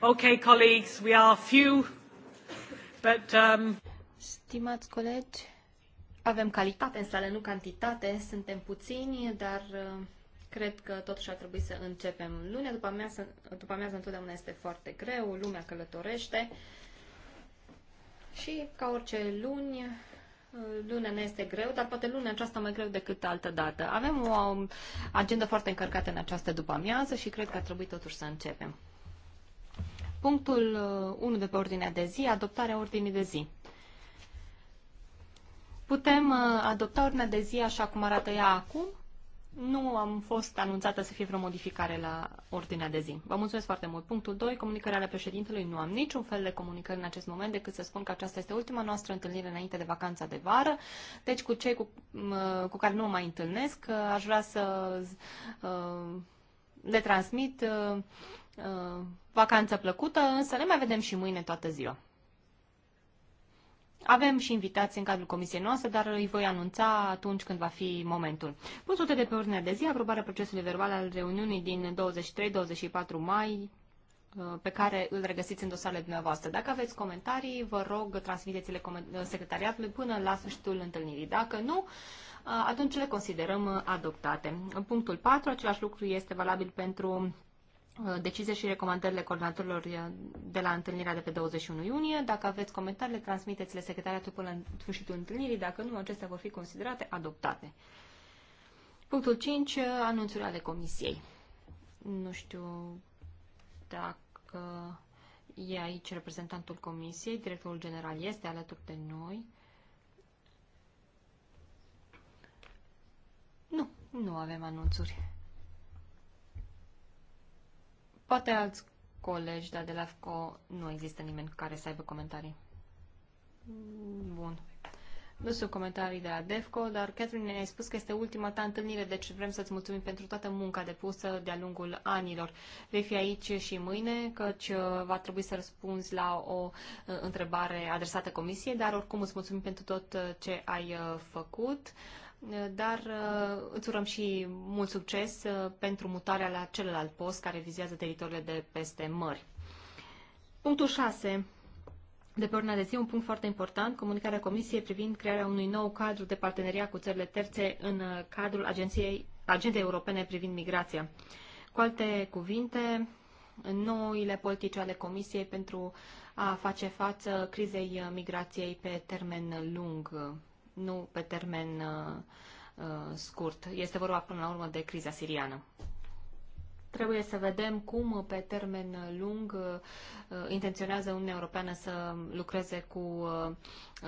Okay, colleagues, we are few, but... Um... Stimați colegi, avem calitate în sală, nu cantitate, suntem puțini, dar uh, cred că totuși ar trebui să începem. Lunea după amiază, după amiază întotdeauna este foarte greu, lumea călătorește și, ca orice luni, uh, Lunea ne este greu, dar poate lunea aceasta mai greu decât altă dată. Avem o um, agendă foarte încărcată în această după-amiază și cred că ar trebui totuși să începem. Punctul 1 uh, de pe ordinea de zi, adoptarea ordinii de zi. Putem uh, adopta ordinea de zi așa cum arată ea acum? Nu am fost anunțată să fie vreo modificare la ordinea de zi. Vă mulțumesc foarte mult. Punctul 2, comunicarea ale președintelui. Nu am niciun fel de comunicări în acest moment decât să spun că aceasta este ultima noastră întâlnire înainte de vacanța de vară. Deci cu cei cu, cu care nu mai întâlnesc, uh, aș vrea să le transmit Uh, vacanță plăcută, însă ne mai vedem și mâine toată ziua. Avem și invitații în cadrul comisiei noastre, dar îi voi anunța atunci când va fi momentul. Punctul de pe ordinea de zi, aprobarea procesului verbal al reuniunii din 23-24 mai, uh, pe care îl regăsiți în dosarele dumneavoastră. Dacă aveți comentarii, vă rog, transmiteți-le uh, secretariatului până la sfârșitul întâlnirii. Dacă nu, atunci le considerăm adoptate. În punctul 4, același lucru este valabil pentru Uh, decizie și recomandările coordonatorilor uh, de la întâlnirea de pe 21 iunie. Dacă aveți comentarii, le transmiteți-le secretariatul până în sfârșitul întâlnirii. Dacă nu, acestea vor fi considerate adoptate. Punctul 5. Uh, Anunțurile ale comisiei. Nu știu dacă e aici reprezentantul comisiei. Directorul general este alături de noi. Nu, nu avem anunțuri. Poate alți colegi, dar de la FCO nu există nimeni care să aibă comentarii. Bun. Nu sunt comentarii de la DEFCO, dar Catherine ne-a spus că este ultima ta întâlnire, deci vrem să-ți mulțumim pentru toată munca depusă de-a lungul anilor. Vei fi aici și mâine, căci uh, va trebui să răspunzi la o uh, întrebare adresată comisiei, dar oricum îți mulțumim pentru tot uh, ce ai făcut dar uh, îți urăm și mult succes uh, pentru mutarea la celălalt post care vizează teritoriile de peste mări. Punctul 6. De pe ordinea de zi, un punct foarte important, comunicarea Comisiei privind crearea unui nou cadru de parteneria cu țările terțe în uh, cadrul Agenției, Agendei Europene privind migrația. Cu alte cuvinte, noile politici ale Comisiei pentru a face față crizei migrației pe termen lung nu pe termen uh, uh, scurt. Este vorba până la urmă de criza siriană. Trebuie să vedem cum pe termen lung uh, intenționează Uniunea Europeană să lucreze cu uh,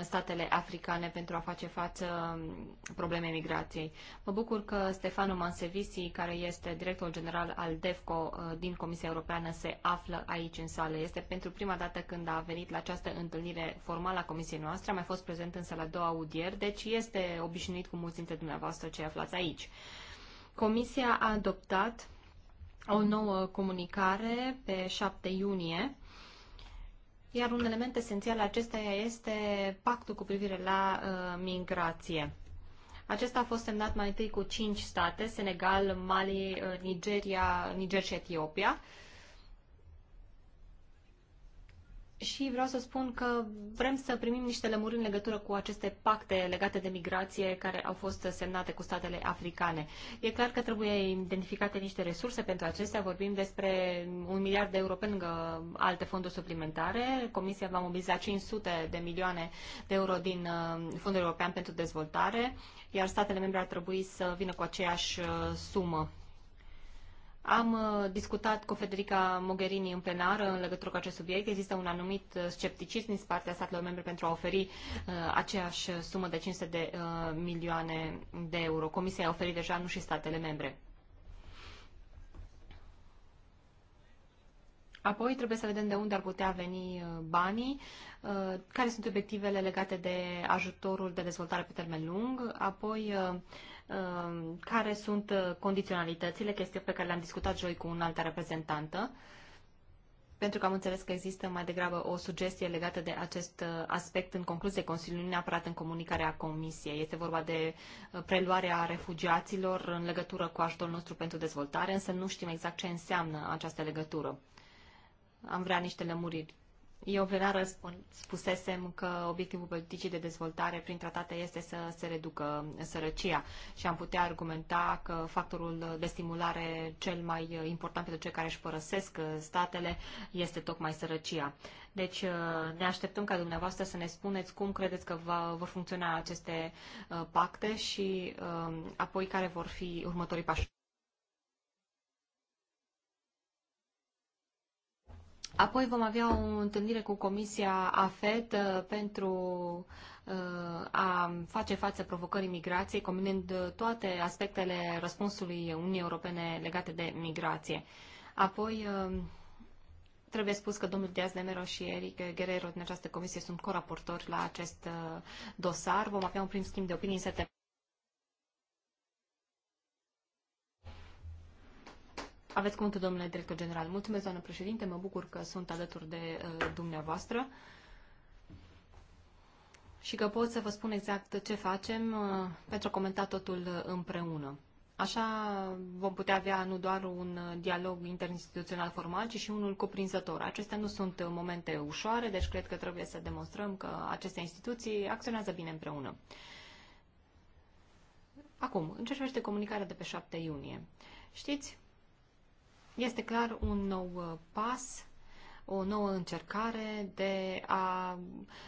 statele africane pentru a face față um, problemei migrației. Mă bucur că Stefano Mansevisi, care este directorul general al DEFCO uh, din Comisia Europeană, se află aici în sală. Este pentru prima dată când a venit la această întâlnire formală a Comisiei noastre. A mai fost prezent însă la două audieri, deci este obișnuit cu mulți dintre dumneavoastră ce aflați aici. Comisia a adoptat o nouă comunicare pe 7 iunie, iar un element esențial acesteia este pactul cu privire la uh, migrație. Acesta a fost semnat mai întâi cu cinci state, Senegal, Mali, uh, Nigeria, Niger și Etiopia. Uh, Și vreau să spun că vrem să primim niște lămuri în legătură cu aceste pacte legate de migrație care au fost semnate cu statele africane. E clar că trebuie identificate niște resurse pentru acestea. Vorbim despre un miliard de euro pe lângă alte fonduri suplimentare. Comisia va mobiliza 500 de milioane de euro din uh, Fondul European pentru Dezvoltare, iar statele membre ar trebui să vină cu aceeași uh, sumă am uh, discutat cu Federica Mogherini în plenară în legătură cu acest subiect. Există un anumit uh, scepticism din partea statelor membre pentru a oferi uh, aceeași sumă de 500 de milioane de euro. Comisia a oferit deja, nu și statele membre. Apoi trebuie să vedem de unde ar putea veni banii, care sunt obiectivele legate de ajutorul de dezvoltare pe termen lung, apoi Um, care sunt uh, condiționalitățile, chestii pe care le-am discutat joi cu un altă reprezentantă, pentru că am înțeles că există mai degrabă o sugestie legată de acest uh, aspect în concluzie Consiliului, neapărat în comunicarea Comisiei. Este vorba de uh, preluarea refugiaților în legătură cu ajutorul nostru pentru dezvoltare, însă nu știm exact ce înseamnă această legătură. Am vrea niște lămuriri eu plenar spusesem că obiectivul politicii de dezvoltare prin tratate este să se reducă sărăcia și am putea argumenta că factorul de stimulare cel mai important pentru cei care își părăsesc statele este tocmai sărăcia. Deci uh, ne așteptăm ca dumneavoastră să ne spuneți cum credeți că va, vor funcționa aceste uh, pacte și uh, apoi care vor fi următorii pași. Apoi vom avea o întâlnire cu Comisia AFET uh, pentru uh, a face față provocării migrației, combinând uh, toate aspectele răspunsului Uniunii Europene legate de migrație. Apoi, trebuie spus că domnul Diaz de Mero și Eric Guerrero din această comisie sunt coraportori la acest dosar. Vom avea un prim schimb de opinii în septembrie. Aveți cuvântul, domnule director general. Mulțumesc, doamnă președinte, mă bucur că sunt alături de uh, dumneavoastră și că pot să vă spun exact ce facem uh, pentru a comenta totul împreună. Așa vom putea avea nu doar un dialog interinstituțional formal, ci și unul cuprinzător. Acestea nu sunt momente ușoare, deci cred că trebuie să demonstrăm că aceste instituții acționează bine împreună. Acum, în ce privește comunicarea de pe 7 iunie. Știți este clar un nou uh, pas, o nouă încercare de a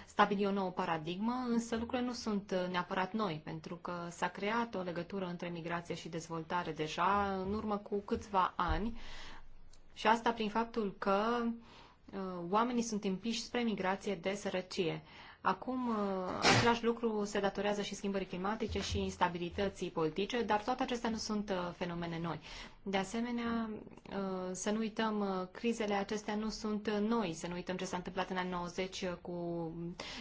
stabili o nouă paradigmă, însă lucrurile nu sunt uh, neapărat noi, pentru că s-a creat o legătură între migrație și dezvoltare deja în urmă cu câțiva ani și asta prin faptul că uh, oamenii sunt împiși spre migrație de sărăcie. Acum, uh, același lucru se datorează și schimbării climatice și instabilității politice, dar toate acestea nu sunt uh, fenomene noi. De asemenea, uh, să nu uităm, crizele acestea nu sunt noi, să nu uităm ce s-a întâmplat în anii 90 cu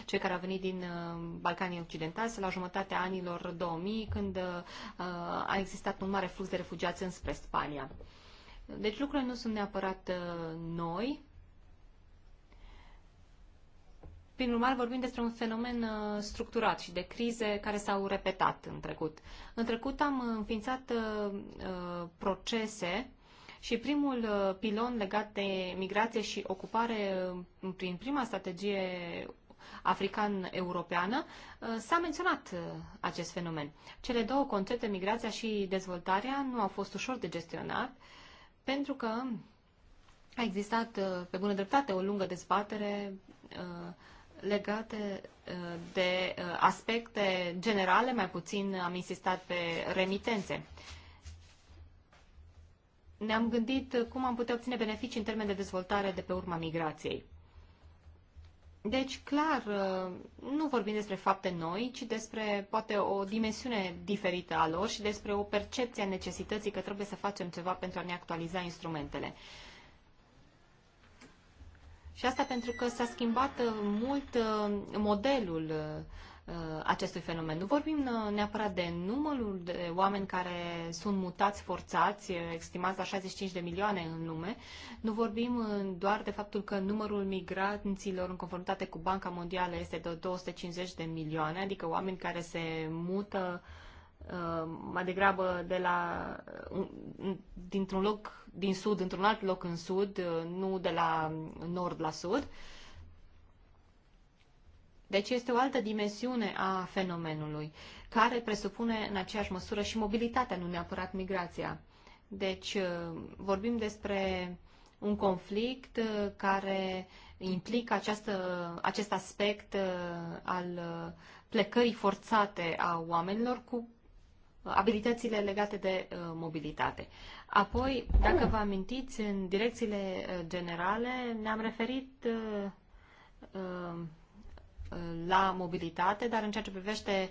cei care au venit din Balcanii Occidentali, sau la jumătatea anilor 2000, când a existat un mare flux de refugiați înspre Spania. Deci lucrurile nu sunt neapărat noi, prin urmare, vorbim despre un fenomen uh, structurat și de crize care s-au repetat în trecut. În trecut am înființat uh, uh, procese și primul pilon legat de migrație și ocupare prin prima strategie african-europeană, s-a menționat acest fenomen. Cele două concepte, migrația și dezvoltarea, nu au fost ușor de gestionat, pentru că a existat, pe bună dreptate, o lungă dezbatere uh, legate uh, de uh, aspecte generale, mai puțin am insistat pe remitențe. Ne-am gândit cum am putea obține beneficii în termen de dezvoltare de pe urma migrației. Deci, clar, uh, nu vorbim despre fapte noi, ci despre poate o dimensiune diferită a lor și despre o percepție a necesității că trebuie să facem ceva pentru a ne actualiza instrumentele. Și asta pentru că s-a schimbat uh, mult uh, modelul uh, acestui fenomen. Nu vorbim neapărat de numărul de oameni care sunt mutați forțați, estimați la 65 de milioane în lume, nu vorbim doar de faptul că numărul migranților în conformitate cu Banca Mondială este de 250 de milioane, adică oameni care se mută mai degrabă de la, dintr-un loc din sud într-un alt loc în sud, uh, nu de la nord la sud. Deci este o altă dimensiune a fenomenului, care presupune în aceeași măsură și mobilitatea, nu neapărat migrația. Deci uh, vorbim despre un conflict uh, care implică această, acest aspect al plecării forțate a oamenilor cu abilitățile legate de uh, mobilitate. Apoi, dacă vă amintiți, în direcțiile uh, generale ne-am referit uh, la mobilitate, dar în ceea ce privește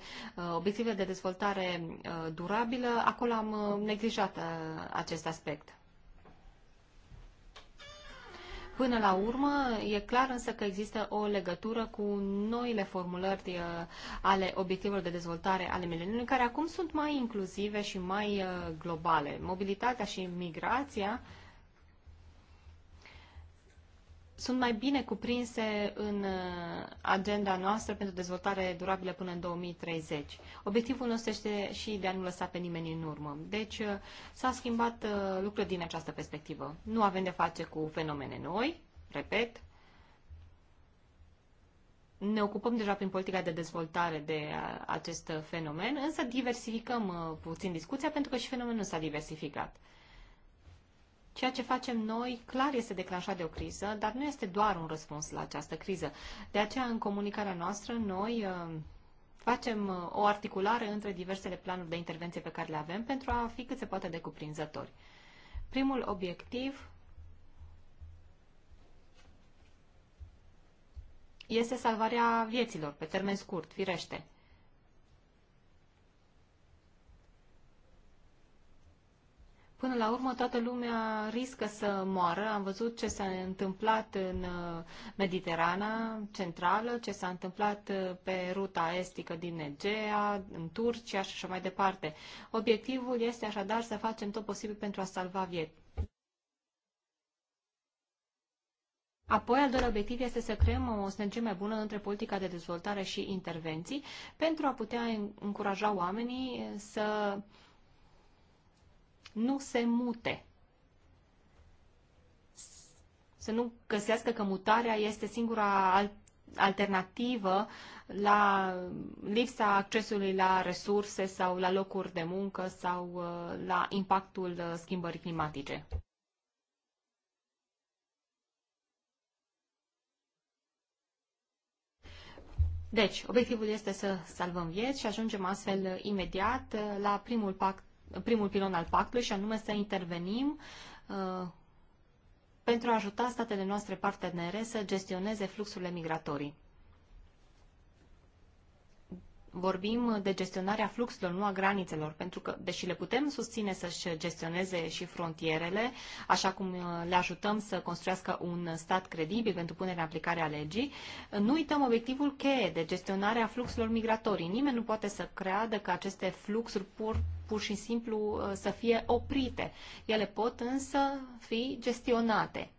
obiectivele de dezvoltare durabilă, acolo am neglijat acest aspect. Până la urmă, e clar însă că există o legătură cu noile formulări uh, ale obiectivelor de dezvoltare ale mileniului, care acum sunt mai inclusive și mai uh, globale. Mobilitatea și migrația uh, sunt mai bine cuprinse în uh, agenda noastră pentru dezvoltare durabilă până în 2030. Obiectivul nostru este și de a nu lăsa pe nimeni în urmă. Deci uh, s-a schimbat uh, lucrurile din această perspectivă. Nu avem de face cu fenomene noi, repet, ne ocupăm deja prin politica de dezvoltare de acest fenomen, însă diversificăm puțin discuția pentru că și fenomenul s-a diversificat. Ceea ce facem noi clar este declanșat de o criză, dar nu este doar un răspuns la această criză. De aceea, în comunicarea noastră, noi uh, facem uh, o articulare între diversele planuri de intervenție pe care le avem pentru a fi cât se poate de cuprinzători. Primul obiectiv este salvarea vieților pe termen scurt, firește. Până la urmă, toată lumea riscă să moară. Am văzut ce s-a întâmplat în uh, Mediterana centrală, ce s-a întâmplat uh, pe ruta estică din Egea, în Turcia și așa mai departe. Obiectivul este așadar să facem tot posibil pentru a salva vieți. Apoi, al doilea obiectiv este să creăm o sinergie mai bună între politica de dezvoltare și intervenții pentru a putea încuraja oamenii să uh, nu se mute. Să nu găsească că mutarea este singura alternativă la lipsa accesului la resurse sau la locuri de muncă sau uh, la impactul uh, schimbării climatice. Deci, obiectivul este să salvăm vieți și ajungem astfel uh, imediat la primul pact primul pilon al pactului și anume să intervenim uh, pentru a ajuta statele noastre partenere să gestioneze fluxurile migratorii. Vorbim de gestionarea fluxurilor, nu a granițelor, pentru că, deși le putem susține să-și gestioneze și frontierele, așa cum uh, le ajutăm să construiască un stat credibil pentru punerea în aplicare a legii, nu uităm obiectivul cheie de gestionarea fluxurilor migratorii. Nimeni nu poate să creadă că aceste fluxuri pur pur și simplu uh, să fie oprite. Ele pot însă fi gestionate.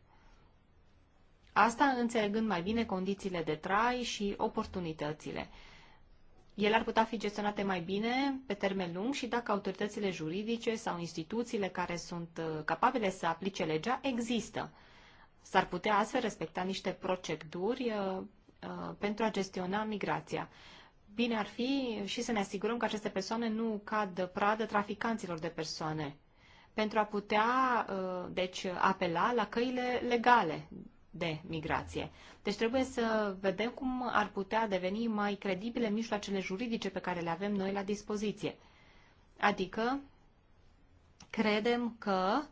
Asta înțelegând mai bine condițiile de trai și oportunitățile. Ele ar putea fi gestionate mai bine pe termen lung și dacă autoritățile juridice sau instituțiile care sunt uh, capabile să aplice legea există. S-ar putea astfel respecta niște proceduri uh, pentru a gestiona migrația bine ar fi și să ne asigurăm că aceste persoane nu cad pradă traficanților de persoane pentru a putea, uh, deci, apela la căile legale de migrație. Deci trebuie să vedem cum ar putea deveni mai credibile mijloacele juridice pe care le avem noi la dispoziție. Adică, credem că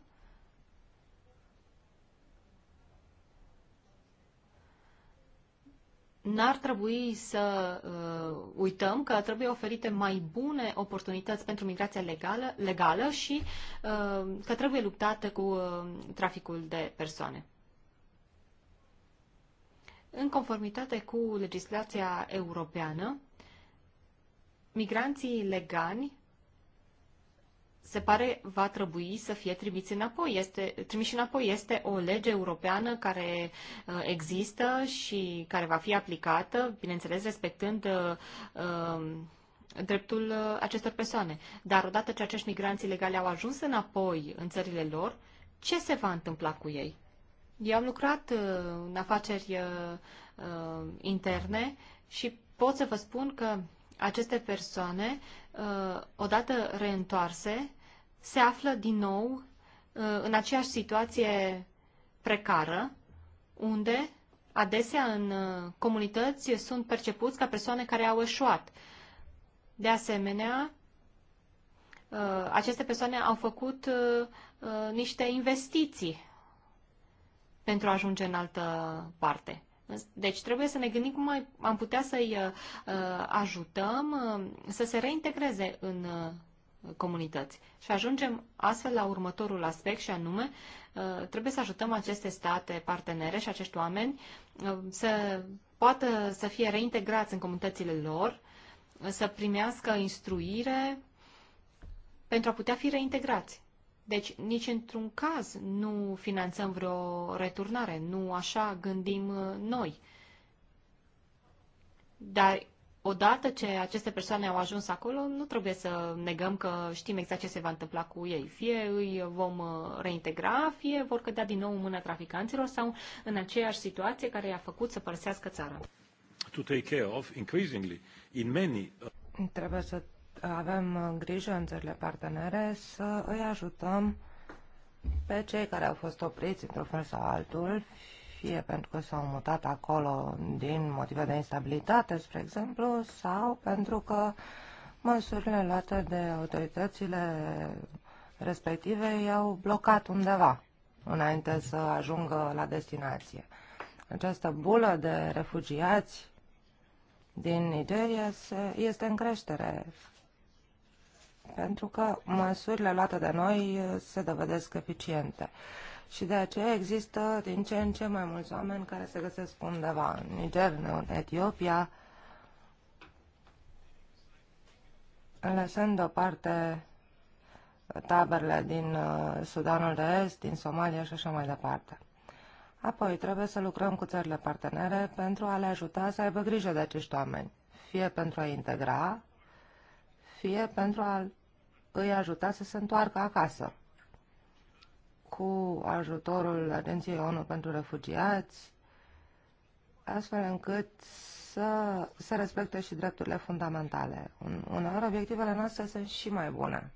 n-ar trebui să uh, uităm că trebuie oferite mai bune oportunități pentru migrația legală, legală și uh, că trebuie luptată cu uh, traficul de persoane. În conformitate cu legislația europeană, migranții legani se pare, va trebui să fie trimiți înapoi. Este, trimiși înapoi este o lege europeană care uh, există și care va fi aplicată, bineînțeles, respectând uh, um, dreptul uh, acestor persoane. Dar odată ce acești migranți ilegali au ajuns înapoi în țările lor, ce se va întâmpla cu ei? Eu am lucrat în afaceri interne și pot să vă spun că aceste persoane, uh, odată reîntoarse, se află din nou uh, în aceeași situație precară, unde adesea în uh, comunități sunt percepuți ca persoane care au eșuat. De asemenea, aceste persoane au făcut niște investiții pentru a ajunge în altă parte. Deci trebuie să ne gândim cum mai am putea să-i uh, uh, ajutăm uh, să se reintegreze în comunități. Și ajungem astfel la următorul aspect și anume trebuie să ajutăm aceste state partenere și acești oameni să poată să fie reintegrați în comunitățile lor, să primească instruire pentru a putea fi reintegrați. Deci nici într-un caz nu finanțăm vreo returnare, nu așa gândim uh, noi. Dar odată ce aceste persoane au ajuns acolo, nu trebuie să negăm că știm exact ce se va întâmpla cu ei. Fie îi vom uh, reintegra, fie vor cădea din nou în mâna traficanților sau în aceeași situație care i-a făcut să părăsească țara. To take care of, increasingly, in many... Uh, trebuie să avem uh, grijă în țările partenere să îi ajutăm pe cei care au fost opriți într-un fel sau altul, fie pentru că s-au mutat acolo din motive de instabilitate, spre exemplu, sau pentru că măsurile luate de autoritățile respective i-au blocat undeva înainte să ajungă la destinație. Această bulă de refugiați din Nigeria este în creștere pentru că măsurile luate de noi eh, se dovedesc eficiente. Și de aceea există din ce în ce mai mulți oameni care se găsesc undeva în Niger, în Etiopia, lăsând deoparte taberele din eh, Sudanul de Est, din Somalia și așa mai departe. Apoi trebuie să lucrăm cu țările partenere pentru a le ajuta să aibă grijă de acești oameni, fie pentru a integra, fie pentru a îi ajuta să se întoarcă acasă. Cu ajutorul Agenției ONU pentru Refugiați, astfel încât să se respecte și drepturile fundamentale. Uneori obiectivele noastre sunt și mai bune,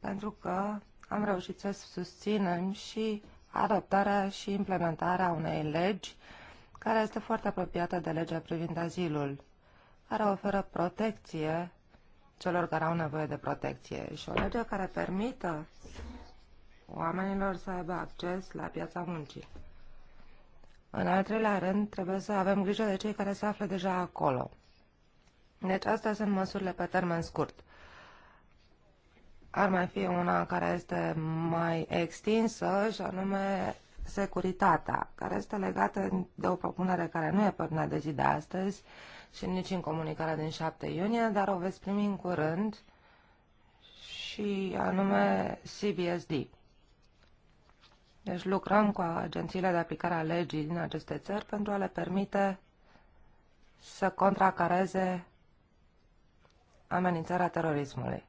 pentru că am reușit să susținem și adoptarea și implementarea unei legi care este foarte apropiată de legea privind azilul, care oferă protecție celor care au nevoie de protecție și o lege care permită oamenilor să aibă acces la piața muncii. În al treilea rând, trebuie să avem grijă de cei care se află deja acolo. Deci astea sunt măsurile pe termen scurt. Ar mai fi una care este mai extinsă și anume securitatea, care este legată de o propunere care nu e pe de zi de astăzi, și nici în comunicarea din 7 iunie, dar o veți primi în curând și anume CBSD. Deci lucrăm cu agențiile de aplicare a legii din aceste țări pentru a le permite să contracareze amenințarea terorismului.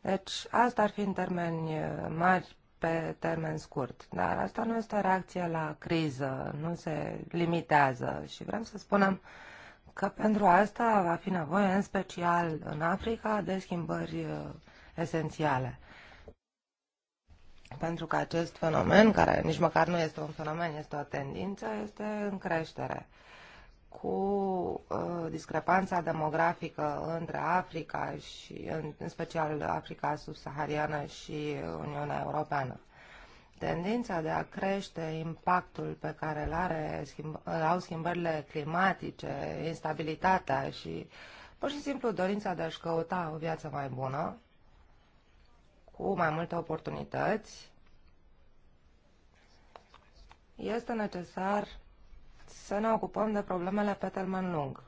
Deci asta ar fi în termeni uh, mari pe termen scurt, dar asta nu este o reacție la criză, nu se limitează și vrem să spunem că pentru asta va fi nevoie, în special în Africa, de schimbări uh, esențiale. Pentru că acest fenomen, care nici măcar nu este un fenomen, este o tendință, este în creștere. Cu uh, discrepanța demografică între Africa și, în special, Africa subsahariană și Uniunea Europeană. Tendința de a crește impactul pe care îl, are, schimb, îl au schimbările climatice, instabilitatea și pur și simplu dorința de a-și căuta o viață mai bună, cu mai multe oportunități, este necesar să ne ocupăm de problemele pe termen lung,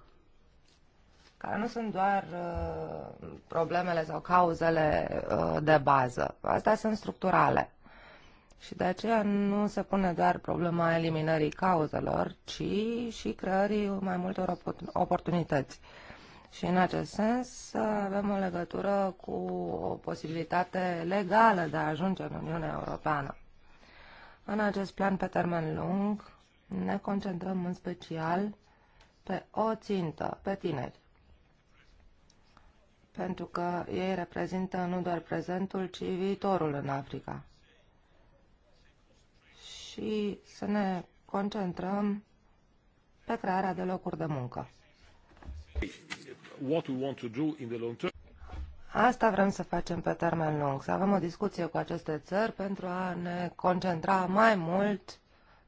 care nu sunt doar uh, problemele sau cauzele uh, de bază. Astea sunt structurale. Și de aceea nu se pune doar problema eliminării cauzelor, ci și creării mai multor oportunități. Și în acest sens avem o legătură cu o posibilitate legală de a ajunge în Uniunea Europeană. În acest plan pe termen lung ne concentrăm în special pe o țintă, pe tineri. Pentru că ei reprezintă nu doar prezentul, ci viitorul în Africa și să ne concentrăm pe crearea de locuri de muncă. Asta vrem să facem pe termen lung, să avem o discuție cu aceste țări pentru a ne concentra mai mult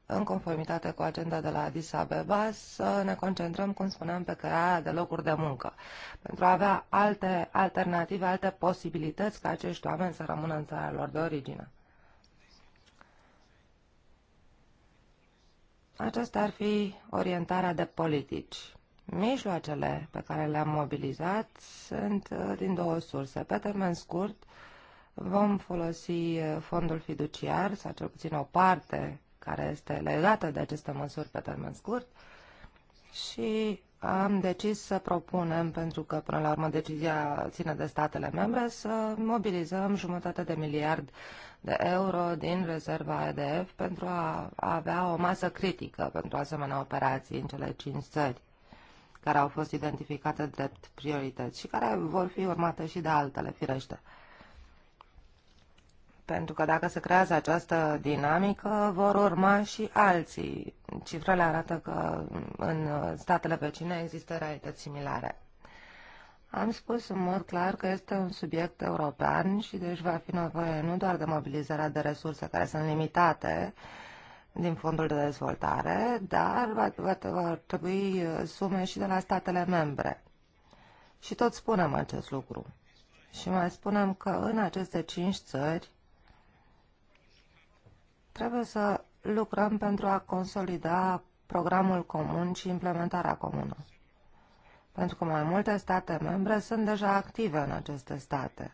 în conformitate cu agenda de la Addis Abeba, să ne concentrăm, cum spuneam, pe crearea de locuri de muncă, pentru a avea alte alternative, alte posibilități ca acești oameni să rămână în țara lor de origine. Aceasta ar fi orientarea de politici. Mijloacele pe care le-am mobilizat sunt uh, din două surse. Pe termen scurt, vom folosi uh, fondul fiduciar, sau cel puțin o parte care este legată de aceste măsuri pe termen scurt, și am decis să propunem, pentru că până la urmă decizia ține de statele membre, să mobilizăm jumătate de miliard de euro din rezerva EDF pentru a avea o masă critică pentru asemenea operații în cele cinci țări care au fost identificate drept priorități și care vor fi urmate și de altele, firește. Pentru că dacă se creează această dinamică, vor urma și alții. Cifrele arată că în statele vecine există realități similare. Am spus în mod clar că este un subiect european și deci va fi nevoie nu doar de mobilizarea de resurse care sunt limitate din fondul de dezvoltare, dar va, va, va trebui sume și de la statele membre. Și tot spunem acest lucru. Și mai spunem că în aceste cinci țări Trebuie să lucrăm pentru a consolida programul comun și implementarea comună. Pentru că mai multe state membre sunt deja active în aceste state.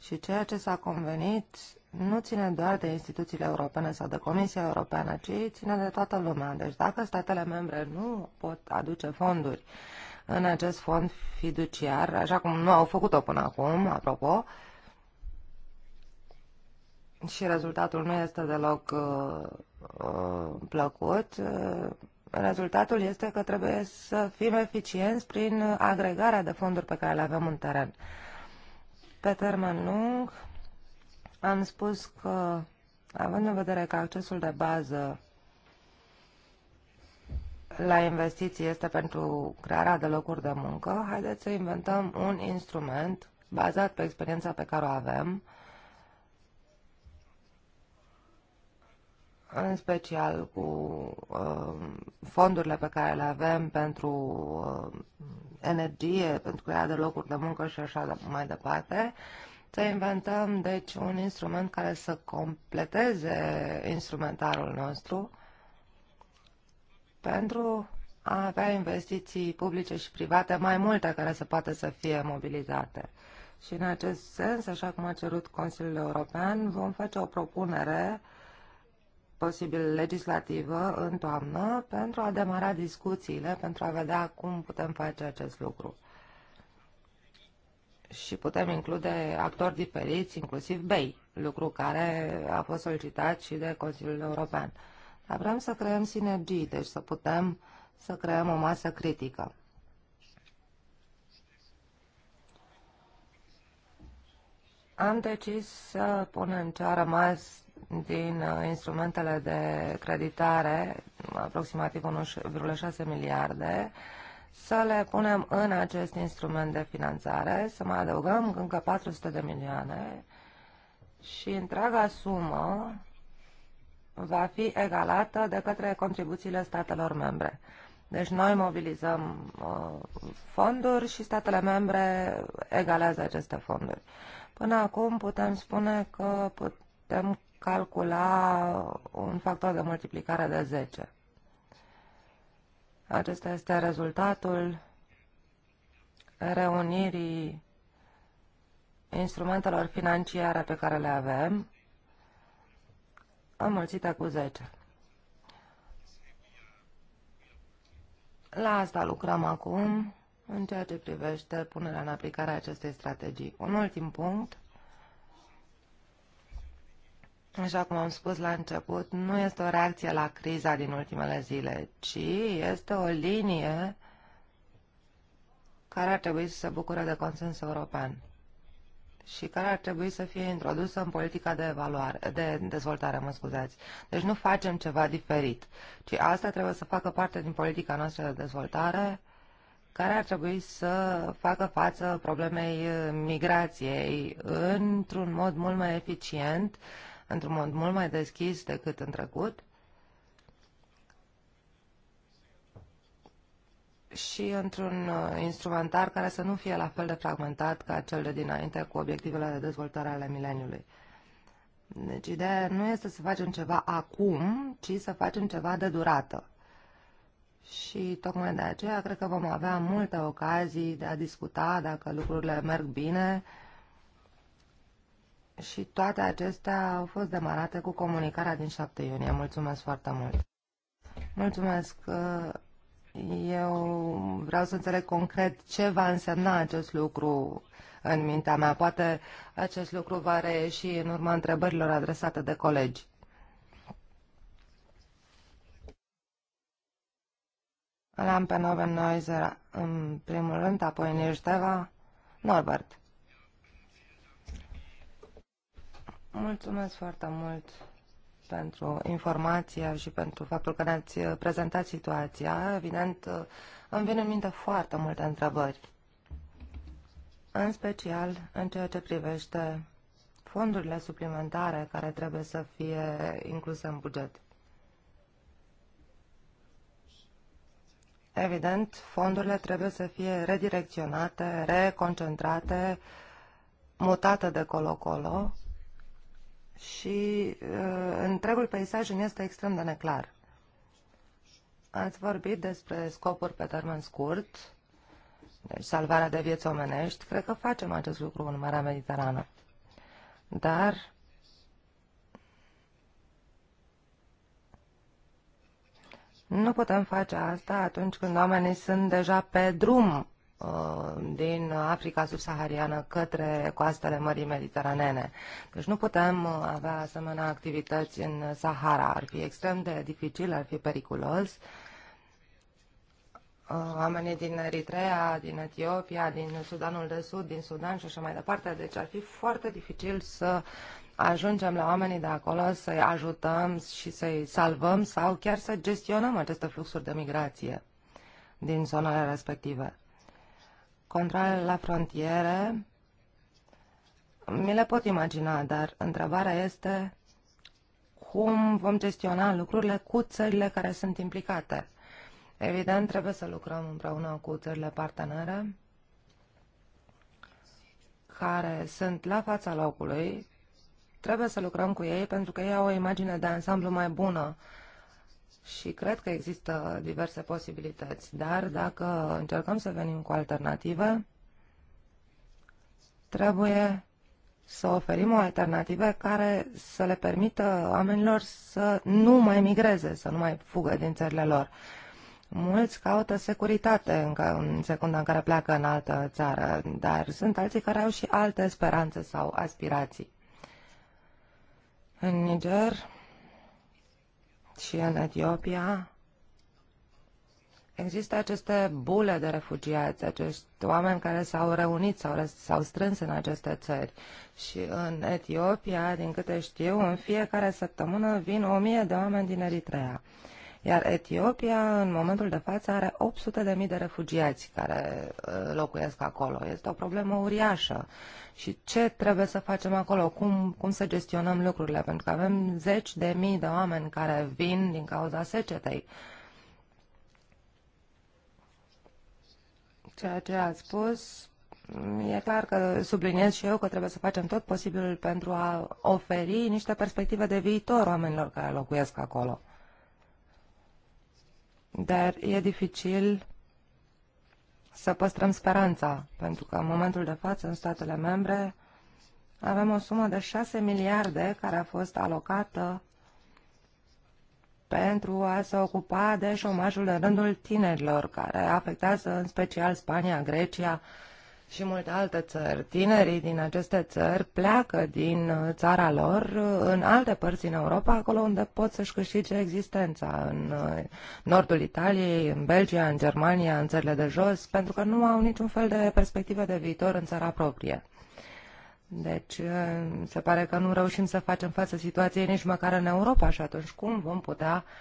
Și ceea ce s-a convenit nu ține doar de instituțiile europene sau de Comisia Europeană, ci ține de toată lumea. Deci dacă statele membre nu pot aduce fonduri în acest fond fiduciar, așa cum nu au făcut-o până acum, apropo, uh, și rezultatul nu este deloc uh, uh plăcut. Uh, rezultatul este că trebuie să fim eficienți prin agregarea de fonduri pe care le avem în teren. Pe termen lung, am spus că, având în vedere că accesul de bază la investiții este pentru crearea de locuri de muncă, haideți să inventăm un instrument bazat pe experiența pe care o avem, uh, în special cu uh, fondurile pe care le avem pentru uh, energie, pentru crearea de locuri de muncă și așa mai departe, să inventăm deci un instrument care să completeze instrumentarul nostru pentru a avea investiții publice și private mai multe care să poată să fie mobilizate. Și în acest sens, așa cum a cerut Consiliul European, vom face o propunere uh, posibil legislativă în toamnă pentru a demara discuțiile, pentru a vedea cum putem face acest lucru. Și putem include actori diferiți, inclusiv BEI, lucru care a fost solicitat și de Consiliul European. Dar vrem să creăm sinergii, deci să putem să creăm o masă critică. Am decis să punem ce a rămas din uh, instrumentele de creditare, aproximativ 1,6 miliarde, să le punem în acest instrument de finanțare, să mai adăugăm încă 400 de milioane și întreaga sumă va fi egalată de către contribuțiile statelor membre. Deci noi mobilizăm uh, fonduri și statele membre egalează aceste fonduri. Până acum putem spune că putem calcula un factor de multiplicare de 10. Acesta este rezultatul reunirii instrumentelor financiare pe care le avem, înmulțite cu 10. La asta lucrăm acum în ceea ce privește punerea în aplicare a acestei strategii. Un ultim punct așa cum am spus la început, nu este o reacție la criza din ultimele zile, ci este o linie care ar trebui să se bucure de consens european și care ar trebui să fie introdusă în politica de, evaluare, de dezvoltare. Mă scuzați. Deci nu facem ceva diferit, ci asta trebuie să facă parte din politica noastră de dezvoltare care ar trebui să facă față problemei migrației într-un mod mult mai eficient într-un mod mult mai deschis decât în trecut. și într-un uh, instrumentar care să nu fie la fel de fragmentat ca cel de dinainte cu obiectivele de dezvoltare ale mileniului. Deci ideea nu este să facem ceva acum, ci să facem ceva de durată. Și tocmai de aceea cred că vom avea multe ocazii de a discuta dacă lucrurile merg bine, uh, și toate acestea au fost demarate cu comunicarea din 7 iunie. Mulțumesc foarte mult! Mulțumesc! Uh, eu vreau să înțeleg concret ce va însemna acest lucru în mintea mea. Poate acest lucru va reieși în urma întrebărilor adresate de colegi. am pe Noven Noiser în primul rând, apoi Nirșteva, Norbert. Mulțumesc foarte mult pentru informația și pentru faptul că ne-ați uh, prezentat situația. Evident, uh, îmi vin în minte foarte multe întrebări, în special în ceea ce privește fondurile suplimentare care trebuie să fie incluse în buget. Evident, fondurile trebuie să fie redirecționate, reconcentrate, mutate de colo-colo și uh, întregul peisaj în este extrem de neclar. Ați vorbit despre scopuri pe termen scurt, deci salvarea de vieți omenești. Cred că facem acest lucru în Marea Mediterană. Dar nu putem face asta atunci când oamenii sunt deja pe drum Uh, din Africa subsahariană către coastele Mării Mediteranene. Deci nu putem uh, avea asemenea activități în Sahara. Ar fi extrem de dificil, ar fi periculos. Uh, oamenii din Eritrea, din Etiopia, din Sudanul de Sud, din Sudan și așa mai departe. Deci ar fi foarte dificil să ajungem la oamenii de acolo, să-i ajutăm și să-i salvăm sau chiar să gestionăm aceste fluxuri de migrație din zonele respective controlele la frontiere, mi le pot imagina, dar întrebarea este cum vom gestiona lucrurile cu țările care sunt implicate. Evident, trebuie să lucrăm împreună cu țările partenere care sunt la fața locului. Trebuie să lucrăm cu ei pentru că ei au o imagine de ansamblu mai bună și cred că există diverse posibilități, dar dacă încercăm să venim cu alternative, trebuie să oferim o alternativă care să le permită oamenilor să nu mai migreze, să nu mai fugă din țările lor. Mulți caută securitate în, în secunda în care pleacă în altă țară, dar sunt alții care au și alte speranțe sau aspirații. În Niger, și în Etiopia, există aceste bule de refugiați, acești oameni care s-au reunit, s-au strâns în aceste țări. Și în Etiopia, din câte știu, în fiecare săptămână vin o mie de oameni din Eritrea. Iar Etiopia, în momentul de față, are 800.000 de refugiați care uh, locuiesc acolo. Este o problemă uriașă. Și ce trebuie să facem acolo? Cum, cum să gestionăm lucrurile? Pentru că avem zeci de mii de oameni care vin din cauza secetei. Ceea ce ați spus, e clar că subliniez și eu că trebuie să facem tot posibilul pentru a oferi niște perspective de viitor oamenilor care locuiesc acolo dar e dificil să păstrăm speranța, pentru că în momentul de față în statele membre avem o sumă de 6 miliarde care a fost alocată pentru a se ocupa de șomajul în rândul tinerilor, care afectează în special Spania, Grecia, și multe alte țări. Tinerii din aceste țări pleacă din uh, țara lor uh, în alte părți în Europa, acolo unde pot să-și câștige existența, în uh, nordul Italiei, în Belgia, în Germania, în țările de jos, pentru că nu au niciun fel de perspectivă de viitor în țara proprie. Deci se pare că nu reușim să facem față situației nici măcar în Europa și atunci cum vom putea uh,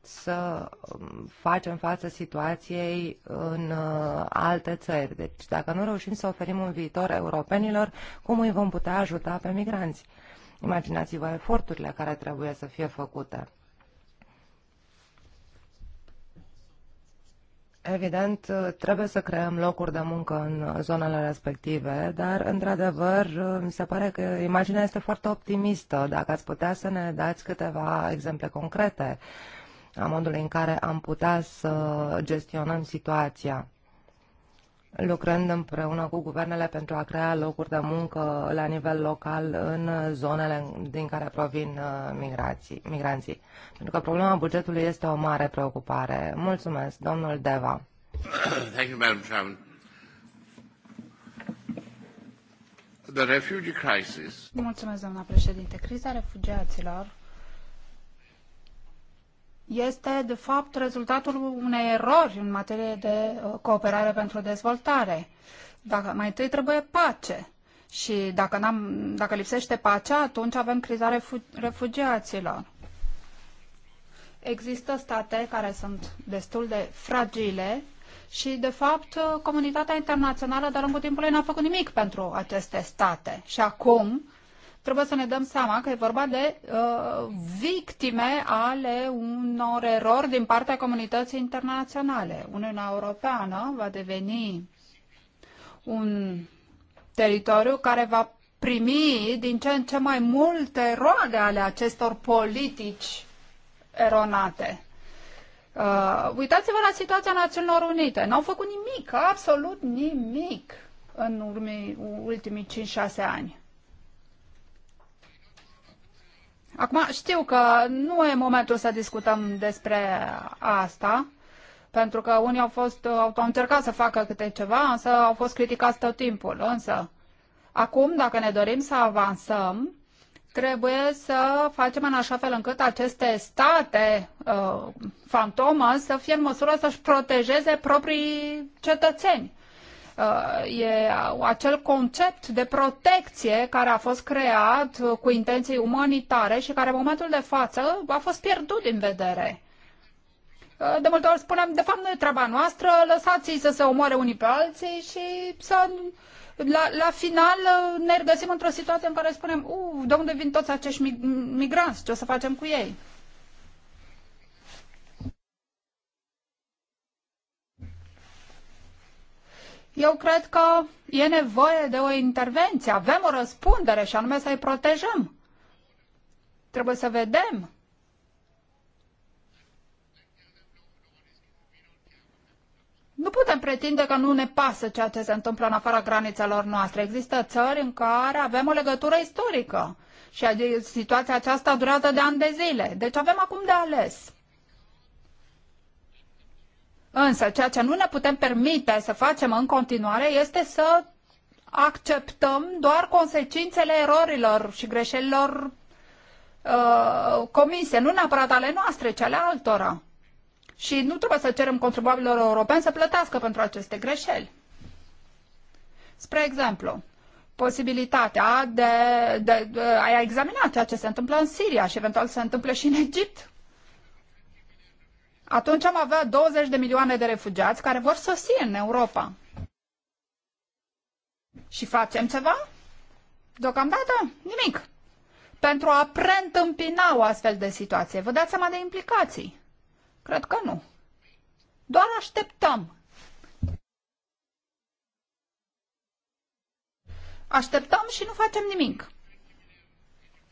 să um, facem față situației în uh, alte țări. Deci dacă nu reușim să oferim un viitor europenilor, cum îi vom putea ajuta pe migranți? Imaginați-vă eforturile care trebuie să fie făcute. Evident, trebuie să creăm locuri de muncă în zonele respective, dar, într-adevăr, mi se pare că imaginea este foarte optimistă. Dacă ați putea să ne dați câteva exemple concrete uh, a modului în care am putea să gestionăm situația, lucrând împreună cu guvernele pentru a crea locuri de muncă la nivel local în zonele din care provin uh, migrații, migranții. Pentru că problema bugetului este o mare preocupare. Mulțumesc, domnul Deva. Thank you, Madam Chairman. The refugee crisis. Mulțumesc, doamna președinte. Criza refugiaților este, de fapt, rezultatul unei erori în materie de uh, cooperare pentru dezvoltare. Dacă mai întâi trebuie pace și dacă, n-am, dacă lipsește pacea, atunci avem criza refugiaților. Există state care sunt destul de fragile și, de fapt, uh, comunitatea internațională de-a lungul timpului n-a făcut nimic pentru aceste state. Și acum, trebuie să ne dăm seama că e vorba de uh, victime ale unor erori din partea comunității internaționale. Uniunea Europeană va deveni un teritoriu care va primi din ce în ce mai multe roade ale acestor politici eronate. Uh, uitați-vă la situația Națiunilor Unite. N-au făcut nimic, absolut nimic în urmii, ultimii 5-6 ani. Acum știu că nu e momentul să discutăm despre asta, pentru că unii au, fost, au, au încercat să facă câte ceva, însă au fost criticați tot timpul. Însă, acum, dacă ne dorim să avansăm, trebuie să facem în așa fel încât aceste state uh, fantomă să fie în măsură să-și protejeze proprii cetățeni. Uh, e acel concept de protecție care a fost creat uh, cu intenții umanitare și care în momentul de față a fost pierdut din vedere. Uh, de multe ori spunem, de fapt nu e treaba noastră, lăsați-i să se omoare unii pe alții și să la, la final ne regăsim într-o situație în care spunem, u, de unde vin toți acești migranți, ce o să facem cu ei? eu cred că e nevoie de o intervenție. Avem o răspundere și anume să-i protejăm. Trebuie să vedem. Nu putem pretinde că nu ne pasă ceea ce se întâmplă în afara granițelor noastre. Există țări în care avem o legătură istorică și situația aceasta durează de ani de zile. Deci avem acum de ales Însă, ceea ce nu ne putem permite să facem în continuare este să acceptăm doar consecințele erorilor și greșelilor uh, comise, nu neapărat ale noastre, ci ale altora. Și nu trebuie să cerem contribuabililor europeni să plătească pentru aceste greșeli. Spre exemplu, posibilitatea de, de, de a examina ceea ce se întâmplă în Siria și eventual se întâmplă și în Egipt, atunci am avea 20 de milioane de refugiați care vor sosi în Europa. Și facem ceva? Deocamdată? Nimic. Pentru a preîntâmpina o astfel de situație. Vă dați seama de implicații? Cred că nu. Doar așteptăm. Așteptăm și nu facem nimic.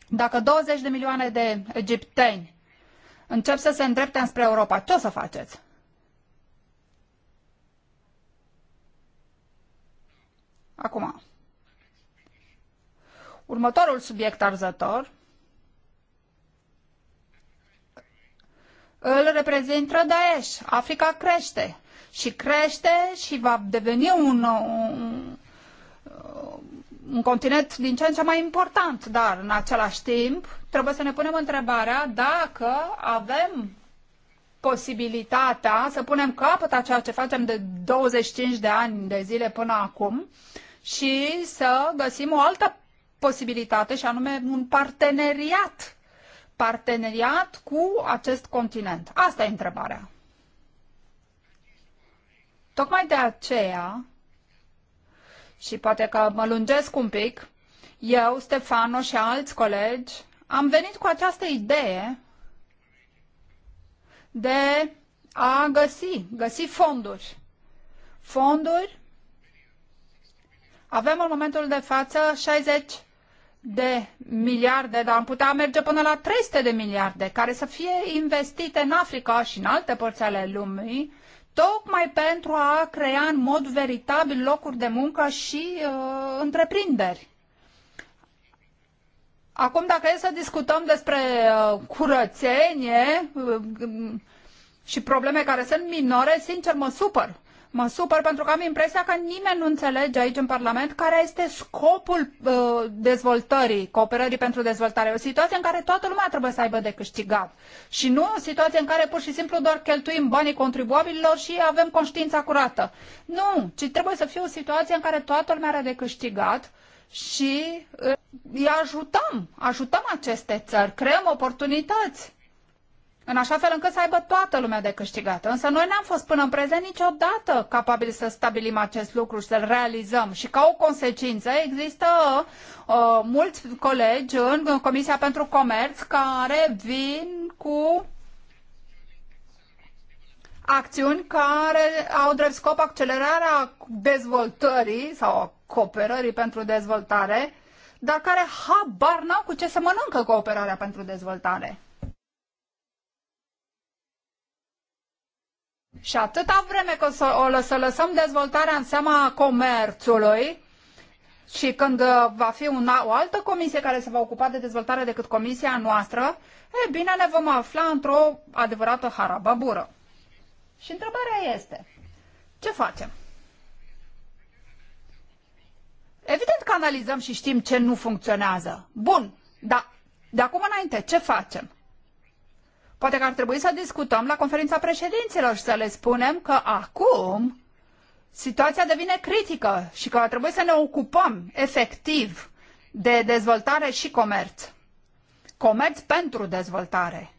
Dacă 20 de milioane de egipteni încep să se îndrepte spre Europa, ce o să faceți? Acum, următorul subiect arzător îl reprezintă Daesh. Africa crește și crește și va deveni un, un, un continent din ce în ce mai important, dar în același timp trebuie să ne punem întrebarea dacă avem posibilitatea să punem capăt a ceea ce facem de 25 de ani de zile până acum și să găsim o altă posibilitate și anume un parteneriat. Parteneriat cu acest continent. Asta e întrebarea. Tocmai de aceea și poate că mă lungesc un pic, eu, Stefano și alți colegi am venit cu această idee de a găsi, găsi fonduri. Fonduri avem în momentul de față 60 de miliarde, dar am putea merge până la 300 de miliarde, care să fie investite în Africa și în alte părți ale lumii, tocmai pentru a crea în mod veritabil locuri de muncă și uh, întreprinderi. Acum, dacă e să discutăm despre uh, curățenie uh, și probleme care sunt minore, sincer mă supăr mă supăr pentru că am impresia că nimeni nu înțelege aici în Parlament care este scopul uh, dezvoltării, cooperării pentru dezvoltare. O situație în care toată lumea trebuie să aibă de câștigat. Și nu o situație în care pur și simplu doar cheltuim banii contribuabililor și avem conștiința curată. Nu, ci trebuie să fie o situație în care toată lumea are de câștigat și uh, îi ajutăm, ajutăm aceste țări, creăm oportunități în așa fel încât să aibă toată lumea de câștigat. Însă noi n-am fost până în prezent niciodată capabili să stabilim acest lucru și să-l realizăm. Și ca o consecință există uh, mulți colegi în Comisia pentru Comerț care vin cu acțiuni care au drept scop accelerarea dezvoltării sau cooperării pentru dezvoltare, dar care habar n-au cu ce se mănâncă cooperarea pentru dezvoltare. Și atâta vreme că o să lăsăm dezvoltarea în seama comerțului, și când uh, va fi una, o altă comisie care se va ocupa de dezvoltare decât comisia noastră, e bine, ne vom afla într-o adevărată harababură. Și întrebarea este, ce facem? Evident că analizăm și știm ce nu funcționează. Bun, dar de acum înainte, ce facem? Poate că ar trebui să discutăm la conferința președinților și să le spunem că acum situația devine critică și că trebuie să ne ocupăm efectiv de dezvoltare și comerț. Comerț pentru dezvoltare.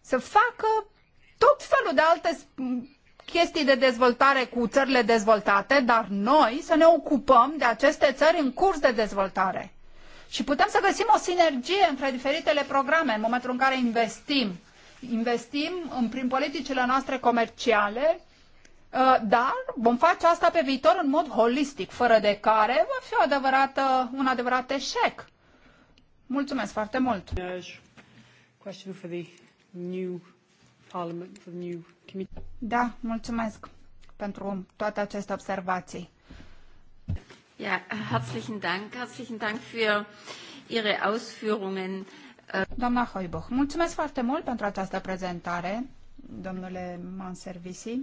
Să facă tot felul de alte chestii de dezvoltare cu țările dezvoltate, dar noi să ne ocupăm de aceste țări în curs de dezvoltare. Și putem să găsim o sinergie între diferitele programe în momentul în care investim. Investim în, prin politicile noastre comerciale, uh, dar vom face asta pe viitor în mod holistic, fără de care va fi o adevărată, un adevărat eșec. Mulțumesc foarte mult! Da, mulțumesc pentru toate aceste observații. Ja, herzlichen Dank. Herzlichen Dank für Ihre Ausführungen. Doamna Hoiboh, mulțumesc foarte mult pentru această prezentare, domnule Manservisi.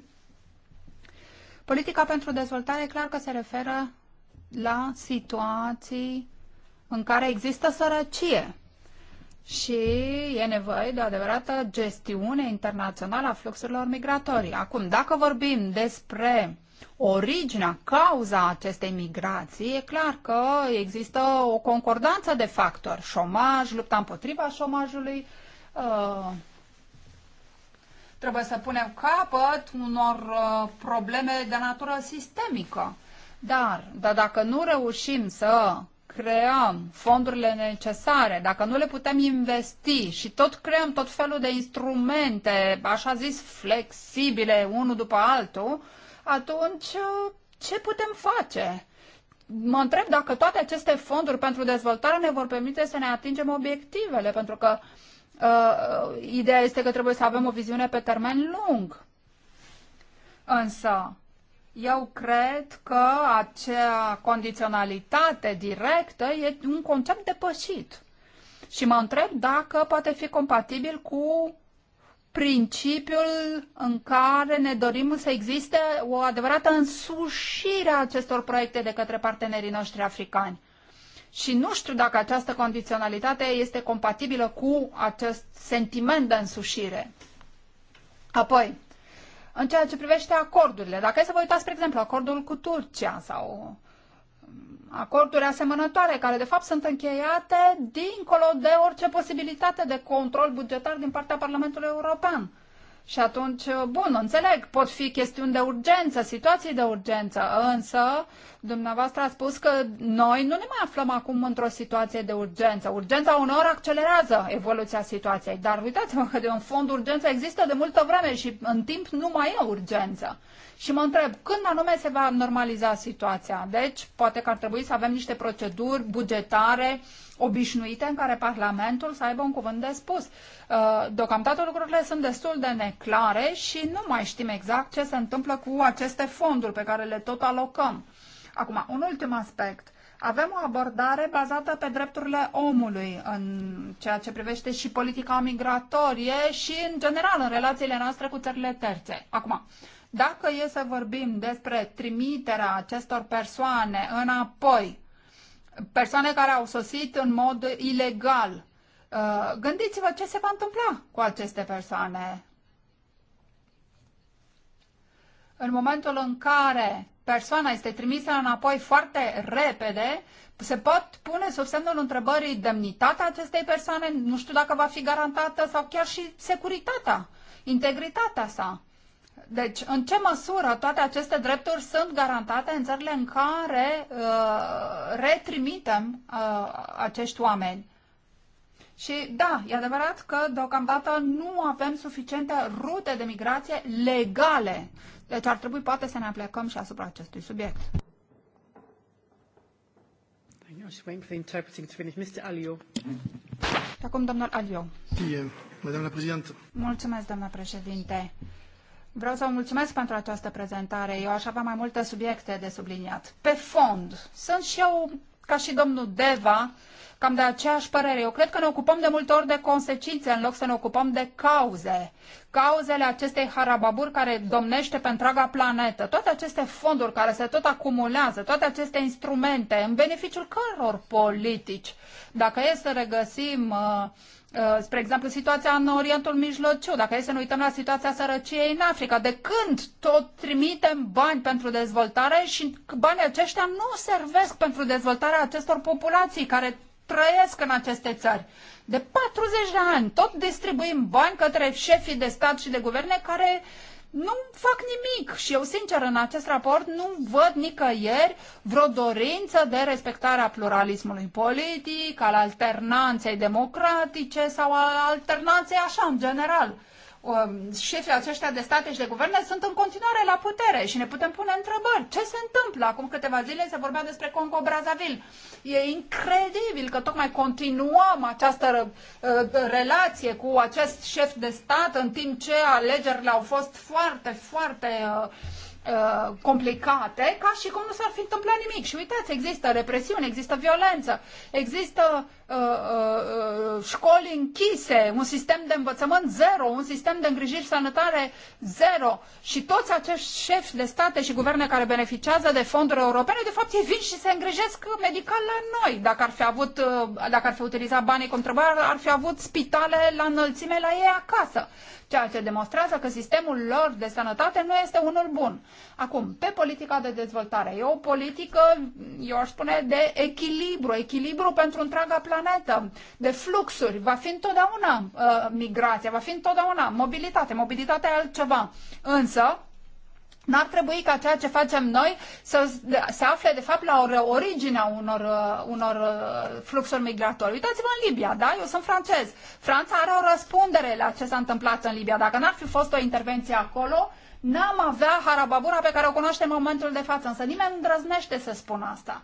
Politica pentru dezvoltare clar că se referă la situații în care există sărăcie și e nevoie de o adevărată gestiune internațională a fluxurilor migratorii. Acum, dacă vorbim despre originea, cauza acestei migrații, e clar că există o concordanță de factori. Șomaj, lupta împotriva șomajului, uh, trebuie să punem capăt unor uh, probleme de natură sistemică. Dar, dar dacă nu reușim să creăm fondurile necesare, dacă nu le putem investi și tot creăm tot felul de instrumente, așa zis, flexibile, unul după altul, uh, atunci ce putem face? Mă întreb dacă toate aceste fonduri pentru dezvoltare ne vor permite să ne atingem obiectivele, pentru că uh, ideea este că trebuie să avem o viziune pe termen lung. Însă, eu cred că acea condiționalitate directă e un concept depășit. Și mă întreb dacă poate fi compatibil cu principiul în care ne dorim să existe o adevărată însușire a acestor proiecte de către partenerii noștri africani. Și nu știu dacă această condiționalitate este compatibilă cu acest sentiment de însușire. Apoi, în ceea ce privește acordurile, dacă e să vă uitați, spre exemplu, acordul cu Turcia sau acorduri asemănătoare, care de fapt sunt încheiate dincolo de orice posibilitate de control bugetar din partea Parlamentului European. Și atunci, bun, înțeleg, pot fi chestiuni de urgență, situații de urgență, însă Dumneavoastră a spus că noi nu ne mai aflăm acum într-o situație de urgență. Urgența unor accelerează evoluția situației, dar uitați-vă că de un fond urgență există de multă vreme și în timp nu mai e urgență. Și mă întreb, când anume se va normaliza situația? Deci, poate că ar trebui să avem niște proceduri bugetare obișnuite în care Parlamentul să aibă un cuvânt de spus. Uh, deocamdată lucrurile sunt destul de neclare și nu mai știm exact ce se întâmplă cu aceste fonduri pe care le tot alocăm. Acum, un ultim aspect. Avem o abordare bazată pe drepturile omului în ceea ce privește și politica migratorie și, în general, în relațiile noastre cu țările terțe. Acum, dacă e să vorbim despre trimiterea acestor persoane înapoi, persoane care au sosit în mod ilegal, uh, gândiți-vă ce se va întâmpla cu aceste persoane. În momentul în care persoana este trimisă înapoi foarte repede, se pot pune sub semnul întrebării demnitatea acestei persoane, nu știu dacă va fi garantată sau chiar și securitatea, integritatea sa. Deci, în ce măsură toate aceste drepturi sunt garantate în țările în care uh, retrimitem uh, acești oameni? Și da, e adevărat că deocamdată nu avem suficiente rute de migrație legale. Deci ar trebui poate să ne aplecăm și asupra acestui subiect. Acum, domnul Alio. Mulțumesc, doamna președinte. Vreau să vă mulțumesc pentru această prezentare. Eu aș avea mai multe subiecte de subliniat. Pe fond, sunt și eu ca și domnul Deva, cam de aceeași părere. Eu cred că ne ocupăm de multe ori de consecințe în loc să ne ocupăm de cauze. Cauzele acestei harababuri care domnește pe întreaga planetă, toate aceste fonduri care se tot acumulează, toate aceste instrumente, în beneficiul căror politici. Dacă e să regăsim uh, Uh, spre exemplu, situația în Orientul Mijlociu, dacă e să ne uităm la situația sărăciei în Africa, de când tot trimitem bani pentru dezvoltare și banii aceștia nu servesc pentru dezvoltarea acestor populații care trăiesc în aceste țări. De 40 de ani tot distribuim bani către șefii de stat și de guverne care uh, nu fac nimic și eu, sincer, în acest raport nu văd nicăieri vreo dorință de respectarea pluralismului politic, al alternanței democratice sau al alternanței așa, în general. Um, șefii aceștia de state și de guverne sunt în continuare la putere și ne putem pune întrebări. Ce se întâmplă? Acum câteva zile se vorbea despre Congo Brazzaville. E incredibil că tocmai continuăm această uh, relație cu acest șef de stat în timp ce alegerile au fost foarte, foarte uh, uh, complicate, ca și cum nu s-ar fi întâmplat nimic. Și uitați, există represiune, există violență, există Uh, uh, uh, școli închise, un sistem de învățământ zero, un sistem de îngrijiri sanitare zero și toți acești șefi de state și guverne care beneficiază de fonduri europene, de fapt ei vin și se îngrijesc medical la noi. Dacă ar fi, avut, dacă ar fi utilizat banii cum trebuia, ar fi avut spitale la înălțime la ei acasă ceea ce demonstrează că sistemul lor de sănătate nu este unul bun. Acum, pe politica de dezvoltare, e o politică, eu aș spune, de echilibru, echilibru pentru întreaga planetă, de fluxuri. Va fi întotdeauna uh, migrația, va fi întotdeauna mobilitate, mobilitatea e altceva. Însă, N-ar trebui ca ceea ce facem noi să se afle, de fapt, la originea unor, uh, unor uh, fluxuri migratorii. Uitați-vă în Libia, da? Eu sunt francez. Franța are o răspundere la ce s-a întâmplat în Libia. Dacă n-ar fi fost o intervenție acolo, n-am avea harababura pe care o cunoaștem în momentul de față, însă nimeni nu îndrăznește să spună asta.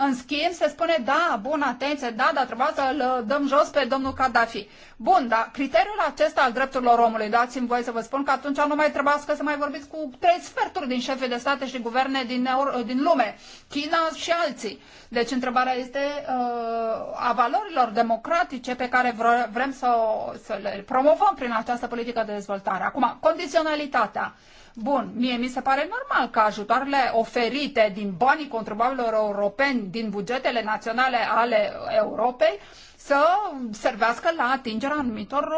În schimb, se spune, da, bun, atenție, da, dar trebuie să-l uh, dăm jos pe domnul Gaddafi. Bun, dar criteriul acesta al drepturilor omului, dați-mi voie să vă spun că atunci nu mai trebuie să mai vorbiți cu trei sferturi din șefii de state și guverne din, uh, din lume, China și alții. Deci întrebarea este uh, a valorilor democratice pe care vrem să, să le promovăm prin această politică de dezvoltare. Acum, condiționalitatea. Uh, Bun, mie mi se pare normal că ajutoarele oferite din banii contribuabililor europeni, din bugetele naționale ale Europei, să servească la atingerea anumitor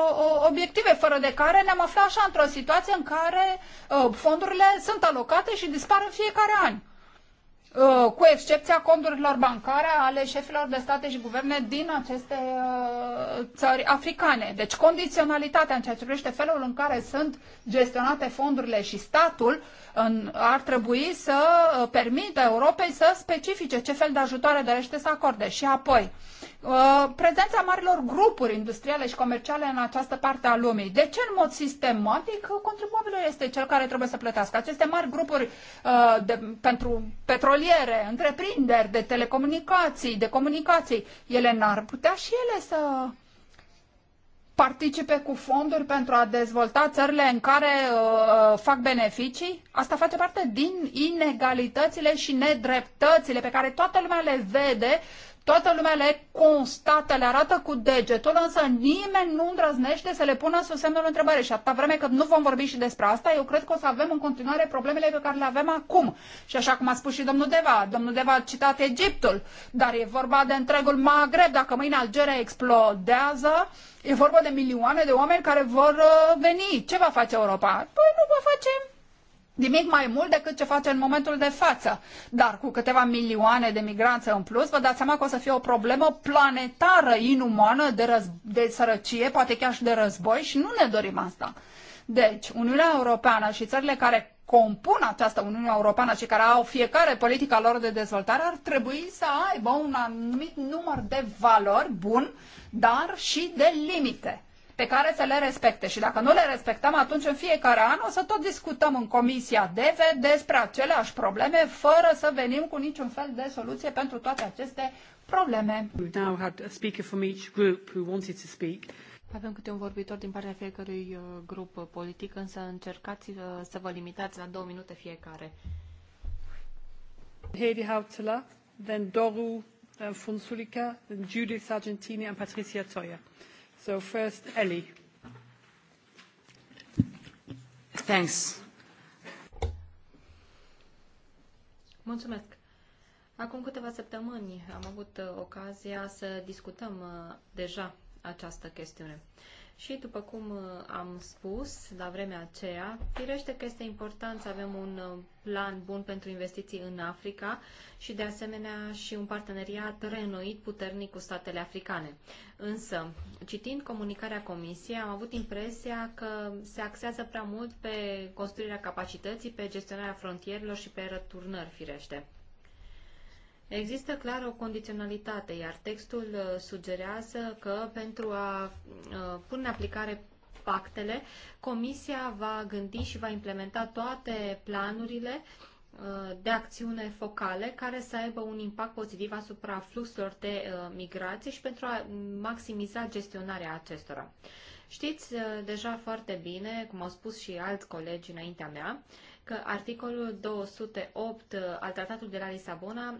obiective, fără de care ne-am aflat așa într-o situație în care uh, fondurile sunt alocate și dispar în fiecare an. Uh, cu excepția conturilor bancare ale șefilor de state și guverne din aceste uh, țări africane. Deci condiționalitatea în ceea ce privește felul în care sunt gestionate fondurile și statul ar trebui să uh, permită Europei să specifice ce fel de ajutoare dorește să acorde. Și apoi, Uh, prezența marilor grupuri industriale și comerciale în această parte a lumii. De ce, în mod sistematic, contribuabilul este cel care trebuie să plătească? Aceste mari grupuri uh, de, pentru petroliere, întreprinderi de telecomunicații, de comunicații, ele n-ar putea și ele să participe cu fonduri pentru a dezvolta țările în care uh, fac beneficii? Asta face parte din inegalitățile și nedreptățile pe care toată lumea le vede Toată lumea le constată, le arată cu degetul, însă nimeni nu îndrăznește să le pună sub semnul întrebării. Și atâta vreme cât nu vom vorbi și despre asta, eu cred că o să avem în continuare problemele pe care le avem acum. Și așa cum a spus și domnul Deva, domnul Deva a citat Egiptul, dar e vorba de întregul Maghreb. Dacă mâine Algeria explodează, e vorba de milioane de oameni care vor uh, veni. Ce va face Europa? Păi nu va face nimic mai mult decât ce face în momentul de față. Dar cu câteva milioane de migranți în plus, vă dați seama că o să fie o problemă planetară, inumană, de, răz- de sărăcie, poate chiar și de război și nu ne dorim asta. Deci, Uniunea Europeană și țările care compun această Uniune Europeană și care au fiecare politica lor de dezvoltare ar trebui să aibă un anumit număr de valori bun, dar și de limite pe care să le respecte. Și dacă nu le respectăm, atunci în fiecare an o să tot discutăm în Comisia DEVE despre aceleași probleme, fără să venim cu niciun fel de soluție pentru toate aceste probleme. Avem câte un vorbitor din partea fiecărui uh, grup politic, însă încercați uh, să vă limitați la două minute fiecare. Heidi Hautala, then Doru uh, Fonsulica, then Judith Sargentini and Patricia Zoya first, Ellie. Thanks. Mulțumesc. Acum câteva săptămâni am avut uh, ocazia să discutăm uh, deja această chestiune. Și după cum uh, am spus la vremea aceea, firește că este important să avem un uh, plan bun pentru investiții în Africa și de asemenea și un parteneriat reînnoit puternic cu statele africane. Însă, citind comunicarea Comisiei, am avut impresia că se axează prea mult pe construirea capacității, pe gestionarea frontierelor și pe răturnări, firește. Există clar o condiționalitate, iar textul uh, sugerează că pentru a uh, pune în aplicare pactele, Comisia va gândi și va implementa toate planurile uh, de acțiune focale care să aibă un impact pozitiv asupra fluxurilor de migrație și pentru a maximiza gestionarea acestora. Știți deja foarte bine, cum au spus și alți colegi înaintea mea, că articolul 208 al Tratatului de la Lisabona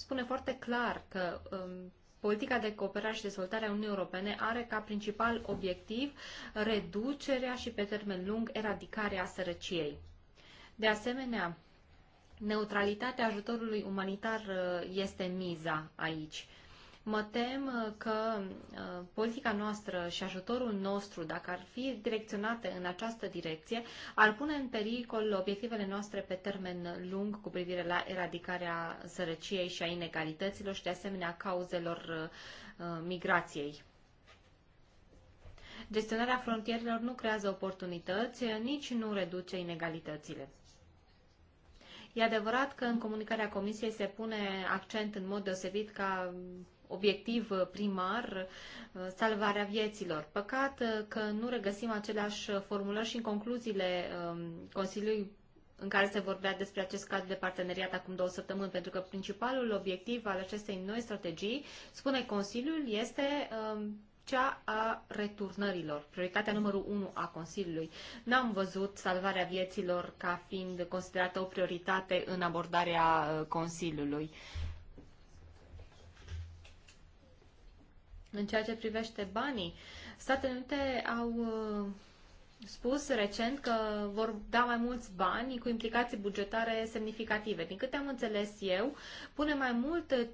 spune foarte clar că um, politica de cooperare și dezvoltare a Uniunii Europene are ca principal obiectiv reducerea și pe termen lung eradicarea sărăciei. De asemenea, neutralitatea ajutorului umanitar uh, este miza aici. Mă tem uh, că uh, politica noastră și ajutorul nostru, dacă ar fi direcționate în această direcție, ar pune în pericol obiectivele noastre pe termen lung cu privire la eradicarea sărăciei și a inegalităților și de asemenea cauzelor uh, migrației. Gestionarea frontierelor nu creează oportunități, nici nu reduce inegalitățile. E adevărat că în comunicarea Comisiei se pune accent în mod deosebit ca obiectiv uh, primar uh, salvarea vieților. Păcat uh, că nu regăsim aceleași formulări și în concluziile um, Consiliului în care se vorbea despre acest cadru de parteneriat acum două săptămâni, pentru că principalul obiectiv al acestei noi strategii, spune Consiliul, este um, cea a returnărilor, prioritatea numărul 1 a Consiliului. N-am văzut salvarea vieților ca fiind considerată o prioritate în abordarea Consiliului. În ceea ce privește banii, Statele Unite au uh, spus recent că vor da mai mulți bani cu implicații bugetare semnificative. Din câte am înțeles eu, pune mai mult uh,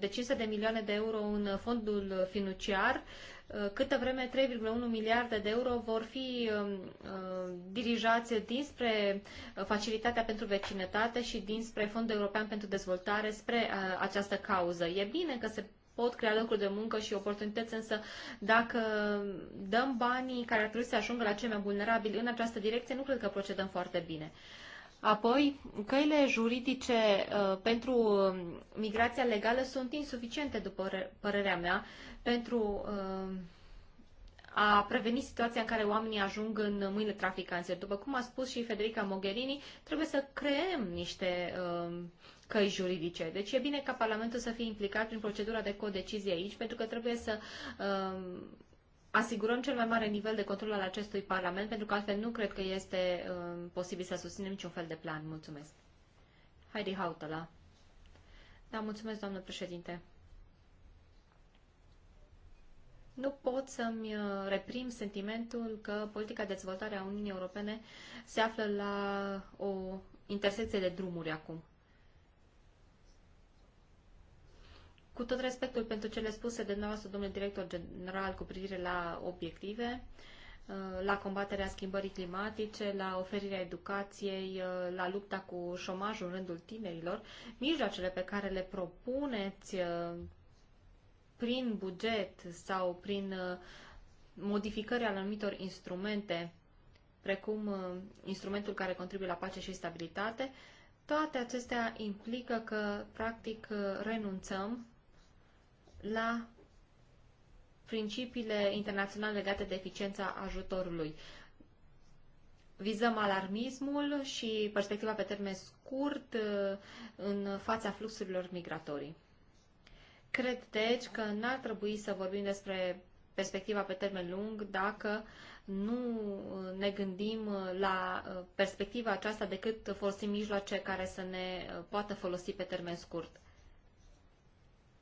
de 500 de milioane de euro în fondul financiar, uh, câtă vreme 3,1 miliarde de euro vor fi um, dirijați dinspre Facilitatea pentru Vecinătate și dinspre Fondul European pentru Dezvoltare spre această cauză. E bine că se pot crea locuri de muncă și oportunități, însă dacă dăm banii care ar trebui să ajungă la cei mai vulnerabili în această direcție, nu cred că procedăm foarte bine. Apoi, căile juridice uh, pentru uh, migrația legală sunt insuficiente, după părerea mea, pentru uh, a preveni situația în care oamenii ajung în mâinile traficanților. După cum a spus și Federica Mogherini, trebuie să creăm niște uh, căi juridice. Deci e bine ca Parlamentul să fie implicat prin procedura de codecizie aici, pentru că trebuie să um, asigurăm cel mai mare nivel de control al acestui Parlament, pentru că altfel nu cred că este um, posibil să susținem niciun fel de plan. Mulțumesc. Heidi Hautala. Da, mulțumesc, doamnă președinte. Nu pot să-mi uh, reprim sentimentul că politica de dezvoltare a Uniunii Europene se află la o intersecție de drumuri acum. Cu tot respectul pentru cele spuse de dumneavoastră, domnule director general, cu privire la obiective, uh, la combaterea schimbării climatice, la oferirea educației, uh, la lupta cu șomajul în rândul tinerilor, mijloacele pe care le propuneți uh, prin buget sau prin modificări al anumitor instrumente, precum instrumentul care contribuie la pace și stabilitate, toate acestea implică că, practic, renunțăm la principiile internaționale legate de eficiența ajutorului. Vizăm alarmismul și perspectiva pe termen scurt uh, în fața fluxurilor migratorii. Cred, deci, că n-ar trebui să vorbim despre perspectiva pe termen lung dacă nu uh, ne gândim uh, la perspectiva aceasta decât folosim mijloace care să ne poată folosi pe termen scurt.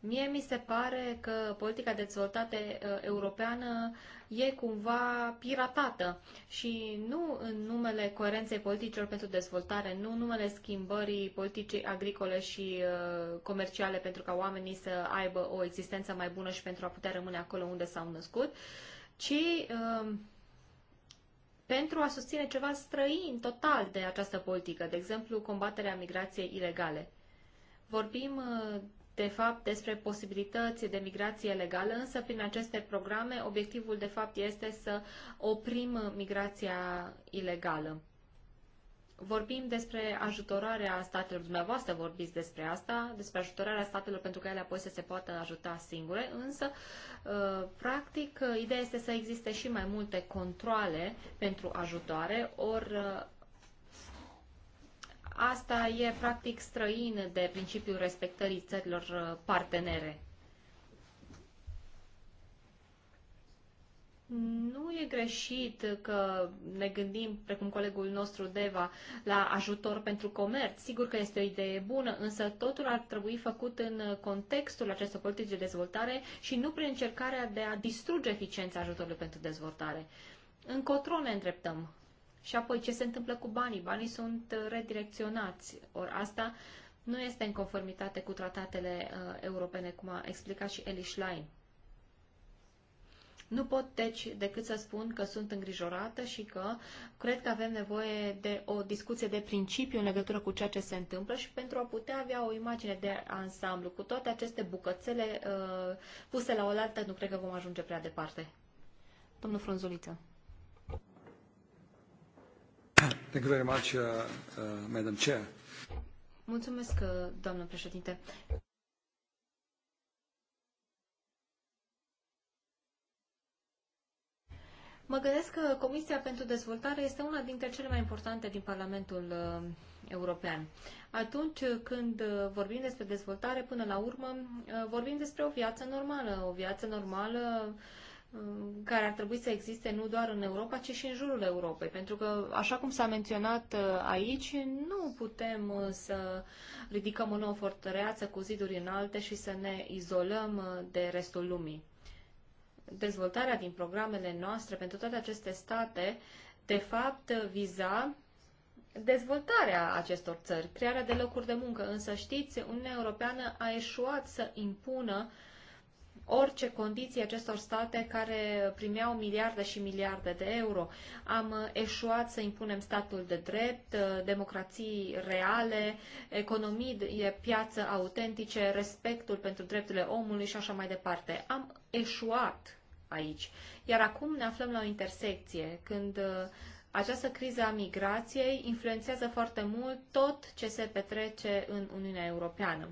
Mie mi se pare că politica de dezvoltare uh, europeană e cumva piratată și nu în numele coerenței politicilor pentru dezvoltare, nu în numele schimbării politicii agricole și uh, comerciale pentru ca oamenii să aibă o existență mai bună și pentru a putea rămâne acolo unde s-au născut, ci uh, pentru a susține ceva străin total de această politică, de exemplu combaterea migrației ilegale. Vorbim de fapt despre posibilități de migrație legală, însă prin aceste programe obiectivul de fapt este să oprim migrația ilegală. Vorbim despre ajutorarea statelor, dumneavoastră vorbiți despre asta, despre ajutorarea statelor pentru că ele apoi să se poată ajuta singure, însă, uh, practic, uh, ideea este să existe și mai multe controle pentru ajutoare, ori uh, Asta e practic străin de principiul respectării țărilor uh, partenere. Nu e greșit că ne gândim, precum colegul nostru Deva, la ajutor pentru comerț. Sigur că este o idee bună, însă totul ar trebui făcut în contextul acestor politici de dezvoltare și nu prin încercarea de a distruge eficiența ajutorului pentru dezvoltare. Încotro ne îndreptăm și apoi ce se întâmplă cu banii? Banii sunt uh, redirecționați. Ori asta nu este în conformitate cu tratatele uh, europene, cum a explicat și Eli Schlein. Nu pot, deci, decât să spun că sunt îngrijorată și că cred că avem nevoie de o discuție de principiu în legătură cu ceea ce se întâmplă și pentru a putea avea o imagine de ansamblu. Cu toate aceste bucățele uh, puse la oaltă, nu cred că vom ajunge prea departe. Domnul Frunzuliță. Thank you very much, uh, uh, Madam Chair. Mulțumesc, uh, doamnă președinte. Mă gândesc că Comisia pentru Dezvoltare este una dintre cele mai importante din Parlamentul uh, European. Atunci când uh, vorbim despre dezvoltare, până la urmă, vorbim despre o viață normală, o viață normală uh, Uh, care ar trebui să existe nu doar în Europa, ci și în jurul Europei. Pentru că, așa cum s-a menționat uh, aici, nu putem uh, să ridicăm o nouă fortăreață cu ziduri înalte și să ne izolăm de restul lumii. Dezvoltarea din programele noastre pentru toate aceste state, de fapt, viza dezvoltarea acestor țări, crearea de locuri de muncă. Însă știți, Uniunea Europeană a eșuat să impună uh, orice condiții acestor state care primeau miliarde și miliarde de euro. Am eșuat să impunem statul de drept, democrații reale, economii de piață autentice, respectul pentru drepturile omului și așa mai departe. Am eșuat aici. Iar acum ne aflăm la o intersecție, când uh, această criză a migrației influențează foarte mult tot ce se petrece în Uniunea Europeană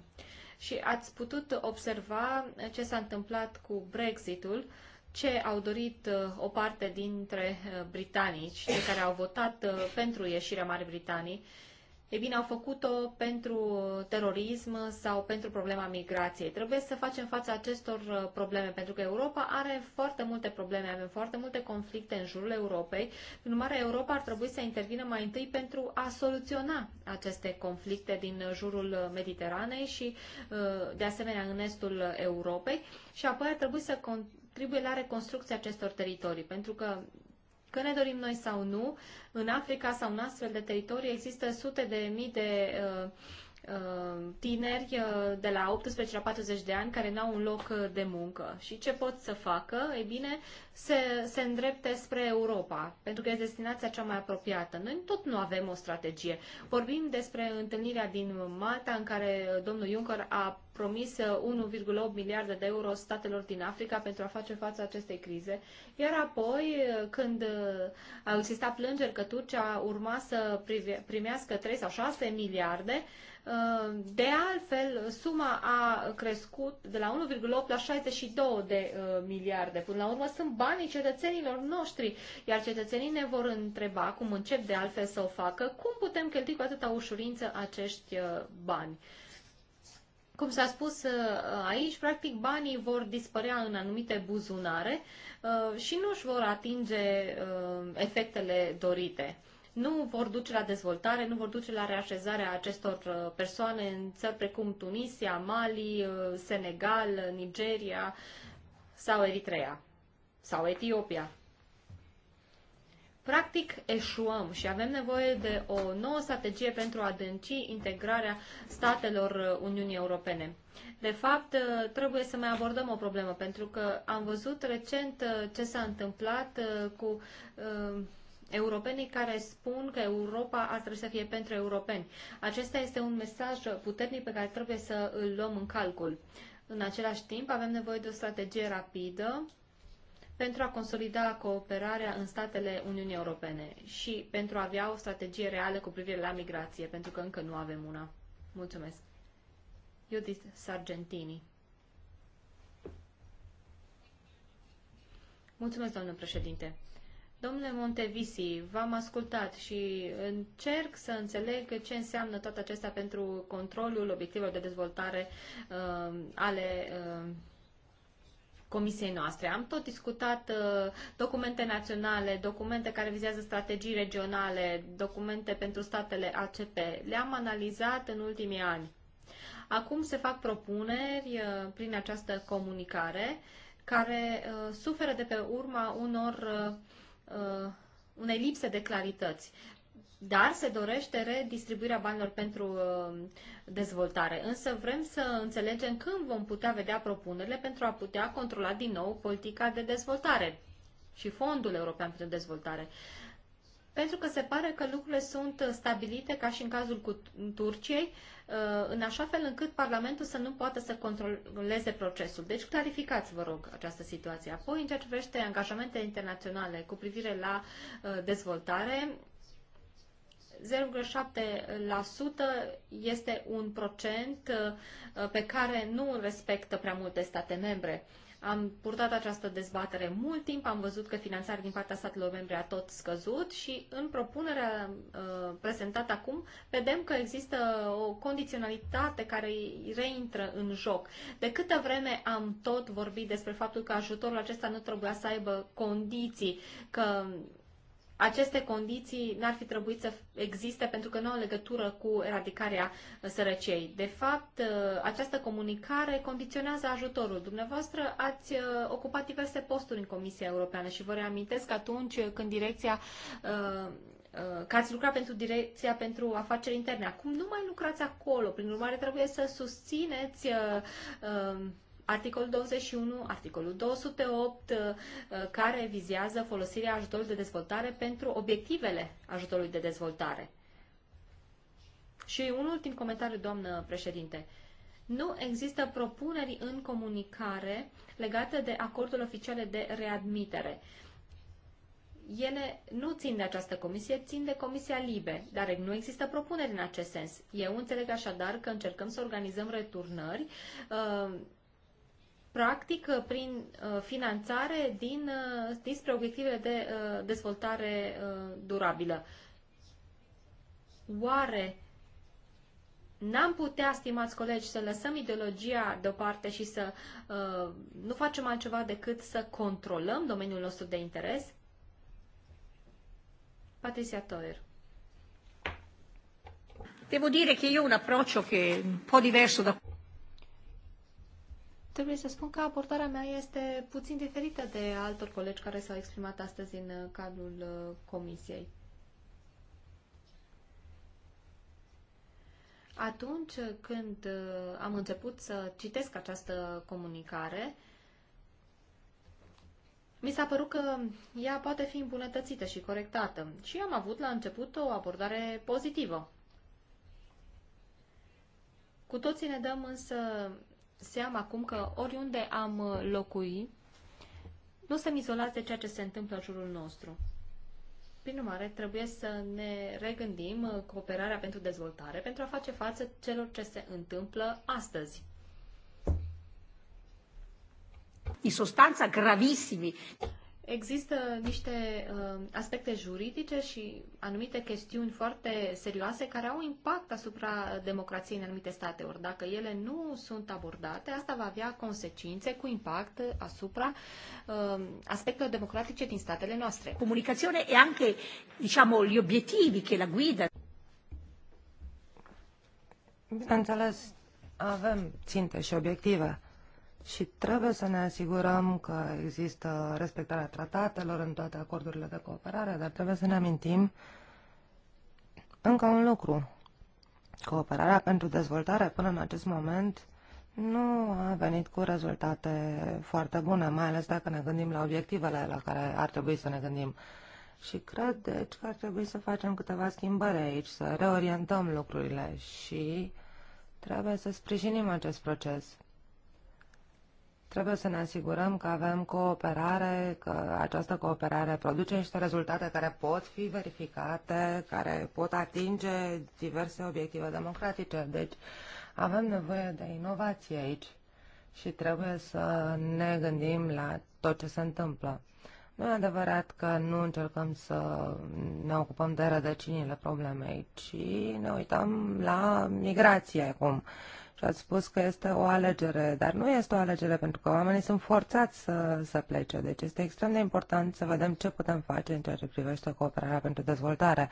și ați putut observa ce s-a întâmplat cu Brexitul, ce au dorit uh, o parte dintre uh, britanici, cei care au votat uh, pentru ieșirea Marii Britanii e bine, au făcut-o pentru terorism sau pentru problema migrației. Trebuie să facem față acestor uh, probleme, pentru că Europa are foarte multe probleme, avem foarte multe conflicte în jurul Europei. În urmare, Europa ar trebui să intervină mai întâi pentru a soluționa aceste conflicte din jurul Mediteranei și, uh, de asemenea, în estul Europei și apoi ar trebui să contribuie la reconstrucția acestor teritorii, pentru că Că ne dorim noi sau nu, în Africa sau în astfel de teritorii există sute de mii de uh, uh tineri uh, de la 18 la 40 de ani care n-au un loc de muncă. Și ce pot să facă? Ei bine, se, se îndrepte spre Europa, pentru că este destinația cea mai apropiată. Noi tot nu avem o strategie. Vorbim despre întâlnirea din Malta, în care domnul Juncker a promis 1,8 miliarde de euro statelor din Africa pentru a face față acestei crize, iar apoi, când au existat plângeri că Turcia urma să primească 3 sau 6 miliarde, uh, de altfel, suma a crescut de la 1,8 la 62 de uh, miliarde. Până la urmă, sunt banii cetățenilor noștri, iar cetățenii ne vor întreba, cum încep de altfel să o facă, cum putem cheltui cu atâta ușurință acești uh, bani. Cum s-a spus uh, aici, practic banii vor dispărea în anumite buzunare uh, și nu își vor atinge uh, efectele dorite. Nu vor duce la dezvoltare, nu vor duce la reașezarea acestor persoane în țări precum Tunisia, Mali, Senegal, Nigeria sau Eritrea sau Etiopia practic eșuăm și avem nevoie de o nouă strategie pentru a adânci integrarea statelor uh, Uniunii Europene. De fapt, uh, trebuie să mai abordăm o problemă, pentru că am văzut recent uh, ce s-a întâmplat cu europenii care spun că Europa ar trebui să fie pentru europeni. Acesta este un mesaj puternic pe care trebuie să îl luăm în calcul. În același timp, avem nevoie de o strategie rapidă pentru a consolida cooperarea în statele Uniunii Europene și pentru a avea o strategie reală cu privire la migrație, pentru că încă nu avem una. Mulțumesc. Judith Sargentini. Mulțumesc, domnule președinte. Domnule Montevisi, v-am ascultat și încerc să înțeleg ce înseamnă toate acestea pentru controlul obiectivelor de dezvoltare uh, ale uh, comisiei noastre. Am tot discutat uh, documente naționale, documente care vizează strategii regionale, documente pentru statele ACP. Le-am analizat în ultimii ani. Acum se fac propuneri uh, prin această comunicare care uh, suferă de pe urma unor uh, uh, unei lipse de clarități dar se dorește redistribuirea banilor pentru uh, dezvoltare. Însă vrem să înțelegem când vom putea vedea propunerile pentru a putea controla din nou politica de dezvoltare și Fondul European pentru Dezvoltare. Pentru că se pare că lucrurile sunt stabilite, ca și în cazul cu Turciei, uh, în așa fel încât Parlamentul să nu poată să controleze procesul. Deci clarificați, vă rog, această situație. Apoi, în ceea ce privește angajamente internaționale cu privire la uh, dezvoltare, 0,7% este un procent uh, pe care nu îl respectă prea multe state membre. Am purtat această dezbatere mult timp, am văzut că finanțarea din partea statelor membre a tot scăzut și în propunerea uh, prezentată acum vedem că există o condiționalitate care reintră în joc. De câtă vreme am tot vorbit despre faptul că ajutorul acesta nu trebuia să aibă condiții, că aceste condiții n-ar fi trebuit să existe pentru că nu au legătură cu eradicarea sărăciei. De fapt, uh, această comunicare condiționează ajutorul. Dumneavoastră ați uh, ocupat diverse posturi în Comisia Europeană și vă reamintesc atunci când direcția uh, că ați lucrat pentru direcția pentru afaceri interne. Acum nu mai lucrați acolo, prin urmare trebuie să susțineți uh, uh, Articolul 21, articolul 208, uh, uh, care vizează folosirea ajutorului de dezvoltare pentru obiectivele ajutorului de dezvoltare. Și un ultim comentariu, doamnă președinte. Nu există propuneri în comunicare legate de acordul oficial de readmitere. Ele nu țin de această comisie, țin de Comisia Libe, dar nu există propuneri în acest sens. Eu înțeleg așadar că încercăm să organizăm returnări uh, practic prin uh, finanțare din, uh, dinspre obiectivele de uh, dezvoltare durabilă. Oare N-am putea, stimați colegi, să lăsăm ideologia deoparte și să nu facem altceva decât să controlăm domeniul nostru de interes? Patricia Toer. Devo dire che io ho un approccio che è un po' diverso da... Trebuie să spun că abordarea mea este puțin diferită de altor colegi care s-au exprimat astăzi în uh, cadrul uh, comisiei. Atunci când uh, am început să citesc această comunicare, mi s-a părut că ea poate fi îmbunătățită și corectată și am avut la început o abordare pozitivă. Cu toții ne dăm însă seama acum că oriunde am uh, locui, nu suntem izolați de ceea ce se întâmplă în jurul nostru. Prin urmare, trebuie să ne regândim uh, cooperarea pentru dezvoltare pentru a face față celor ce se întâmplă astăzi. În sostanță, gravissimi. Există niște uh, aspecte juridice și anumite chestiuni foarte serioase care au impact asupra democrației în anumite state. Ori dacă ele nu sunt abordate, asta va avea consecințe cu impact asupra uh, aspectelor democratice din statele noastre. Comunicațiune e anche, diciamo, gli obiettivi che la guida. Bineînțeles, avem ținte și obiective și trebuie să ne asigurăm că există respectarea tratatelor în toate acordurile de cooperare, dar trebuie să ne amintim încă un lucru. Cooperarea pentru dezvoltare până în acest moment nu a venit cu rezultate foarte bune, mai ales dacă ne gândim la obiectivele la care ar trebui să ne gândim. Și cred, deci, că ar trebui să facem câteva schimbări aici, să reorientăm lucrurile și trebuie să sprijinim acest proces. Trebuie să ne asigurăm că avem cooperare, că această cooperare produce niște rezultate care pot fi verificate, care pot atinge diverse obiective democratice. Deci avem nevoie de inovație aici și trebuie să ne gândim la tot ce se întâmplă. Nu e adevărat că nu încercăm să ne ocupăm de rădăcinile problemei, ci ne uităm la migrație acum și ați spus că este o alegere, dar nu este o alegere pentru că oamenii sunt forțați să, să plece. Deci este extrem de important să vedem ce putem face în ceea ce privește cooperarea pentru dezvoltare.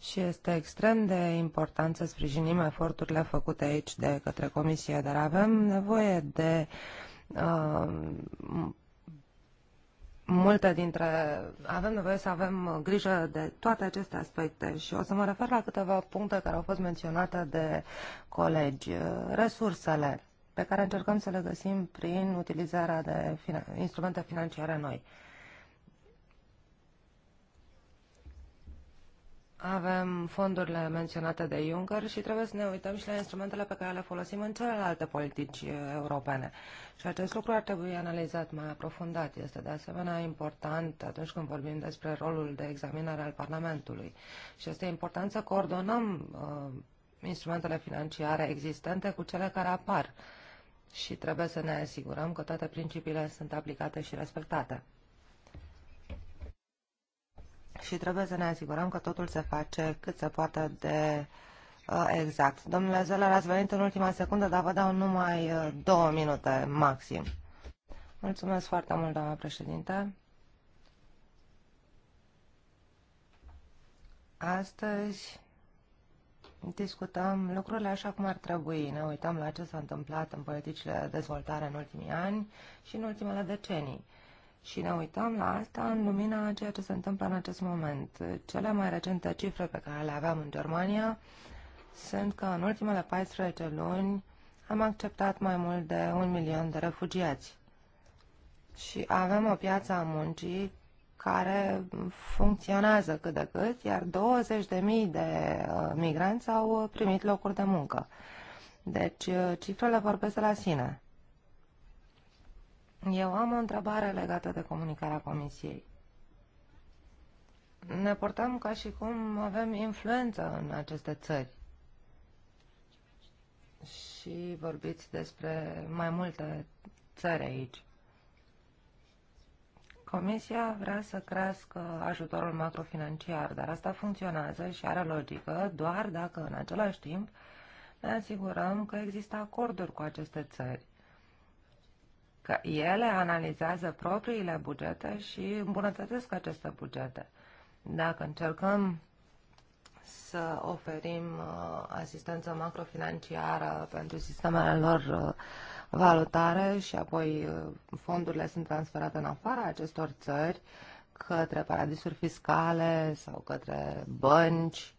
Și este extrem de important să sprijinim eforturile făcute aici de către Comisie, dar avem nevoie de uh, multe dintre... Avem nevoie să avem grijă de toate aceste aspecte și o să mă refer la câteva puncte care au fost menționate de colegi. Uh, resursele pe care încercăm să le găsim prin utilizarea de instrumente financiare noi. Uh, Avem fondurile menționate de Juncker și trebuie să ne uităm și la instrumentele pe care le folosim în celelalte politici uh, europene. Și acest lucru ar trebui analizat mai aprofundat. Este de asemenea important atunci când vorbim despre rolul de examinare al Parlamentului. Și este important să coordonăm uh, instrumentele financiare existente cu cele care apar. Și trebuie să ne asigurăm că toate principiile sunt aplicate și respectate și trebuie să ne asigurăm că totul se face cât se poate de uh, exact. Domnule Zeller, ați venit în ultima secundă, dar vă dau numai uh, două minute maxim. Mulțumesc foarte mult, doamna președinte. Astăzi discutăm lucrurile așa cum ar trebui. Ne uităm la ce s-a întâmplat în politicile de dezvoltare în ultimii ani și în ultimele decenii și ne uităm la asta în lumina a ceea ce se întâmplă în acest moment. Cele mai recente cifre pe care le aveam în Germania sunt că în ultimele 14 luni am acceptat mai mult de un milion de refugiați și avem o piață a muncii care funcționează cât de cât, iar 20.000 de uh, migranți au primit locuri de muncă. Deci uh, cifrele vorbesc de la sine. Eu am o întrebare legată de comunicarea Comisiei. Ne portăm ca și cum avem influență în aceste țări. Și vorbiți despre mai multe țări aici. Comisia vrea să crească ajutorul macrofinanciar, dar asta funcționează și are logică doar dacă în același timp ne asigurăm că există acorduri cu aceste țări că ele analizează propriile bugete și îmbunătățesc aceste bugete. Dacă încercăm să oferim uh, asistență macrofinanciară pentru sistemele lor uh, valutare și apoi uh, fondurile sunt transferate în afara acestor țări către paradisuri fiscale sau către bănci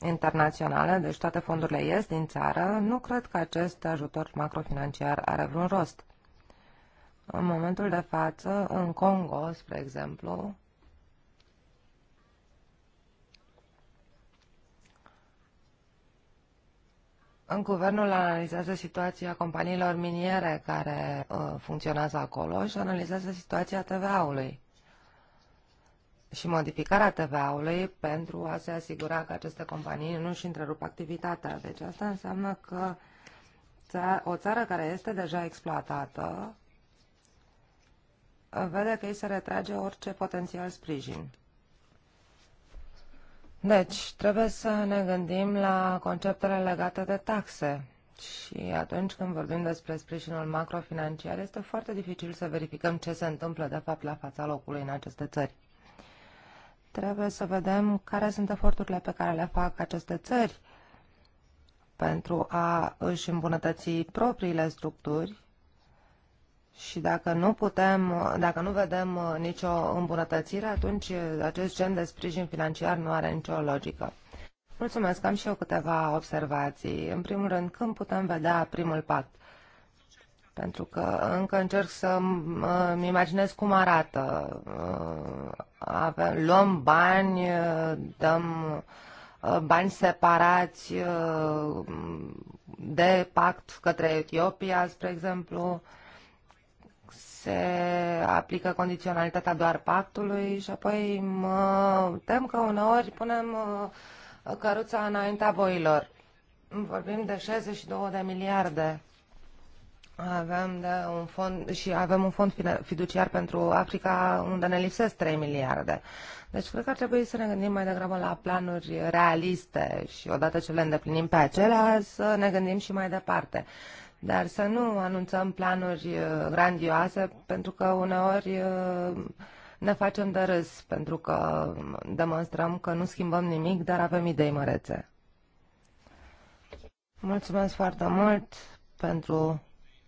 internaționale, deci toate fondurile ies din țară, nu cred că acest ajutor macrofinanciar are vreun rost. În momentul de față, în Congo, spre exemplu, În guvernul analizează situația companiilor miniere care uh, funcționează acolo și analizează situația TVA-ului și modificarea TVA-ului pentru a se asigura că aceste companii nu își întrerup activitatea. Deci asta înseamnă că o țară care este deja exploatată vede că ei se retrage orice potențial sprijin. Deci, trebuie să ne gândim la conceptele legate de taxe. Și atunci când vorbim despre sprijinul macrofinanciar, este foarte dificil să verificăm ce se întâmplă de fapt la fața locului în aceste țări. Trebuie să vedem care sunt eforturile pe care le fac aceste țări pentru a își îmbunătăți propriile structuri și dacă nu putem, dacă nu vedem uh, nicio îmbunătățire, atunci uh, acest gen de sprijin financiar nu are nicio logică. Mulțumesc, am și eu câteva observații. În primul rând, când putem vedea primul pact? Pentru că încă încerc să uh, îmi imaginez cum arată. Avem, luăm bani, dăm bani separați de pact către Etiopia, spre exemplu se aplică condiționalitatea doar pactului și apoi mă tem că uneori punem uh, căruța înaintea boilor. Vorbim de 62 de miliarde avem de un fond și avem un fond fiduciar pentru Africa unde ne lipsesc 3 miliarde. Deci cred că ar trebui să ne gândim mai degrabă la planuri realiste și odată ce le îndeplinim pe acelea să ne gândim și mai departe. Dar să nu anunțăm planuri uh, grandioase, pentru că uneori uh, ne facem de râs, pentru că demonstrăm că nu schimbăm nimic, dar avem idei mărețe. Mulțumesc foarte mult pentru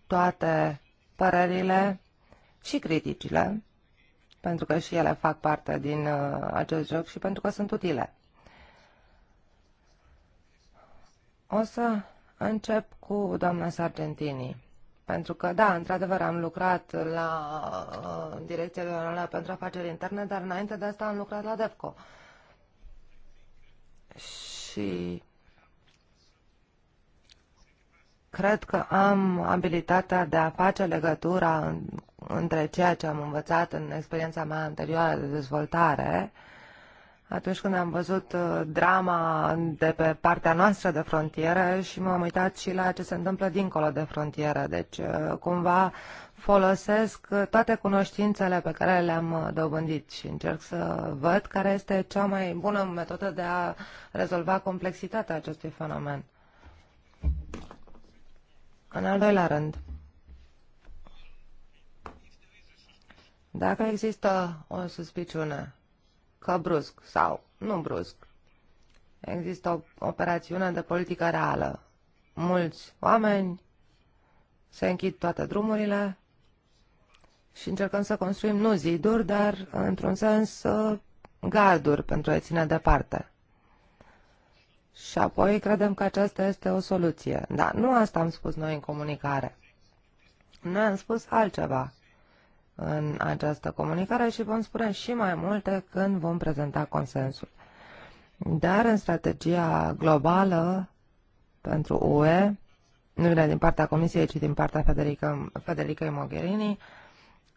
toate părerile și criticile, pentru că și ele fac parte din uh, acest joc și pentru că sunt utile. O să Încep cu doamna Sargentini. Pentru că, da, într-adevăr, am lucrat la uh, Direcția Generală pentru Afaceri Interne, dar înainte de asta am lucrat la DEFCO. Și cred că am abilitatea de a face legătura în, între ceea ce am învățat în experiența mea anterioară de dezvoltare uh, atunci când am văzut uh, drama de pe partea noastră de frontieră și m-am uitat și la ce se întâmplă dincolo de frontieră. Deci, uh, cumva folosesc uh, toate cunoștințele pe care le-am dobândit și încerc să văd care este cea mai bună metodă de a rezolva complexitatea acestui fenomen. În al doilea rând, dacă există o suspiciune că brusc sau nu brusc există o operațiune de politică reală. Mulți oameni se închid toate drumurile și încercăm să construim nu ziduri, dar într-un sens garduri pentru a ține departe. Și apoi credem că aceasta este o soluție. Dar nu asta am spus noi în comunicare. Noi am spus altceva în această comunicare și vom spune și mai multe când vom prezenta consensul. Dar în strategia globală pentru UE, nu vine din partea Comisiei, ci din partea Federica, Federica Mogherini,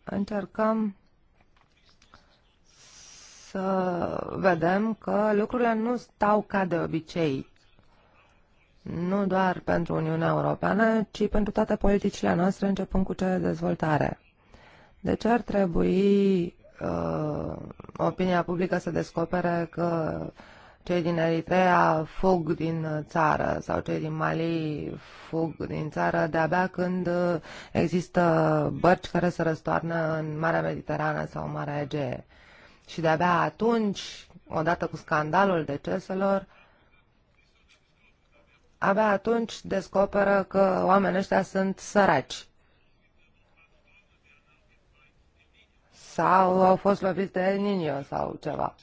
încercăm să vedem că lucrurile nu stau ca de obicei, nu doar pentru Uniunea Europeană, ci pentru toate politicile noastre, începând cu cele de dezvoltare. De deci ce ar trebui uh, opinia publică să descopere că cei din Eritrea fug din țară sau cei din Mali fug din țară de-abia când există bărci care se răstoarnă în Marea Mediterană sau Marea Egee. Și de-abia atunci, odată cu scandalul deceselor, abia atunci descoperă că oamenii ăștia sunt săraci sau au fost loviți de El Nino sau ceva.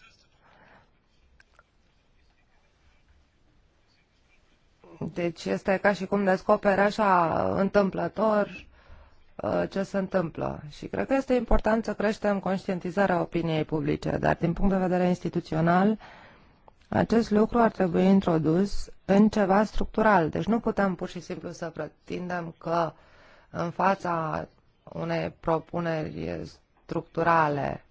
Deci este ca și cum descoperi așa întâmplător uh, ce se întâmplă. Și cred că este important să creștem conștientizarea opiniei publice, dar din punct de vedere instituțional, acest lucru ar trebui introdus în ceva structural. Deci nu putem pur și simplu să pretindem că în fața unei propuneri structurale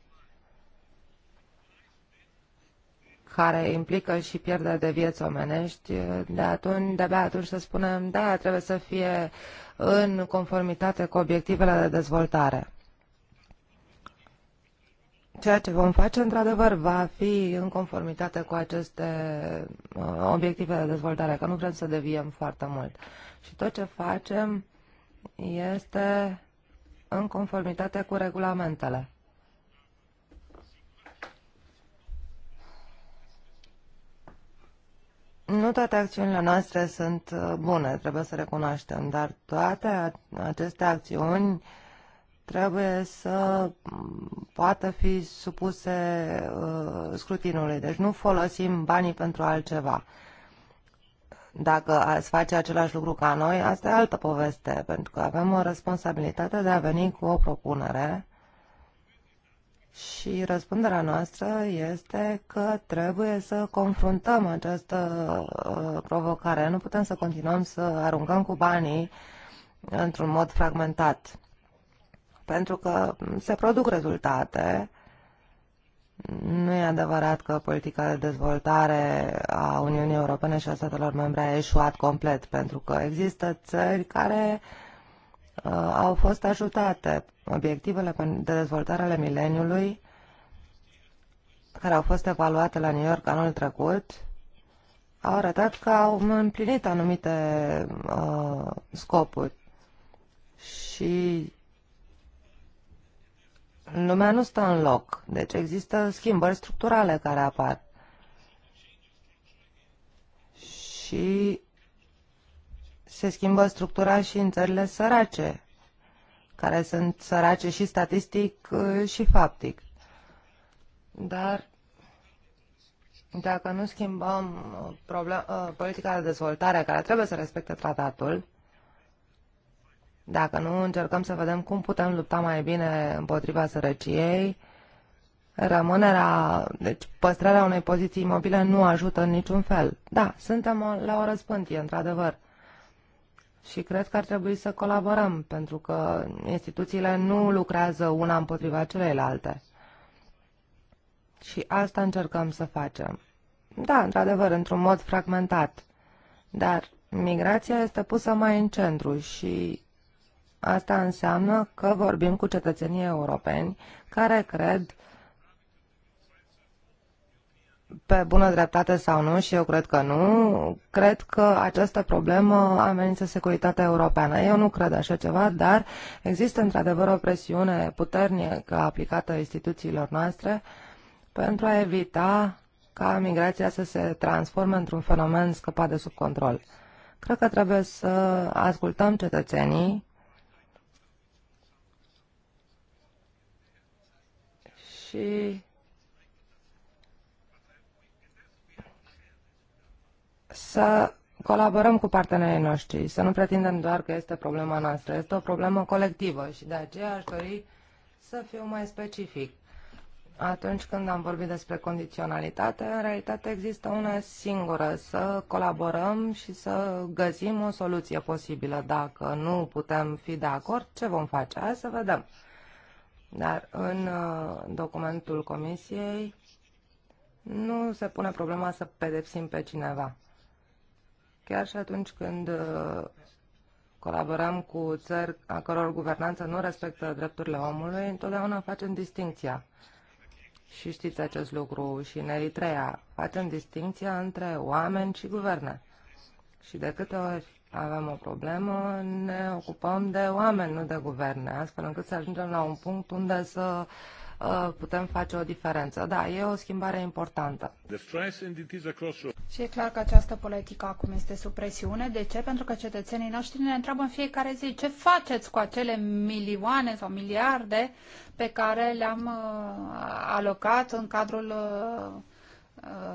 care implică și pierderea de vieți omenești, de atunci, de-abia atunci să spunem, da, trebuie să fie în conformitate cu obiectivele de dezvoltare. Ceea ce vom face, într-adevăr, va fi în conformitate cu aceste uh, obiective de dezvoltare, că nu vrem să deviem foarte mult. Și tot ce facem este în conformitate cu regulamentele. Nu toate acțiunile noastre sunt uh, bune, trebuie să recunoaștem, dar toate aceste acțiuni trebuie să mm, poată fi supuse uh, scrutinului. Deci nu folosim banii pentru altceva. Dacă ați face același lucru ca noi, asta e altă poveste, pentru că avem o responsabilitate de a veni cu o propunere și răspunderea noastră este că trebuie să confruntăm această uh, provocare. Nu putem să continuăm să aruncăm cu banii într-un mod fragmentat, pentru că se produc rezultate nu e adevărat că politica de dezvoltare a Uniunii Europene și a statelor membre a eșuat complet, pentru că există țări care uh, au fost ajutate. Obiectivele de dezvoltare ale mileniului, care au fost evaluate la New York anul trecut, au arătat că au împlinit anumite uh, scopuri. Și Lumea nu stă în loc, deci există schimbări structurale care apar. Și se schimbă structura și în țările sărace, care sunt sărace și statistic uh, și faptic. Dar dacă nu schimbăm uh, problem, uh, politica de dezvoltare care trebuie să respecte tratatul, dacă nu, încercăm să vedem cum putem lupta mai bine împotriva sărăciei. Rămânerea, deci păstrarea unei poziții imobile nu ajută în niciun fel. Da, suntem la o răspântie, într-adevăr. Și cred că ar trebui să colaborăm, pentru că instituțiile nu lucrează una împotriva celeilalte. Și asta încercăm să facem. Da, într-adevăr, într-un mod fragmentat. Dar migrația este pusă mai în centru și Asta înseamnă că vorbim cu cetățenii europeni care cred pe bună dreptate sau nu, și eu cred că nu, cred că această problemă amenință securitatea europeană. Eu nu cred așa ceva, dar există într-adevăr o presiune puternică aplicată instituțiilor noastre pentru a evita ca migrația să se transforme într-un fenomen scăpat de sub control. Cred că trebuie să ascultăm cetățenii și să colaborăm cu partenerii noștri, să nu pretindem doar că este problema noastră, este o problemă colectivă și de aceea aș dori să fiu mai specific. Atunci când am vorbit despre condiționalitate, în realitate există una singură, să colaborăm și să găsim o soluție posibilă. Dacă nu putem fi de acord, ce vom face? Hai să vedem. Dar uh, în documentul comisiei nu se pune problema să pedepsim pe cineva. Chiar și atunci când uh, colaborăm cu țări a căror guvernanță nu respectă drepturile omului, întotdeauna facem distinția. Și știți acest lucru și în Eritrea. Facem distinția între oameni și guverne. Și de câte ori avem o problemă, ne ocupăm de oameni, nu de guverne, astfel încât să ajungem la un punct unde să uh, putem face o diferență. Da, e o schimbare importantă. Și e clar că această politică acum este sub presiune. De ce? Pentru că cetățenii noștri ne întreabă în fiecare zi ce faceți cu acele milioane sau miliarde pe care le-am uh, alocat în cadrul uh,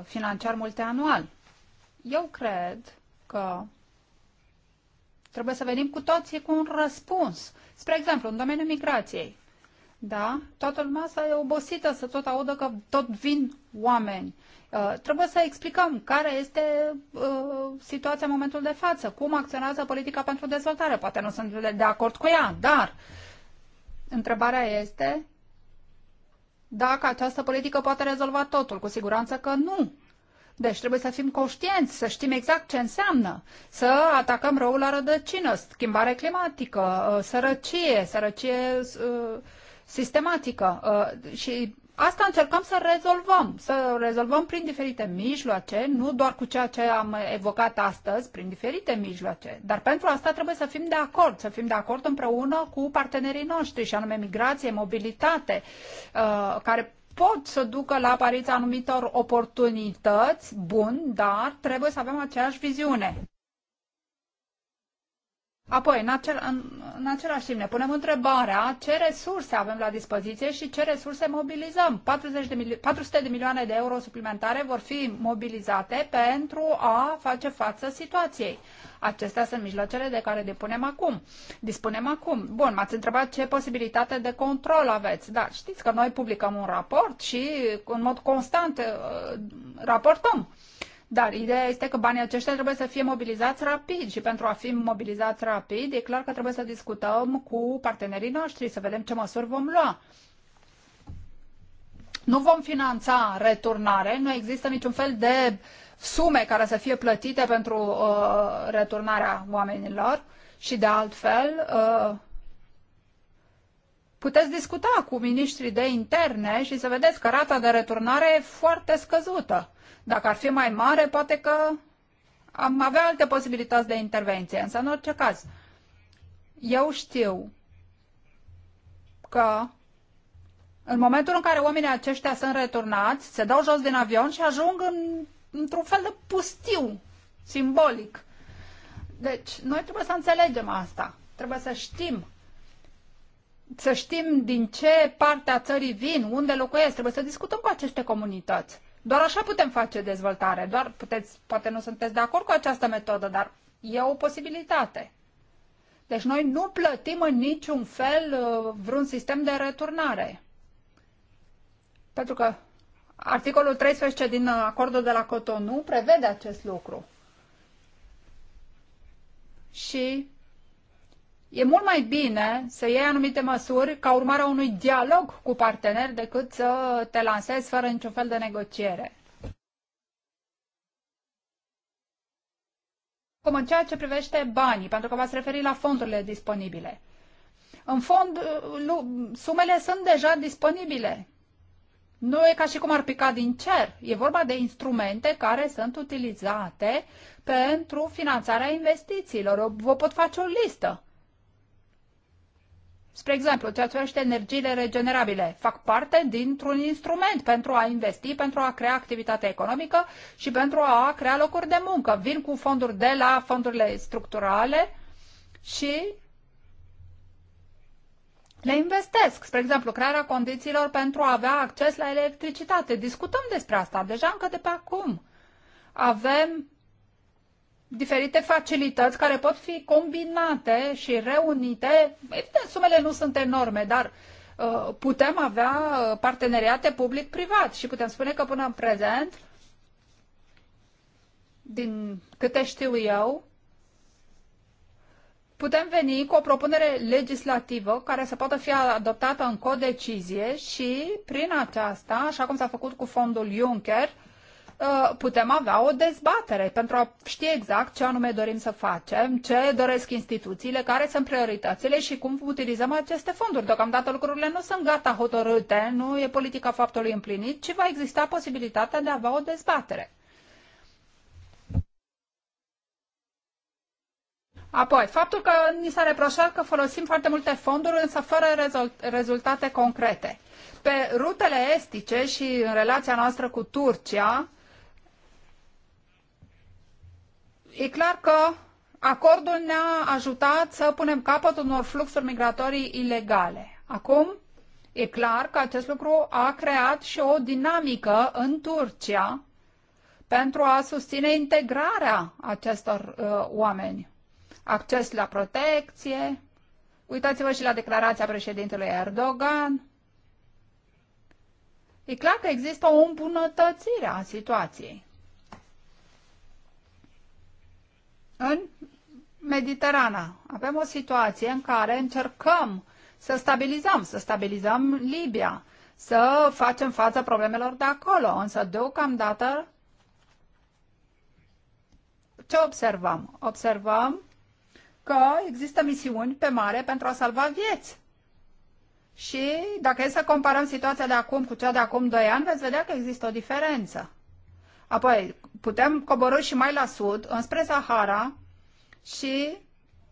financiar multianual. Eu cred că Trebuie să venim cu toții cu un răspuns. Spre exemplu, în domeniul migrației. Da? Toată lumea asta e obosită să tot audă că tot vin oameni. Uh, trebuie să explicăm care este uh, situația în momentul de față, cum acționează politica pentru dezvoltare. Poate nu sunt de acord cu ea, dar întrebarea este dacă această politică poate rezolva totul. Cu siguranță că nu. Deci trebuie să fim conștienți, să știm exact ce înseamnă să atacăm răul la rădăcină, schimbare climatică, uh, sărăcie, sărăcie uh, sistematică. Uh, și asta încercăm să rezolvăm, să rezolvăm prin diferite mijloace, nu doar cu ceea ce am evocat astăzi, prin diferite mijloace. Dar pentru asta trebuie să fim de acord, să fim de acord împreună cu partenerii noștri, și anume migrație, mobilitate, care pot să ducă la apariția anumitor oportunități, bun, dar trebuie să avem aceeași viziune. Apoi, în, acel, în, în același timp, ne punem întrebarea ce resurse avem la dispoziție și ce resurse mobilizăm. 40 de 400 de milioane de euro suplimentare vor fi mobilizate pentru a face față situației. Acestea sunt mijloacele de care depunem acum. Dispunem acum. Bun, m-ați întrebat ce posibilitate de control aveți. Da, știți că noi publicăm un raport și în mod constant uh, raportăm. Dar ideea este că banii aceștia trebuie să fie mobilizați rapid și pentru a fi mobilizați rapid, e clar că trebuie să discutăm cu partenerii noștri, să vedem ce măsuri vom lua. Nu vom finanța returnare, nu există niciun fel de sume care să fie plătite pentru uh, returnarea oamenilor și de altfel uh, puteți discuta cu ministrii de interne și să vedeți că rata de returnare e foarte scăzută. Dacă ar fi mai mare, poate că am avea alte posibilități de intervenție. Însă, în orice caz, eu știu că în momentul în care oamenii aceștia sunt returnați, se dau jos din avion și ajung în, într-un fel de pustiu simbolic. Deci, noi trebuie să înțelegem asta. Trebuie să știm. Să știm din ce parte a țării vin, unde locuiesc. Trebuie să discutăm cu aceste comunități. Doar așa putem face dezvoltare. Doar puteți, poate nu sunteți de acord cu această metodă, dar e o posibilitate. Deci noi nu plătim în niciun fel uh, vreun sistem de returnare. Pentru că articolul 13 din uh, acordul de la Cotonou prevede acest lucru. Și E mult mai bine să iei anumite măsuri ca urmare a unui dialog cu parteneri decât să te lansezi fără niciun fel de negociere. Cum în ceea ce privește banii, pentru că v-ați referit la fondurile disponibile. În fond, sumele sunt deja disponibile. Nu e ca și cum ar pica din cer. E vorba de instrumente care sunt utilizate pentru finanțarea investițiilor. Vă pot face o listă. Spre exemplu, ceea ce privește energiile regenerabile, fac parte dintr-un instrument pentru a investi, pentru a crea activitate economică și pentru a crea locuri de muncă. Vin cu fonduri de la fondurile structurale și le investesc. Spre exemplu, crearea condițiilor pentru a avea acces la electricitate. Discutăm despre asta deja încă de pe acum. Avem diferite facilități care pot fi combinate și reunite. Evident, sumele nu sunt enorme, dar uh, putem avea uh, parteneriate public-privat și putem spune că până în prezent, din câte știu eu, putem veni cu o propunere legislativă care să poată fi adoptată în codecizie și prin aceasta, așa cum s-a făcut cu fondul Juncker, Uh, putem avea o dezbatere pentru a ști exact ce anume dorim să facem, ce doresc instituțiile, care sunt prioritățile și cum utilizăm aceste fonduri. Deocamdată lucrurile nu sunt gata hotărâte, nu e politica faptului împlinit, ci va exista posibilitatea de a avea o dezbatere. Apoi, faptul că ni s-a reproșat că folosim foarte multe fonduri, însă fără rezultate concrete. Pe rutele estice și în relația noastră cu Turcia, e clar că acordul ne-a ajutat să punem capăt unor fluxuri migratorii ilegale. Acum, e clar că acest lucru a creat și o dinamică în Turcia pentru a susține integrarea acestor uh, oameni. Acces la protecție. Uitați-vă și la declarația președintelui Erdogan. E clar că există o îmbunătățire a situației. În Mediterana avem o situație în care încercăm să stabilizăm, să stabilizăm Libia, să facem față problemelor de acolo, însă deocamdată ce observăm? Observăm că există misiuni pe mare pentru a salva vieți. Și dacă e să comparăm situația de acum cu cea de acum 2 ani, veți vedea că există o diferență. Apoi, putem coborâ și mai la sud, înspre Sahara și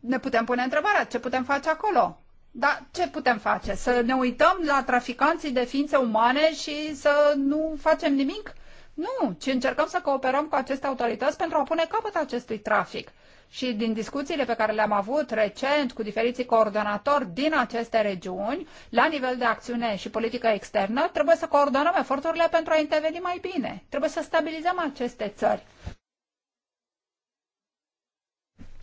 ne putem pune întrebarea ce putem face acolo. Dar ce putem face? Să ne uităm la traficanții de ființe umane și să nu facem nimic? Nu, ci încercăm să cooperăm cu aceste autorități pentru a pune capăt acestui trafic și din discuțiile pe care le-am avut recent cu diferiții coordonatori din aceste regiuni, la nivel de acțiune și politică externă, trebuie să coordonăm eforturile pentru a interveni mai bine. Trebuie să stabilizăm aceste țări.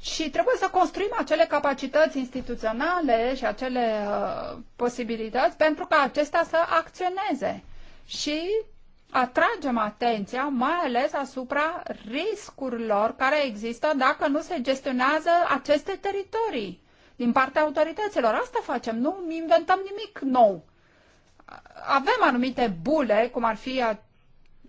Și trebuie să construim acele capacități instituționale și acele uh, posibilități pentru ca acestea să acționeze. Și atragem atenția mai ales asupra riscurilor care există dacă nu se gestionează aceste teritorii din partea autorităților. Asta facem, nu inventăm nimic nou. Avem anumite bule, cum ar fi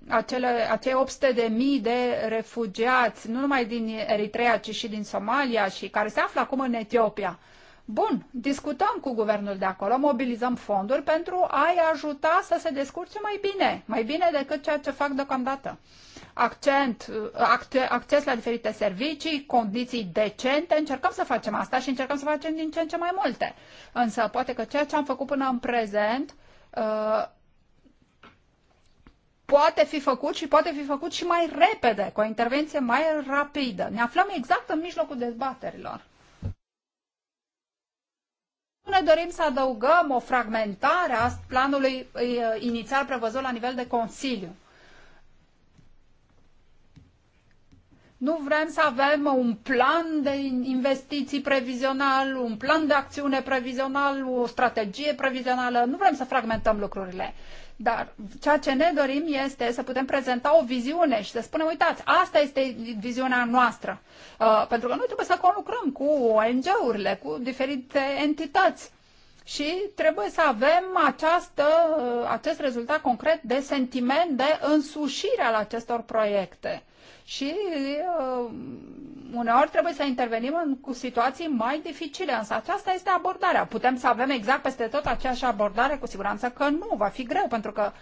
acele, acei 800 de mii de refugiați, nu numai din Eritrea, ci și din Somalia și care se află acum în Etiopia. Bun, discutăm cu guvernul de acolo, mobilizăm fonduri pentru a-i ajuta să se descurce mai bine, mai bine decât ceea ce fac deocamdată. Accent, uh, acces la diferite servicii, condiții decente, încercăm să facem asta și încercăm să facem din ce în ce mai multe. Însă poate că ceea ce am făcut până în prezent uh, poate fi făcut și poate fi făcut și mai repede, cu o intervenție mai rapidă. Ne aflăm exact în mijlocul dezbaterilor ne dorim să adăugăm o fragmentare a planului eh, inițial prevăzut la nivel de Consiliu. Nu vrem să avem un plan de investiții previzional, un plan de acțiune previzional, o strategie previzională. Nu vrem să fragmentăm lucrurile. Dar ceea ce ne dorim este să putem prezenta o viziune și să spunem, uitați, asta este viziunea noastră. Uh, pentru că noi trebuie să conlucrăm cu ONG-urile, cu diferite entități. Și trebuie să avem această, uh, acest rezultat concret de sentiment de însușire al acestor proiecte. Și uh, uneori trebuie să intervenim în, cu situații mai dificile, însă aceasta este abordarea. Putem să avem exact peste tot aceeași abordare? Cu siguranță că nu, va fi greu, pentru că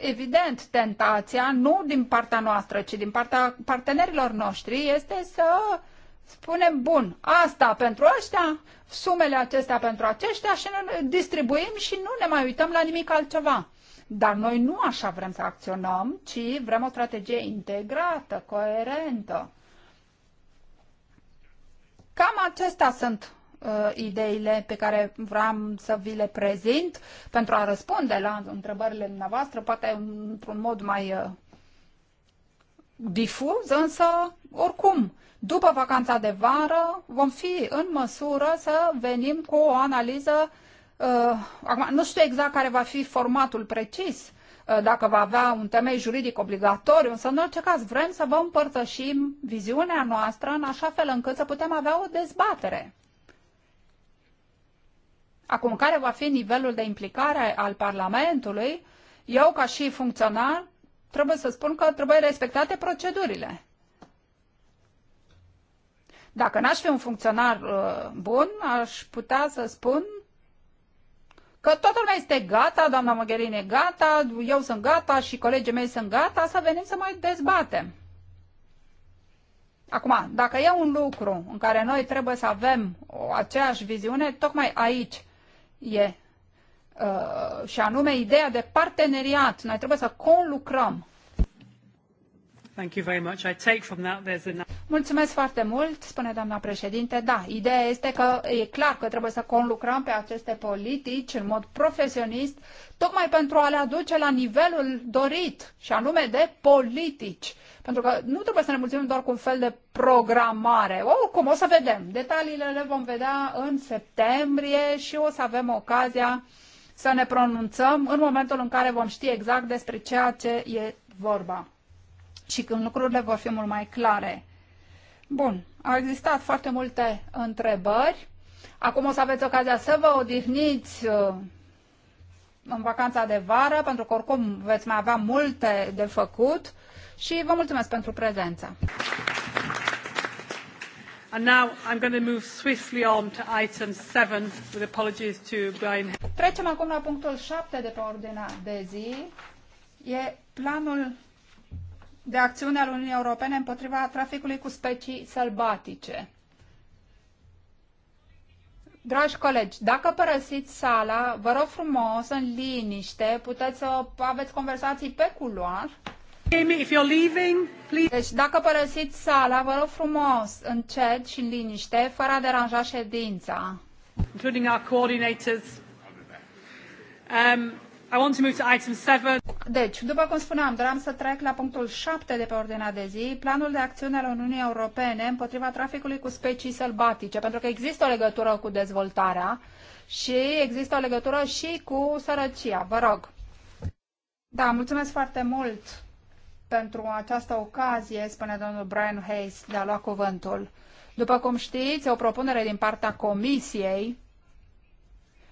evident, tentația, nu din partea noastră, ci din partea partenerilor noștri, este să spunem, bun, asta pentru ăștia, sumele acestea pentru aceștia și ne distribuim și nu ne mai uităm la nimic altceva. Dar noi nu așa vrem să acționăm, ci vrem o strategie integrată, coerentă. Cam acestea sunt uh, ideile pe care vreau să vi le prezint pentru a răspunde la întrebările dumneavoastră, poate într-un mod mai uh, difuz, însă oricum, după vacanța de vară vom fi în măsură să venim cu o analiză uh, acum, nu știu exact care va fi formatul precis Uh, dacă va avea un temei juridic obligatoriu, însă în orice caz vrem să vă împărtășim viziunea noastră în așa fel încât să putem avea o dezbatere. Acum, care va fi nivelul de implicare al Parlamentului? Eu, ca și funcționar, trebuie să spun că trebuie respectate procedurile. Dacă n-aș fi un funcționar uh, bun, aș putea să spun că toată lumea este gata, doamna e gata, eu sunt gata și colegii mei sunt gata să venim să mai dezbatem. Acum, dacă e un lucru în care noi trebuie să avem o aceeași viziune, tocmai aici e, uh, și anume ideea de parteneriat. Noi trebuie să conlucrăm Mulțumesc foarte mult, spune doamna președinte. Da, ideea este că e clar că trebuie să conlucrăm pe aceste politici în mod profesionist, tocmai pentru a le aduce la nivelul dorit, și anume de politici. Pentru că nu trebuie să ne mulțumim doar cu un fel de programare. Oricum, o să vedem. Detaliile le vom vedea în septembrie și o să avem ocazia să ne pronunțăm în momentul în care vom ști exact despre ceea ce e vorba și când lucrurile vor fi mult mai clare. Bun, au existat foarte multe întrebări. Acum o să aveți ocazia să vă odihniți uh, în vacanța de vară, pentru că oricum veți mai avea multe de făcut și vă mulțumesc pentru prezența. And now I'm going to move swiftly on to item 7 with apologies to Brian. Trecem acum la punctul 7 de pe ordinea de zi. E planul de acțiune al Uniunii Europene împotriva traficului cu specii sălbatice. Dragi colegi, dacă părăsiți sala, vă rog frumos, în liniște, puteți să aveți conversații pe culoar. If you're leaving, please... Deci, dacă părăsiți sala, vă rog frumos, încet și în liniște, fără a deranja ședința. Including our coordinators. Um, I want to move to item Deci, după cum spuneam, doream să trec la punctul 7 de pe ordinea de zi, planul de acțiune al Uniunii Europene împotriva traficului cu specii sălbatice, pentru că există o legătură cu dezvoltarea și există o legătură și cu sărăcia. Vă rog. Da, mulțumesc foarte mult pentru această ocazie, spune domnul Brian Hayes, de a lua cuvântul. După cum știți, o propunere din partea Comisiei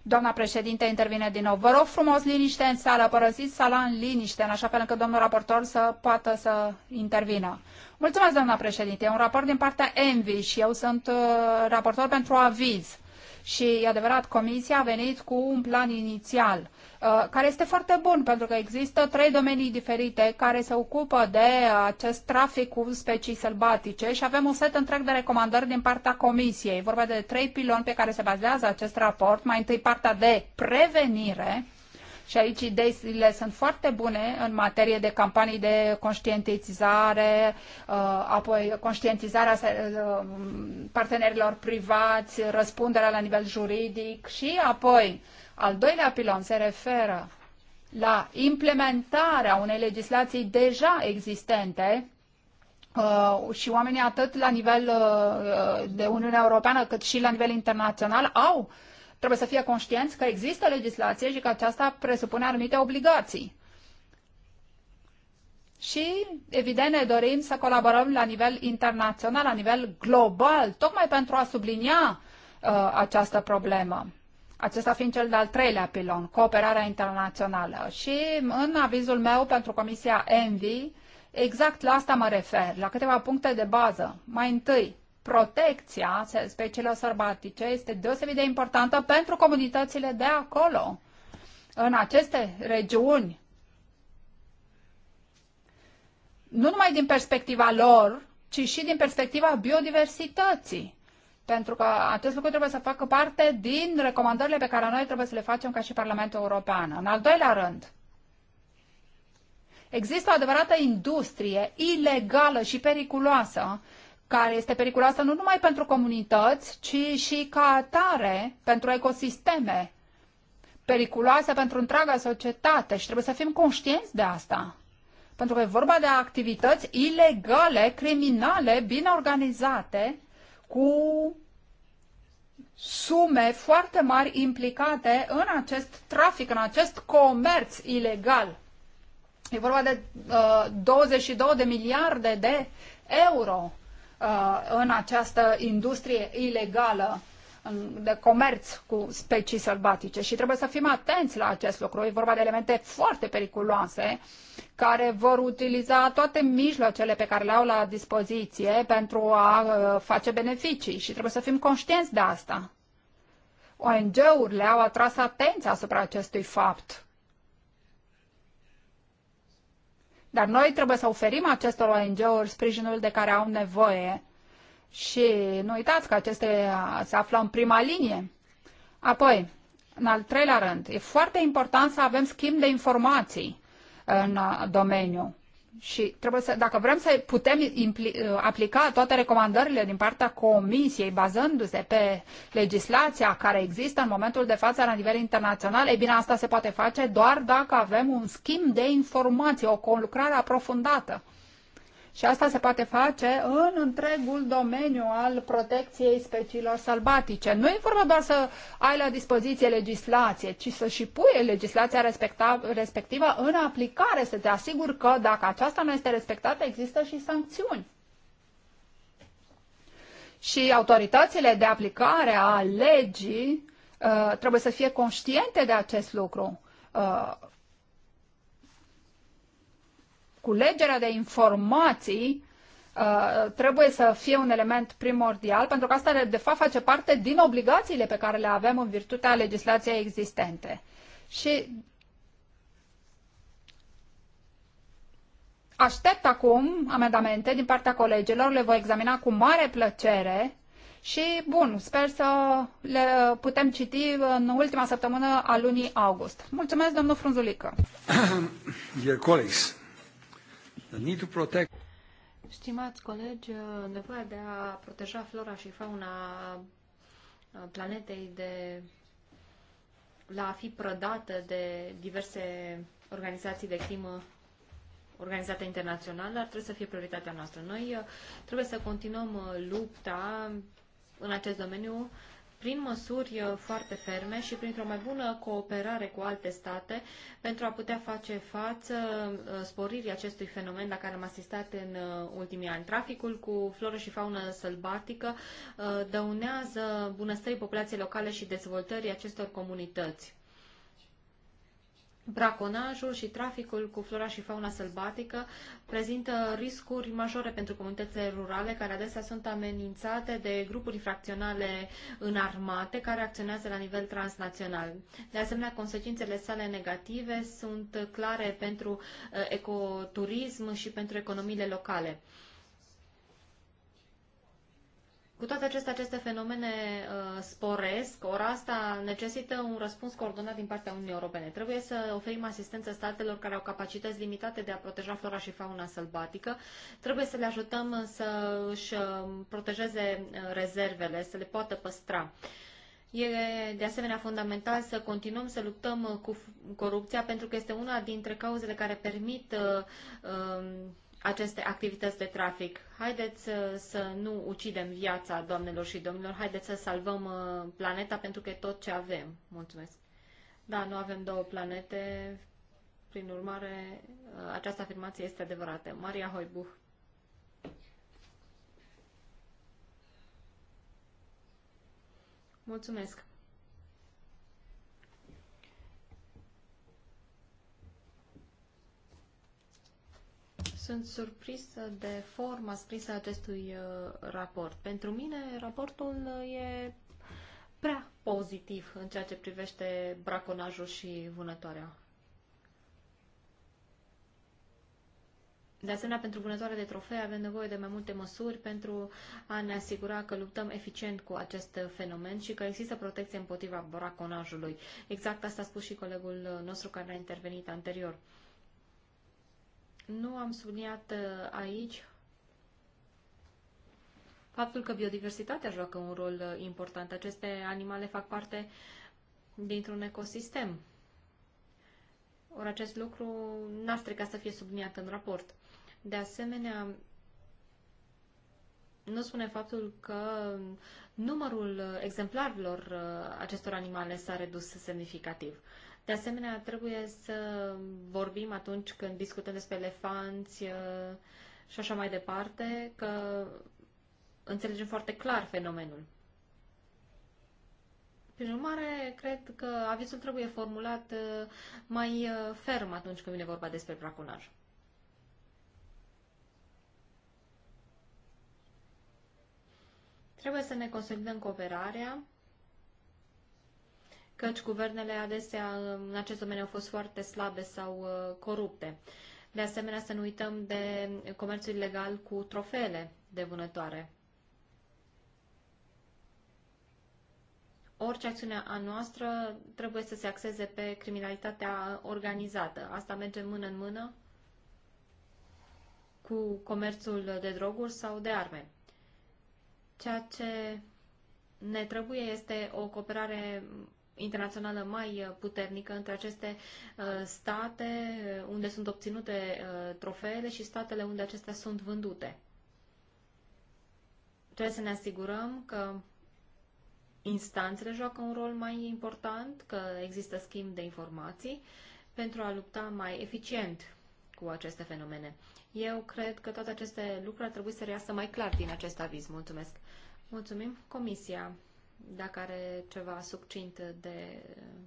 Doamna președinte intervine din nou. Vă rog frumos liniște în sală, părăsiți sala în liniște, în așa fel încât domnul raportor să poată să intervină. Mulțumesc, doamna președinte. E un raport din partea Envi și eu sunt uh, raportor pentru aviz și e adevărat, Comisia a venit cu un plan inițial uh, care este foarte bun, pentru că există trei domenii diferite care se ocupă de uh, acest trafic cu specii sălbatice și avem un set întreg de recomandări din partea Comisiei. vorba de trei piloni pe care se bazează acest raport. Mai întâi partea de prevenire, și aici ideile sunt foarte bune în materie de campanii de conștientizare, uh, apoi conștientizarea uh, partenerilor privați, răspunderea la nivel juridic și apoi al doilea pilon se referă la implementarea unei legislații deja existente uh, și oamenii atât la nivel de Uniunea Europeană cât și la nivel internațional au trebuie să fie conștienți că există legislație și că aceasta presupune anumite obligații. Și, evident, ne dorim să colaborăm la nivel internațional, la nivel global, tocmai pentru a sublinia uh, această problemă. Acesta fiind cel de-al treilea pilon, cooperarea internațională. Și în avizul meu pentru Comisia ENVI, exact la asta mă refer, la câteva puncte de bază. Mai întâi, protecția speciilor sărbatice este deosebit de importantă pentru comunitățile de acolo, în aceste regiuni. Nu numai din perspectiva lor, ci și din perspectiva biodiversității. Pentru că acest lucru trebuie să facă parte din recomandările pe care noi trebuie să le facem ca și Parlamentul European. În al doilea rând, Există o adevărată industrie ilegală și periculoasă care este periculoasă nu numai pentru comunități, ci și ca atare pentru ecosisteme, periculoasă pentru întreaga societate și trebuie să fim conștienți de asta. Pentru că e vorba de activități ilegale, criminale, bine organizate, cu sume foarte mari implicate în acest trafic, în acest comerț ilegal. E vorba de uh, 22 de miliarde de euro Uh, în această industrie ilegală de comerț cu specii sălbatice și trebuie să fim atenți la acest lucru. E vorba de elemente foarte periculoase care vor utiliza toate mijloacele pe care le au la dispoziție pentru a uh, face beneficii și trebuie să fim conștienți de asta. ONG-urile au atras atenția asupra acestui fapt Dar noi trebuie să oferim acestor ONG-uri sprijinul de care au nevoie. Și nu uitați că acestea se află în prima linie. Apoi, în al treilea rând, e foarte important să avem schimb de informații în uh, domeniu și trebuie să, dacă vrem să putem aplica toate recomandările din partea Comisiei, bazându-se pe legislația care există în momentul de față la nivel internațional, e bine, asta se poate face doar dacă avem un schimb de informații, o conlucrare aprofundată. Și asta se poate face în întregul domeniu al protecției speciilor sălbatice. Nu e vorba doar să ai la dispoziție legislație, ci să și pui legislația respectivă în aplicare, să te asiguri că dacă aceasta nu este respectată, există și sancțiuni. Și autoritățile de aplicare a legii uh, trebuie să fie conștiente de acest lucru. Uh, culegerea de informații uh, trebuie să fie un element primordial, pentru că asta, de fapt, face parte din obligațiile pe care le avem în virtutea legislației existente. Și aștept acum amendamente din partea colegilor, le voi examina cu mare plăcere și, bun, sper să le putem citi în ultima săptămână a lunii august. Mulțumesc, domnul Frunzulică. Dear colleagues, Stimați colegi, nevoia de a proteja flora și fauna planetei de la a fi prădată de diverse organizații de crimă organizate internațională ar trebui să fie prioritatea noastră. Noi uh, trebuie să continuăm uh, lupta în acest domeniu prin măsuri uh, foarte ferme și printr-o mai bună cooperare cu alte state pentru a putea face față uh, sporirii acestui fenomen la care am asistat în uh, ultimii ani. Traficul cu floră și faună sălbatică dăunează bunăstării populației locale și dezvoltării acestor comunități. Braconajul și traficul cu flora și fauna sălbatică prezintă riscuri majore pentru comunitățile rurale, care adesea sunt amenințate de grupuri fracționale înarmate care acționează la nivel transnațional. De asemenea, consecințele sale negative sunt clare pentru uh, ecoturism și pentru economiile locale. Cu toate acestea, aceste fenomene uh, sporesc, ora asta necesită un răspuns coordonat din partea Uniunii Europene. Trebuie să oferim asistență statelor care au capacități limitate de a proteja flora și fauna sălbatică. Trebuie să le ajutăm să își uh, protejeze uh, rezervele, să le poată păstra. E de asemenea fundamental să continuăm să luptăm uh, cu corupția pentru că este una dintre cauzele care permit uh, uh, aceste activități de trafic. Haideți uh, să nu ucidem viața, doamnelor și domnilor, haideți să salvăm uh, planeta pentru că e tot ce avem. Mulțumesc. Da, nu avem două planete, prin urmare, uh, această afirmație este adevărată. Maria Hoibuch. Mulțumesc. Sunt surprinsă de forma scrisă acestui uh, raport. Pentru mine, raportul uh, e prea pozitiv în ceea ce privește braconajul și vânătoarea. De asemenea, pentru vânătoare de trofee avem nevoie de mai multe măsuri pentru a ne asigura că luptăm eficient cu acest fenomen și că există protecție împotriva braconajului. Exact asta a spus și colegul uh, nostru care a intervenit anterior. Uh, nu am subliniat uh, aici faptul că biodiversitatea joacă un rol uh, important. Aceste animale fac parte dintr-un ecosistem. Ori acest lucru n-ar ca să fie subliniat în raport. De asemenea, nu spune faptul că numărul uh, exemplarilor acestor animale s-a redus semnificativ. De asemenea, trebuie să vorbim atunci când discutăm despre elefanți uh, și așa mai departe, că înțelegem foarte clar fenomenul. Prin urmare, cred că avizul trebuie formulat uh, mai uh, ferm atunci când vine vorba despre braconaj. Trebuie să ne consolidăm cooperarea căci guvernele adesea în acest domeniu au fost foarte slabe sau uh, corupte. De asemenea, să nu uităm de comerțul ilegal cu trofele de vânătoare. Orice acțiune a noastră trebuie să se axeze pe criminalitatea organizată. Asta merge mână în mână cu comerțul de droguri sau de arme. Ceea ce ne trebuie este o cooperare internațională mai uh, puternică între aceste uh, state uh, unde sunt obținute trofeele și statele unde acestea sunt vândute. Trebuie să ne asigurăm că instanțele joacă un rol mai important, că există schimb de informații pentru a lupta mai eficient cu aceste fenomene. Eu cred că toate aceste lucruri ar trebui să reiasă mai clar din acest aviz. Mulțumesc! Mulțumim, Comisia! dacă are ceva succint de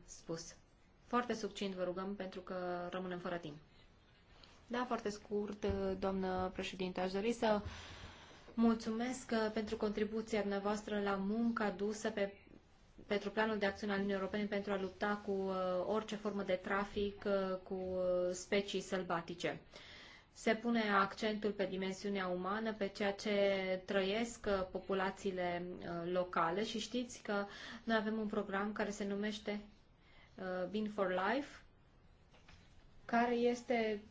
spus. Foarte succint vă rugăm, pentru că rămânem fără timp. Da, foarte scurt, doamnă președinte, aș dori să mulțumesc pentru contribuția dumneavoastră la munca dusă pe pentru planul de acțiune al Uniunii Europene pentru a lupta cu uh, orice formă de trafic uh, cu uh, specii sălbatice se pune accentul pe dimensiunea umană, pe ceea ce trăiesc uh, populațiile uh, locale și știți că noi avem un program care se numește uh, Bean for Life, care este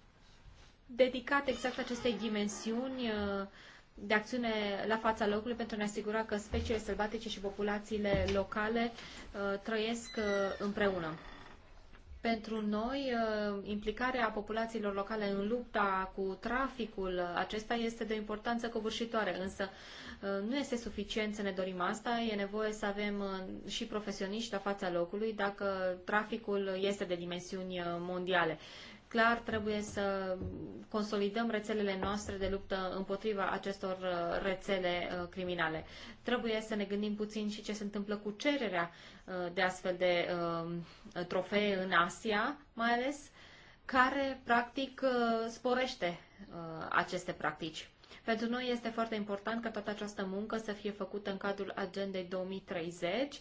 dedicat exact acestei dimensiuni de acțiune la fața locului pentru a ne asigura că speciile sălbatice și populațiile locale trăiesc împreună. Pentru noi, uh, implicarea populațiilor locale în lupta cu traficul acesta este de o importanță covârșitoare, însă uh, nu este suficient să ne dorim asta, e nevoie să avem uh, și profesioniști la fața locului dacă traficul este de dimensiuni mondiale clar trebuie să consolidăm rețelele noastre de luptă împotriva acestor uh, rețele uh, criminale. Trebuie să ne gândim puțin și ce se întâmplă cu cererea uh, de astfel de trofee în Asia, mai ales, care practic sporește aceste practici. Pentru noi este foarte important ca toată această muncă să fie făcută în cadrul agendei 2030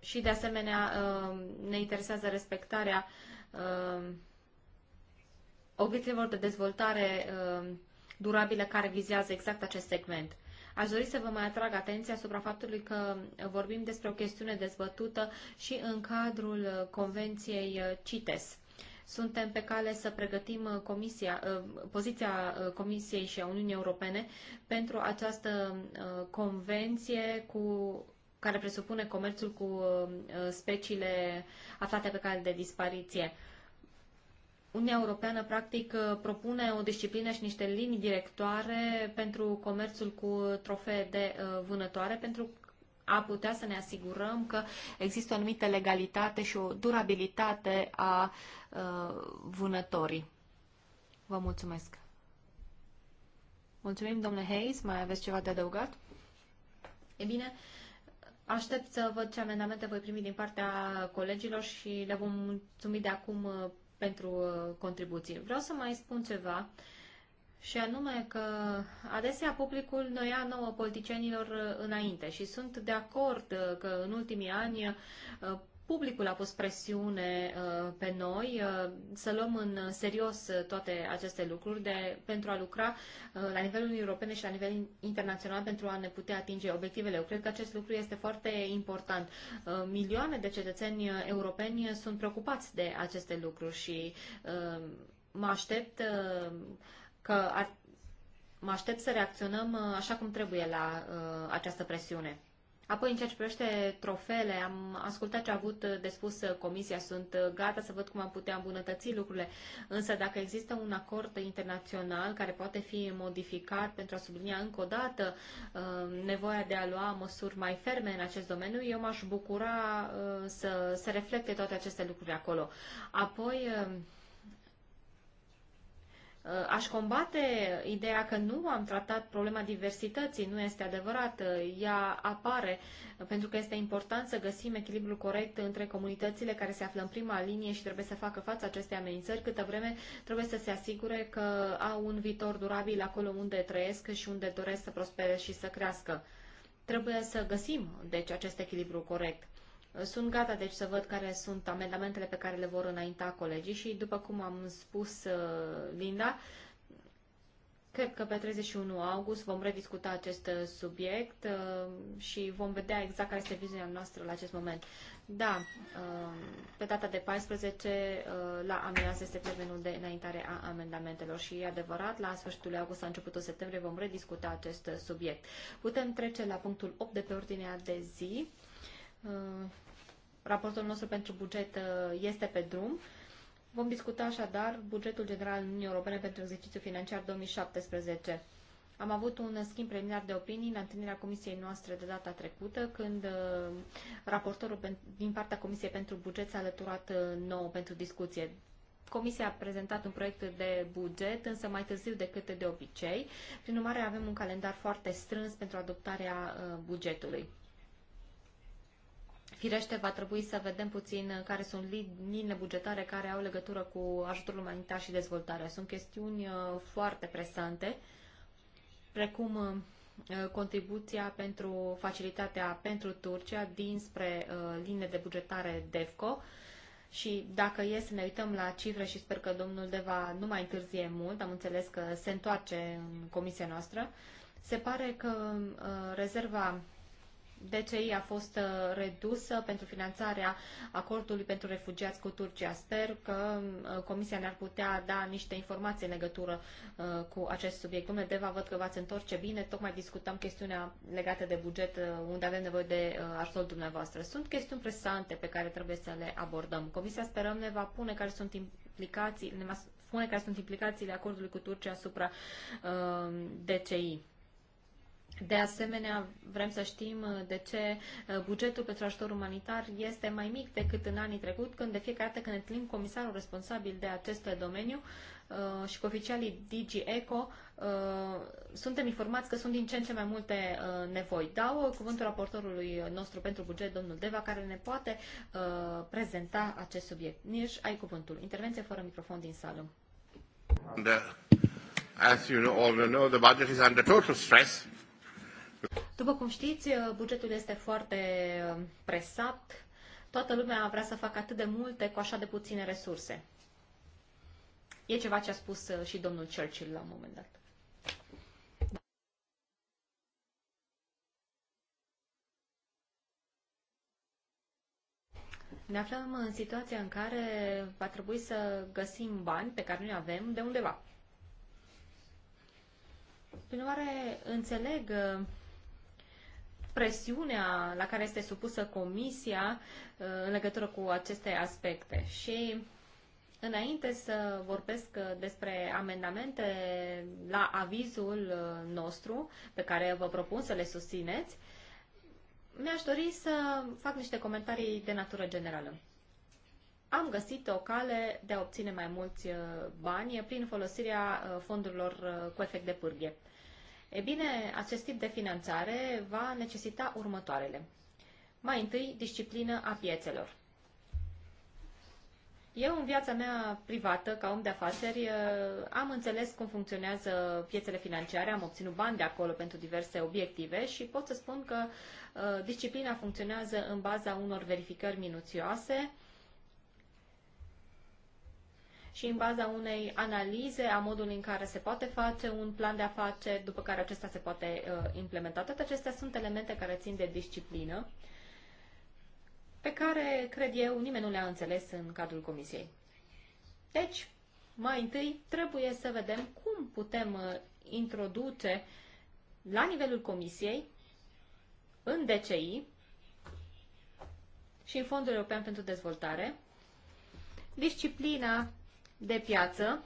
și de asemenea um, ne interesează respectarea um, obiectivelor de dezvoltare um, durabilă care vizează exact acest segment. Aș dori să vă mai atrag atenția asupra faptului că vorbim despre o chestiune dezbătută și în cadrul uh, Convenției uh, CITES. Suntem pe cale să pregătim uh, comisia, poziția Comisiei și a Uniunii Europene pentru această convenție cu care presupune comerțul cu uh, speciile aflate pe cale de dispariție. Uniunea Europeană, practic, uh, propune o disciplină și niște linii directoare pentru comerțul cu trofee de uh, vânătoare, pentru a putea să ne asigurăm că există o anumită legalitate și o durabilitate a vânătorii. Vă mulțumesc. Mulțumim, domnule Hayes. Mai aveți ceva de adăugat? E bine, Aștept să văd ce amendamente voi primi din partea colegilor și le vom mulțumi de acum uh, pentru uh, contribuții. Vreau să mai spun ceva și anume că adesea publicul noia nouă politicienilor uh, înainte și sunt de acord că în ultimii ani publicul a pus presiune uh, pe noi uh, să luăm în serios uh, toate aceste lucruri de, pentru a lucra la nivelul Uniunii Europene și la nivel internațional pentru a ne putea atinge obiectivele. Eu cred că acest lucru este foarte important. Milioane de cetățeni europeni sunt preocupați de aceste lucruri și mă aștept că ar, mă aștept să reacționăm așa cum trebuie la această presiune. Apoi, în ceea ce privește trofele, am ascultat ce a avut de spus Comisia, sunt gata să văd cum am putea îmbunătăți lucrurile, însă dacă există un acord internațional care poate fi modificat pentru a sublinia încă o dată uh, nevoia de a lua măsuri mai ferme în acest domeniu, eu m-aș bucura uh, să se reflecte toate aceste lucruri acolo. Apoi, uh, Uh, aș combate ideea că nu am tratat problema diversității, nu este adevărat, uh, ea apare, uh, pentru că este important să găsim echilibrul corect între comunitățile care se află în prima linie și trebuie să facă față acestei amenințări, câtă vreme trebuie să se asigure că au un viitor durabil acolo unde trăiesc și unde doresc să prospere și să crească. Trebuie să găsim, deci, acest echilibru corect. Sunt gata deci să văd care sunt amendamentele pe care le vor înainta colegii și după cum am spus uh, Linda, cred că pe 31 august vom rediscuta acest uh, subiect uh, și vom vedea exact care este viziunea noastră la acest moment. Da, pe data de 14 la amiază este termenul de înaintare a amendamentelor și e adevărat, la sfârșitul august, la începutul septembrie vom rediscuta acest subiect. Putem trece la punctul 8 de pe ordinea de zi Uh, raportul nostru pentru buget uh, este pe drum. Vom discuta așadar bugetul general al Uniunii Europene pentru exercițiul financiar 2017. Am avut un schimb preliminar de opinii în întâlnirea comisiei noastre de data trecută, când uh, raportorul din partea Comisiei pentru Buget s-a alăturat nou pentru discuție. Comisia a prezentat un proiect de buget, însă mai târziu decât de obicei. Prin urmare, avem un calendar foarte strâns pentru adoptarea bugetului. Firește, va trebui să vedem puțin uh, care sunt liniile bugetare care au legătură cu ajutorul umanitar și dezvoltarea. Sunt chestiuni uh, foarte presante, precum uh, contribuția pentru facilitatea pentru Turcia dinspre linie de bugetare DEFCO. Și dacă e să ne uităm la cifre și sper că domnul Deva nu mai întârzie mult, am înțeles că se întoarce în comisia noastră, se pare că rezerva DCI a fost uh, redusă pentru finanțarea acordului pentru refugiați cu Turcia. Sper că uh, Comisia ne-ar putea da niște informații în legătură uh, cu acest subiect. Domnule Deva, văd că v-ați întorce bine. Tocmai discutăm chestiunea legată de buget, unde avem nevoie de ajutorul dumneavoastră. Sunt chestiuni presante pe care trebuie să le abordăm. Comisia sperăm ne va pune care sunt implicații, ne va spune care sunt implicațiile acordului cu Turcia asupra uh, DCI. De asemenea, vrem să știm uh, de ce uh, bugetul pentru ajutor umanitar este mai mic decât în anii trecut, când de fiecare dată când ne întâlnim comisarul responsabil de acest domeniu uh, și cu oficialii DigiEco, suntem informați că sunt din ce în ce mai multe nevoi. Dau cuvântul raportorului nostru pentru buget, domnul Deva, care ne poate prezenta acest subiect. Nici ai cuvântul. Intervenție fără microfon din sală. as you all know, the budget is under total stress. După cum știți, bugetul este foarte uh, presat. Toată lumea vrea să facă atât de multe cu așa de puține resurse. E ceva ce a spus uh, și domnul Churchill la un moment dat. Ne aflăm în situația în care va trebui să găsim bani pe care nu-i avem de undeva. Prin urmare, înțeleg uh, presiunea la care este supusă Comisia uh, în legătură cu aceste aspecte. Și Înainte să vorbesc uh, despre amendamente la avizul uh, nostru, pe care vă propun să le susțineți, mi-aș dori să fac niște comentarii de natură generală. Am găsit o cale de a obține mai mulți bani prin folosirea fondurilor cu efect de pârghie. E bine, acest tip de finanțare va necesita următoarele. Mai întâi, disciplină a piețelor. Eu, în viața mea privată, ca om de afaceri, ă, am înțeles cum funcționează piețele financiare, am obținut bani de acolo pentru diverse obiective și pot să spun că ă, disciplina funcționează în baza unor verificări minuțioase, și în baza unei analize a modului în care se poate face un plan de afaceri, după care acesta se poate uh, implementa. Toate acestea sunt elemente care țin de disciplină, pe care, cred eu, nimeni nu le-a înțeles în cadrul comisiei. Deci, mai întâi trebuie să vedem cum putem uh, introduce la nivelul comisiei, în DCI și în Fondul European pentru Dezvoltare, disciplina de piață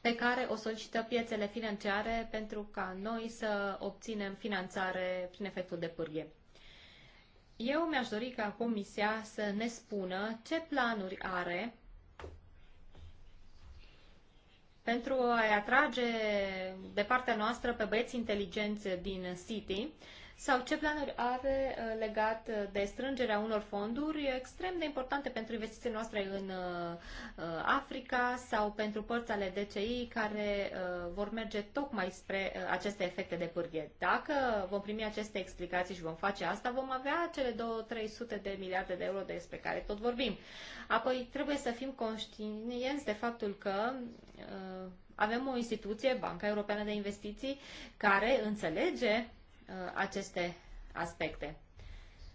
pe care o solicită piețele financiare pentru ca noi să obținem finanțare prin efectul de pârghie. Eu mi-aș dori ca Comisia să ne spună ce planuri are pentru a-i atrage de partea noastră pe băieți inteligenți din City sau ce planuri are uh, legat uh, de strângerea unor fonduri extrem de importante pentru investițiile noastre în uh, Africa sau pentru părți ale DCI care vor merge tocmai spre aceste efecte de pârghie. Dacă vom primi aceste explicații și vom face asta, vom avea cele 2-300 de miliarde de euro despre care tot vorbim. Apoi trebuie să fim conștienți de faptul că avem o instituție, Banca Europeană de Investiții, care înțelege Uh, aceste aspecte.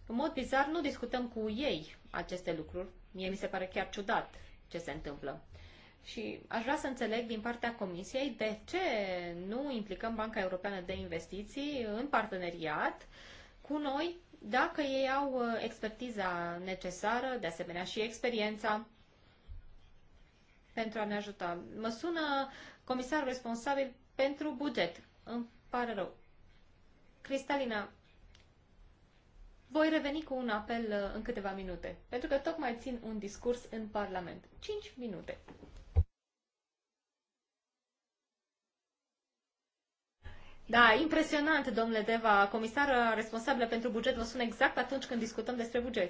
În mod bizar, nu discutăm cu ei aceste lucruri. Mie mi se pare chiar ciudat ce se întâmplă. Și aș vrea să înțeleg din partea Comisiei de ce nu implicăm Banca Europeană de Investiții în parteneriat cu noi, dacă ei au uh, expertiza necesară, de asemenea și experiența pentru a ne ajuta. Mă sună comisarul responsabil pentru buget. Îmi pare rău. Cristalina, voi reveni cu un apel uh, în câteva minute, pentru că tocmai țin un discurs în Parlament. 5 minute. Da, impresionant, domnule Deva. Comisarul responsabilă pentru buget vă sună exact atunci când discutăm despre buget.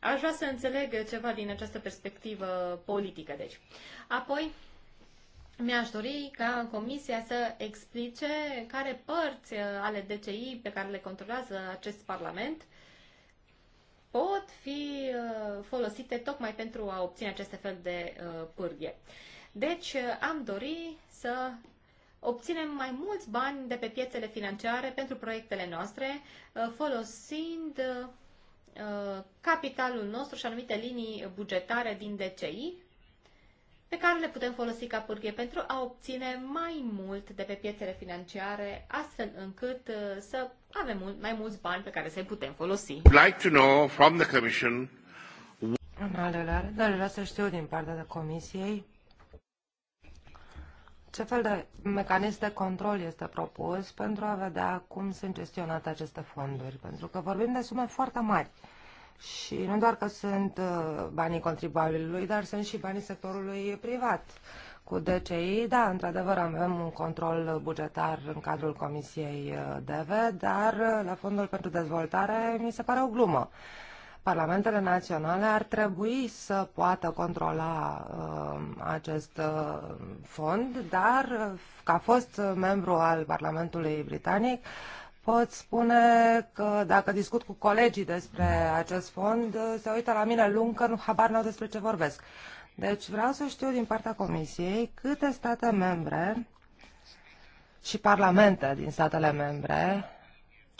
Aș vrea să înțeleg ceva din această perspectivă politică, deci. Apoi, mi-aș dori ca Comisia să explice care părți ale DCI pe care le controlează acest Parlament pot fi uh, folosite tocmai pentru a obține aceste fel de uh, pârghie. Deci uh, am dori să obținem mai mulți bani de pe piețele financiare pentru proiectele noastre, folosind Uh, capitalul nostru și anumite linii bugetare din DCI pe care le putem folosi ca pârghie pentru a obține mai mult de pe piețele financiare, astfel încât uh, să avem mai mulți bani pe care să-i putem folosi. Like to know from the commission... vrea să știu din partea de comisiei ce fel de mecanism de control este propus pentru a vedea cum sunt gestionate aceste fonduri? Pentru că vorbim de sume foarte mari. Și nu doar că sunt uh, banii contribuabilului, dar sunt și banii sectorului privat. Cu DCI, da, într-adevăr avem un control bugetar în cadrul Comisiei uh, DV, dar uh, la Fondul pentru Dezvoltare mi se pare o glumă. Parlamentele naționale ar trebui să poată controla uh, acest uh, fond, dar uh, ca fost membru al Parlamentului Britanic, pot spune că dacă discut cu colegii despre acest fond, uh, se uită la mine lung că nu habar n-au despre ce vorbesc. Deci vreau să știu din partea Comisiei câte state membre și parlamente din statele membre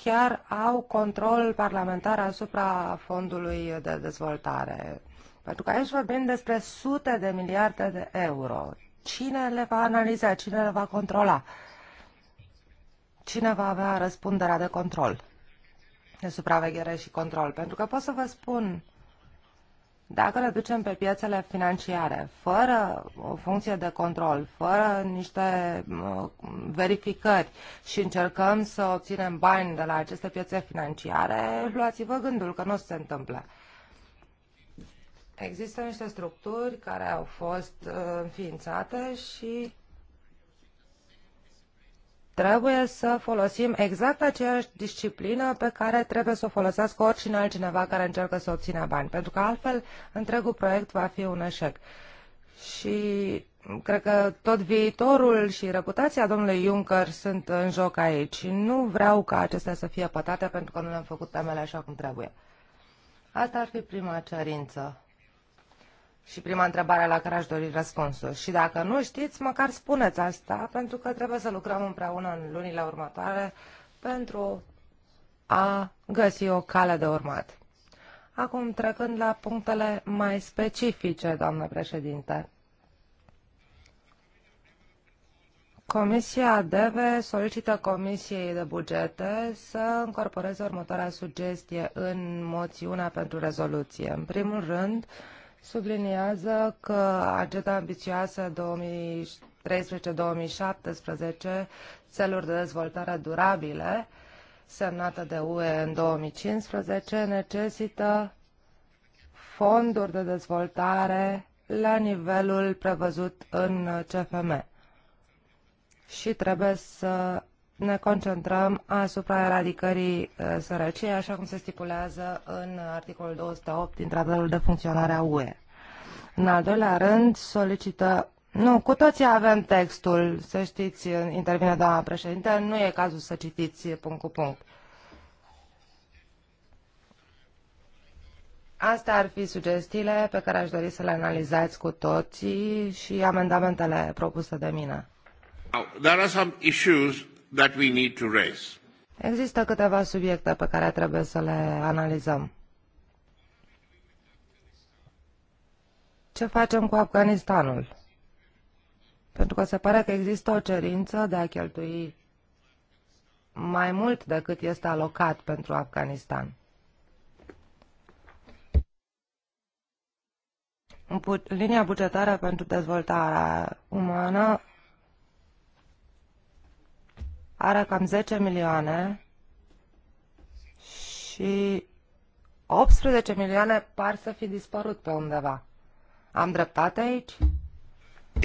chiar au control parlamentar asupra fondului de dezvoltare. Pentru că aici vorbim despre sute de miliarde de euro. Cine le va analiza? Cine le va controla? Cine va avea răspunderea de control? De supraveghere și control. Pentru că pot să vă spun dacă le ducem pe piețele financiare, fără o funcție de control, fără niște verificări și încercăm să obținem bani de la aceste piețe financiare, luați-vă gândul că nu se întâmplă. Există niște structuri care au fost uh, înființate și trebuie să folosim exact aceeași disciplină pe care trebuie să o folosească oricine altcineva care încearcă să obțină bani, pentru că altfel întregul proiect va fi un eșec. Și cred că tot viitorul și reputația domnului Juncker sunt în joc aici. Nu vreau ca acestea să fie pătate pentru că nu le-am făcut temele așa cum trebuie. Asta ar fi prima cerință și prima întrebare la care aș dori răspunsul. Și dacă nu știți, măcar spuneți asta, pentru că trebuie să lucrăm împreună în lunile următoare pentru a găsi o cale de urmat. Acum, trecând la punctele mai specifice, doamnă președinte. Comisia DEVE solicită Comisiei de Bugete să încorporeze următoarea sugestie în moțiunea pentru rezoluție. În primul rând, subliniază că agenda ambițioasă 2013-2017, țeluri de dezvoltare durabile, semnată de UE în 2015, necesită fonduri de dezvoltare la nivelul prevăzut în CFM și trebuie să ne concentrăm asupra eradicării uh, sărăciei, așa cum se stipulează în articolul 208 din Tratatul de Funcționare a UE. În al doilea rând, solicită... Nu, cu toții avem textul, să știți, intervine doamna președinte, nu e cazul să citiți punct cu punct. Astea ar fi sugestiile pe care aș dori să le analizați cu toții și amendamentele propuse de mine. Now, there are some issues that we need to raise. Există câteva subiecte pe care trebuie să le analizăm. Ce facem cu Afganistanul? Pentru că se pare că există o cerință de a cheltui mai mult decât este alocat pentru Afganistan. Linia bugetară pentru dezvoltarea umană are cam 10 milioane și 18 milioane par să fi dispărut pe undeva. Am dreptate aici?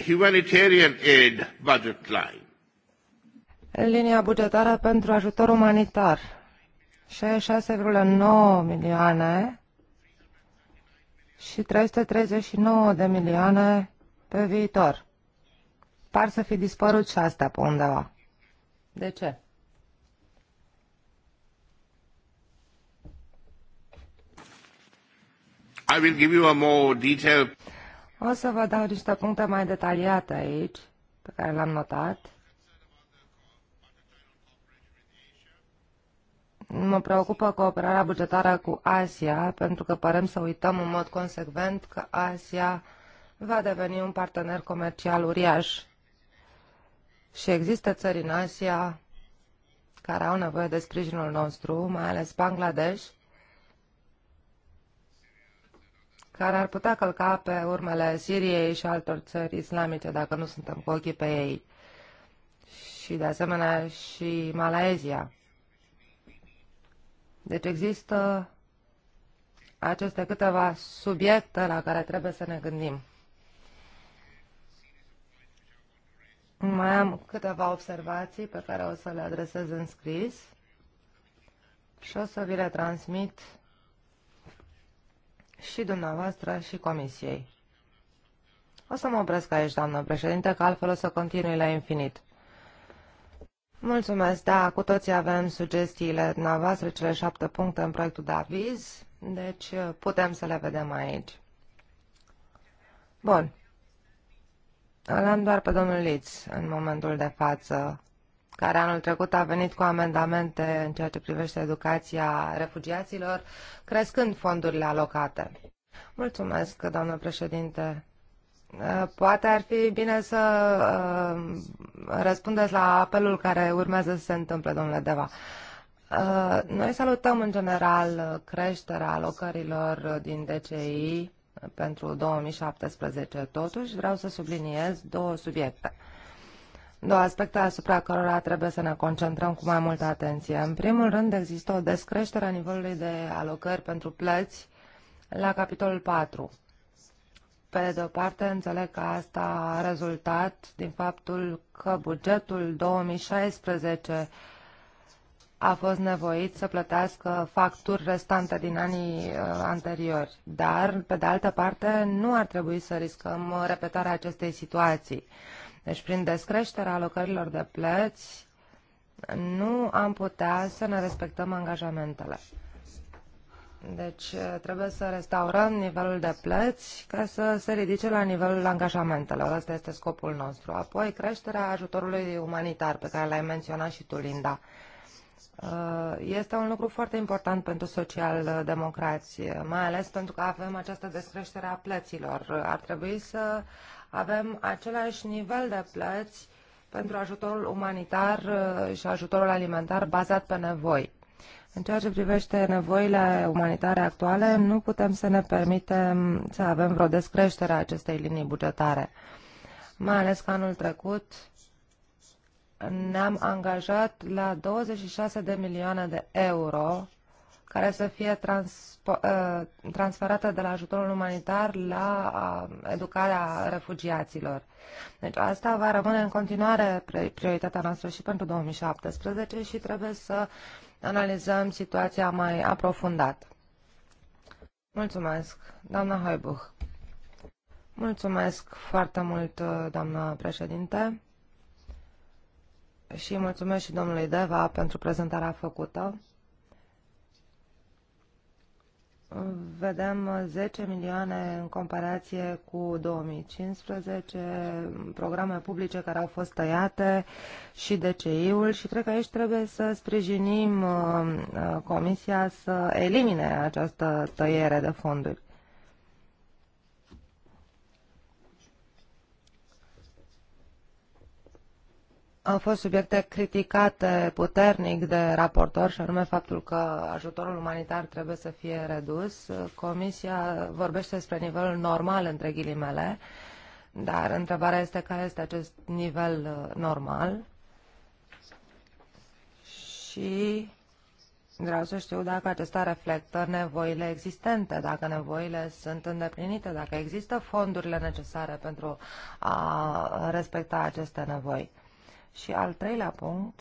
Humanitarian aid budget line. Linia bugetară pentru ajutor umanitar. 66,9 milioane și 339 de milioane pe viitor. Par să fi dispărut și astea pe undeva. De ce? I will give you a more detailed... O să vă dau niște puncte mai detaliate aici, pe care le-am notat. Mă preocupă cooperarea bugetară cu Asia, pentru că părem să uităm în mod consecvent că Asia va deveni un partener comercial uriaș și există țări în Asia care au nevoie de sprijinul nostru, mai ales Bangladesh, care ar putea călca pe urmele Siriei și altor țări islamice dacă nu suntem cu ochii pe ei. Și de asemenea și Malaezia. Deci există aceste câteva subiecte la care trebuie să ne gândim. Mai am câteva observații pe care o să le adresez în scris și o să vi le transmit și dumneavoastră și comisiei. O să mă opresc aici, doamnă președinte, că altfel o să continui la infinit. Mulțumesc, da, cu toții avem sugestiile dumneavoastră, cele șapte puncte în proiectul de aviz, deci uh, putem să le vedem aici. Bun. Îl am doar pe domnul Liț în momentul de față, care anul trecut a venit cu amendamente în ceea ce privește educația refugiaților, crescând fondurile alocate. Mulțumesc, domnul președinte. Poate ar fi bine să răspundeți la apelul care urmează să se întâmple, domnule Deva. Noi salutăm în general creșterea alocărilor din DCI pentru 2017. Totuși, vreau să subliniez două subiecte. Două aspecte asupra cărora trebuie să ne concentrăm cu mai multă atenție. În primul rând, există o descreștere a nivelului de alocări pentru plăți la capitolul 4. Pe de o parte, înțeleg că asta a rezultat din faptul că bugetul 2016 a fost nevoit să plătească facturi restante din anii uh, anteriori. Dar, pe de altă parte, nu ar trebui să riscăm repetarea acestei situații. Deci, prin descreșterea alocărilor de plăți, nu am putea să ne respectăm angajamentele. Deci uh, trebuie să restaurăm nivelul de plăți ca să se ridice la nivelul angajamentelor. Asta este scopul nostru. Apoi creșterea ajutorului umanitar pe care l-ai menționat și tu, Linda. Uh, este un lucru foarte important pentru social-democrație, mai ales pentru că avem această descreștere a plăților. Ar trebui să avem același nivel de plăți pentru ajutorul umanitar uh, și ajutorul alimentar bazat pe nevoi. În ceea ce privește nevoile umanitare actuale, nu putem să ne permitem să avem vreo descreștere a acestei linii bugetare. Mai ales că anul trecut ne-am angajat la 26 de milioane de euro care să fie uh, transferată de la ajutorul umanitar la uh, educarea refugiaților. Deci asta va rămâne în continuare prioritatea noastră și pentru 2017 și trebuie să analizăm situația mai aprofundat. Mulțumesc, doamna Hoibuch. Mulțumesc foarte mult, doamna președinte și mulțumesc și domnului Deva pentru prezentarea făcută. Vedem 10 milioane în comparație cu 2015, programe publice care au fost tăiate și DCI-ul și cred că aici trebuie să sprijinim uh, uh, Comisia să elimine această tăiere de fonduri. A fost subiecte criticate puternic de raportor și anume faptul că ajutorul umanitar trebuie să fie redus. Comisia vorbește despre nivelul normal, între ghilimele, dar întrebarea este care este acest nivel uh, normal și vreau să știu dacă acesta reflectă nevoile existente, dacă nevoile sunt îndeplinite, dacă există fondurile necesare pentru a respecta aceste nevoi. Și al treilea punct,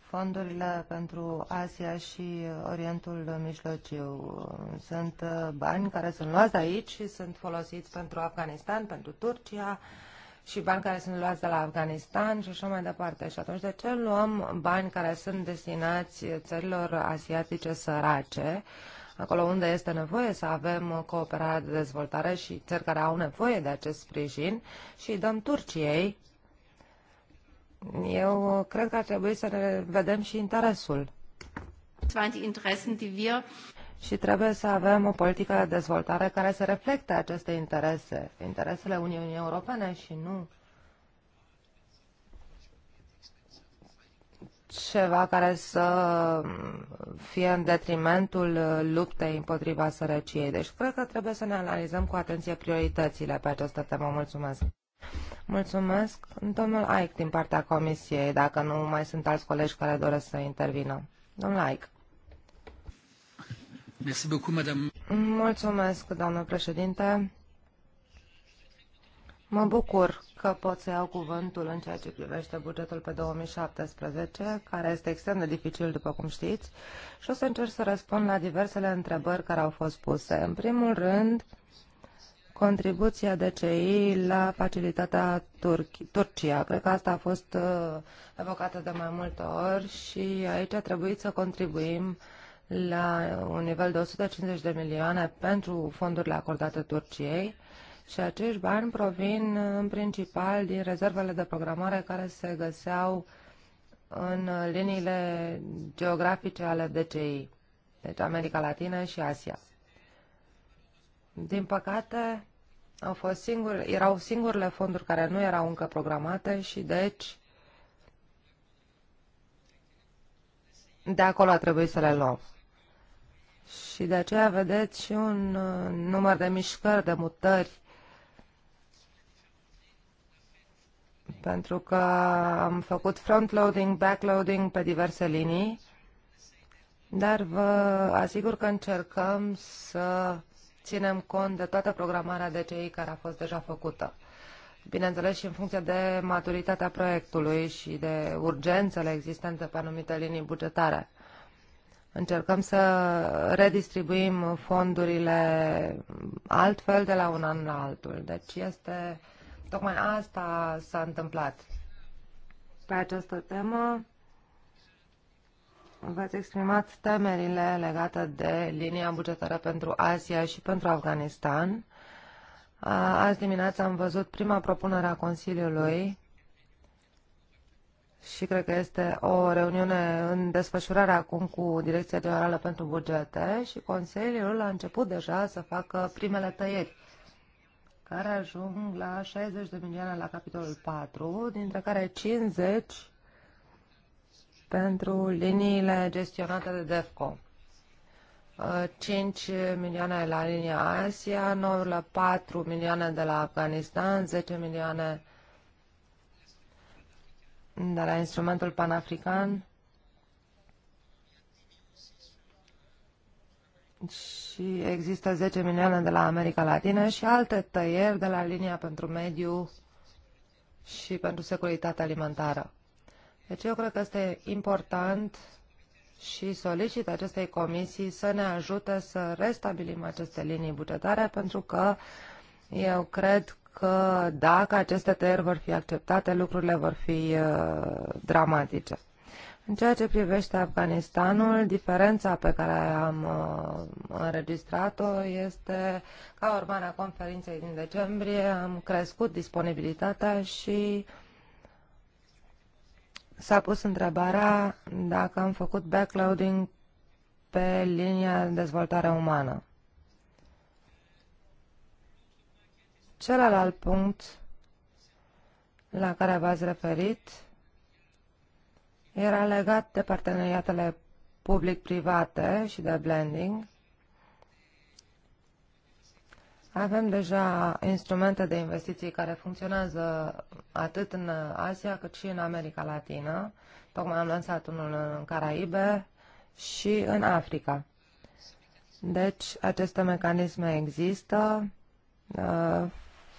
fondurile pentru Asia și Orientul Mijlociu. Sunt uh, bani care sunt luați aici și sunt folosiți pentru Afganistan, pentru Turcia și bani care sunt luați de la Afganistan și așa mai departe. Și atunci de ce luăm bani care sunt destinați țărilor asiatice sărace? Uh, acolo unde este nevoie să avem cooperare de dezvoltare și țări care au nevoie de acest sprijin și dăm Turciei. Eu cred că ar trebui să ne vedem și interesul. Și trebuie să avem o politică de dezvoltare care să reflecte aceste interese, interesele Uniunii Europene și nu ceva care să fie în detrimentul luptei împotriva sărăciei. Deci cred că trebuie să ne analizăm cu atenție prioritățile pe această temă. Mulțumesc! Mulțumesc, domnul Aic, din partea Comisiei, dacă nu mai sunt alți colegi care doresc să intervină. Domnul Aic. Mulțumesc, doamnă președinte. Mă bucur că pot să iau cuvântul în ceea ce privește bugetul pe 2017, care este extrem de dificil, după cum știți, și o să încerc să răspund la diversele întrebări care au fost puse. În primul rând, contribuția DCI la facilitatea Turchi Turcia. Cred că asta a fost uh, evocată de mai multe ori și aici a trebuit să contribuim la un nivel de 150 de milioane pentru fondurile acordate Turciei și acești bani provin uh, în principal din rezervele de programare care se găseau în uh, liniile geografice ale DCI, deci America Latină și Asia. Din păcate, au fost singur, erau singurele fonduri care nu erau încă programate și deci de acolo a trebuit să le luăm. Și de aceea vedeți și un uh, număr de mișcări, de mutări pentru că am făcut frontloading, backloading pe diverse linii, dar vă asigur că încercăm să ținem cont de toată programarea de cei care a fost deja făcută. Bineînțeles și în funcție de maturitatea proiectului și de urgențele existente pe anumite linii bugetare. Încercăm să redistribuim fondurile altfel de la un an la altul. Deci este Tocmai asta s-a întâmplat pe această temă. V-ați exprimat temerile legate de linia bugetară pentru Asia și pentru Afganistan. Azi dimineață am văzut prima propunere a Consiliului și cred că este o reuniune în desfășurare acum cu Direcția Generală pentru Bugete și Consiliul a început deja să facă primele tăieri care ajung la 60 de milioane la capitolul 4, dintre care 50 pentru liniile gestionate de DEFCO. 5 uh, milioane la linia Asia, 9,4 milioane de la Afganistan, 10 milioane de la instrumentul panafrican și există 10 milioane de la America Latină și alte tăieri de la linia pentru mediu și pentru securitate alimentară. Deci eu cred că este important și solicit acestei comisii să ne ajute să restabilim aceste linii bugetare pentru că eu cred că dacă aceste tăieri vor fi acceptate, lucrurile vor fi uh, dramatice. În ceea ce privește Afganistanul, diferența pe care am uh, înregistrat-o este ca urmare a conferinței din decembrie am crescut disponibilitatea și s-a pus întrebarea dacă am făcut backloading pe linia dezvoltare umană. Celălalt punct la care v-ați referit era legat de parteneriatele public-private și de blending. Avem deja instrumente de investiții care funcționează atât în Asia cât și în America Latină. Tocmai am lansat unul în Caraibe și în Africa. Deci, aceste mecanisme există, uh,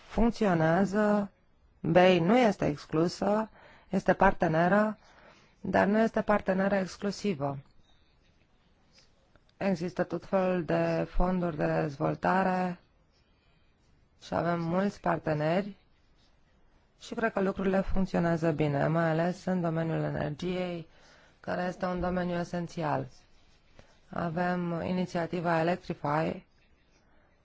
funcționează, BEI nu este exclusă, este parteneră dar nu este parteneră exclusivă. Există tot felul de fonduri de dezvoltare și avem mulți parteneri și cred că lucrurile funcționează bine, mai ales în domeniul energiei, care este un domeniu esențial. Avem inițiativa Electrify,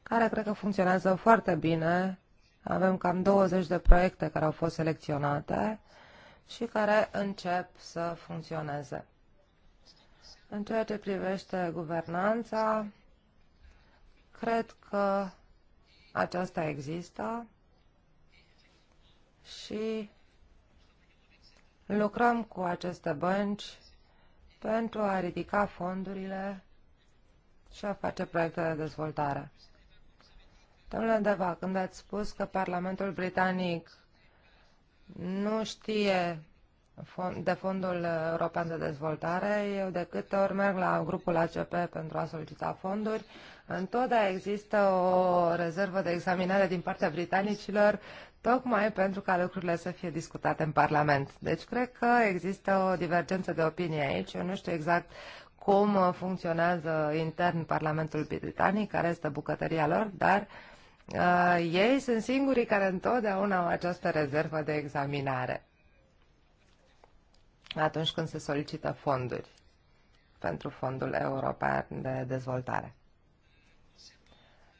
care cred că funcționează foarte bine. Avem cam 20 de proiecte care au fost selecționate și care încep să funcționeze. În ceea ce privește guvernanța, cred că aceasta există și lucrăm cu aceste bănci pentru a ridica fondurile și a face proiecte de dezvoltare. Domnule Deva, când ați spus că Parlamentul Britanic nu știe de Fondul European de Dezvoltare, eu de câte ori merg la grupul ACP pentru a solicita fonduri, întotdeauna există o rezervă de examinare din partea britanicilor, tocmai pentru ca lucrurile să fie discutate în Parlament. Deci cred că există o divergență de opinie aici. Eu nu știu exact cum funcționează intern Parlamentul Britanic, care este bucătăria lor, dar uh, Uh, ei sunt singurii care întotdeauna au această rezervă de examinare atunci când se solicită fonduri pentru Fondul European de Dezvoltare.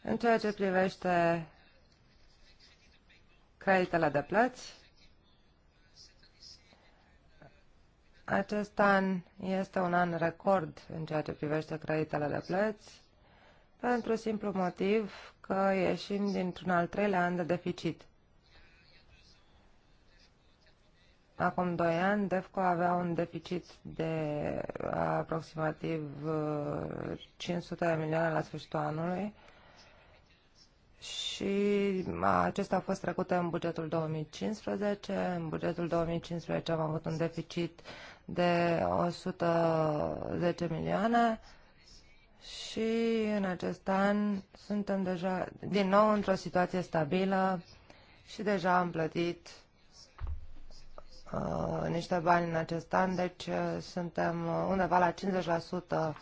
În ceea ce privește creditele de plăți, acest an este un an record în ceea ce privește creditele de plăți pentru simplu motiv că ieșim dintr-un al treilea an de deficit. Acum doi ani, DEFCO avea un deficit de uh, aproximativ 500 uh, de milioane la sfârșitul anului și uh, acesta a fost trecute în bugetul 2015. În bugetul 2015 am avut un deficit de 110 milioane și în acest an suntem deja din nou într-o situație stabilă și deja am plătit uh, niște bani în acest an, deci uh, suntem uh, undeva la 50%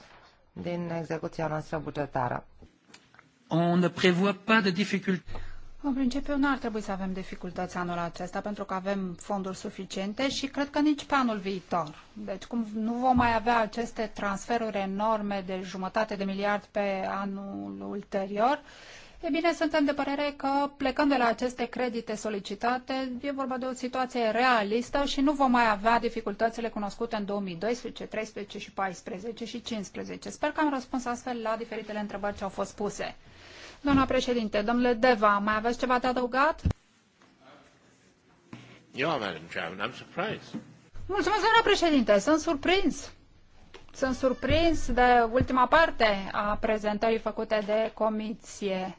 din execuția noastră bugetară. On ne prévoit pas de difficultés. În principiu, nu ar trebui să avem dificultăți anul acesta, pentru că avem fonduri suficiente și cred că nici pe anul viitor. Deci, cum nu vom mai avea aceste transferuri enorme de jumătate de miliard pe anul ulterior, E bine, suntem de părere că plecând de la aceste credite solicitate, e vorba de o situație realistă și nu vom mai avea dificultățile cunoscute în 2012, 13 și 14 și 15. Sper că am răspuns astfel la diferitele întrebări ce au fost puse. Doamna președinte, domnule Deva, mai aveți ceva de adăugat? You are, Madam Chairman. I'm surprised. Mulțumesc, doamna președinte. Sunt surprins. Sunt surprins de ultima parte a prezentării făcute de comisie.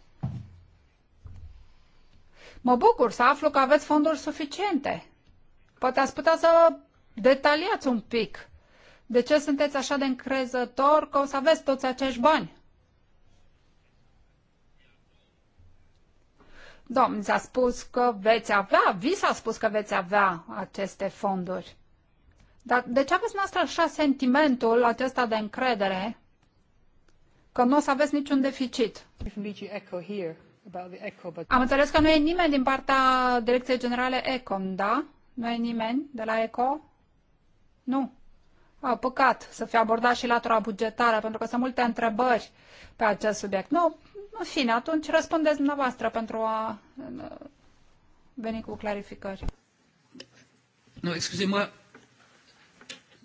Mă bucur să aflu că aveți fonduri suficiente. Poate ați putea să detaliați un pic. De ce sunteți așa de încrezător că o să aveți toți acești bani? Domn, s-a spus că veți avea, vi s-a spus că veți avea aceste fonduri. Dar de ce aveți noastră așa sentimentul acesta de încredere că nu o să aveți niciun deficit? Am înțeles că nu e nimeni din partea Direcției Generale ECOM, da? Nu e nimeni de la ECO? Nu. A, păcat să fie abordat și latura bugetară, pentru că sunt multe întrebări pe acest subiect. Nu, în fine, atunci răspundeți dumneavoastră pentru a uh, veni cu clarificări. Nu, excusez mă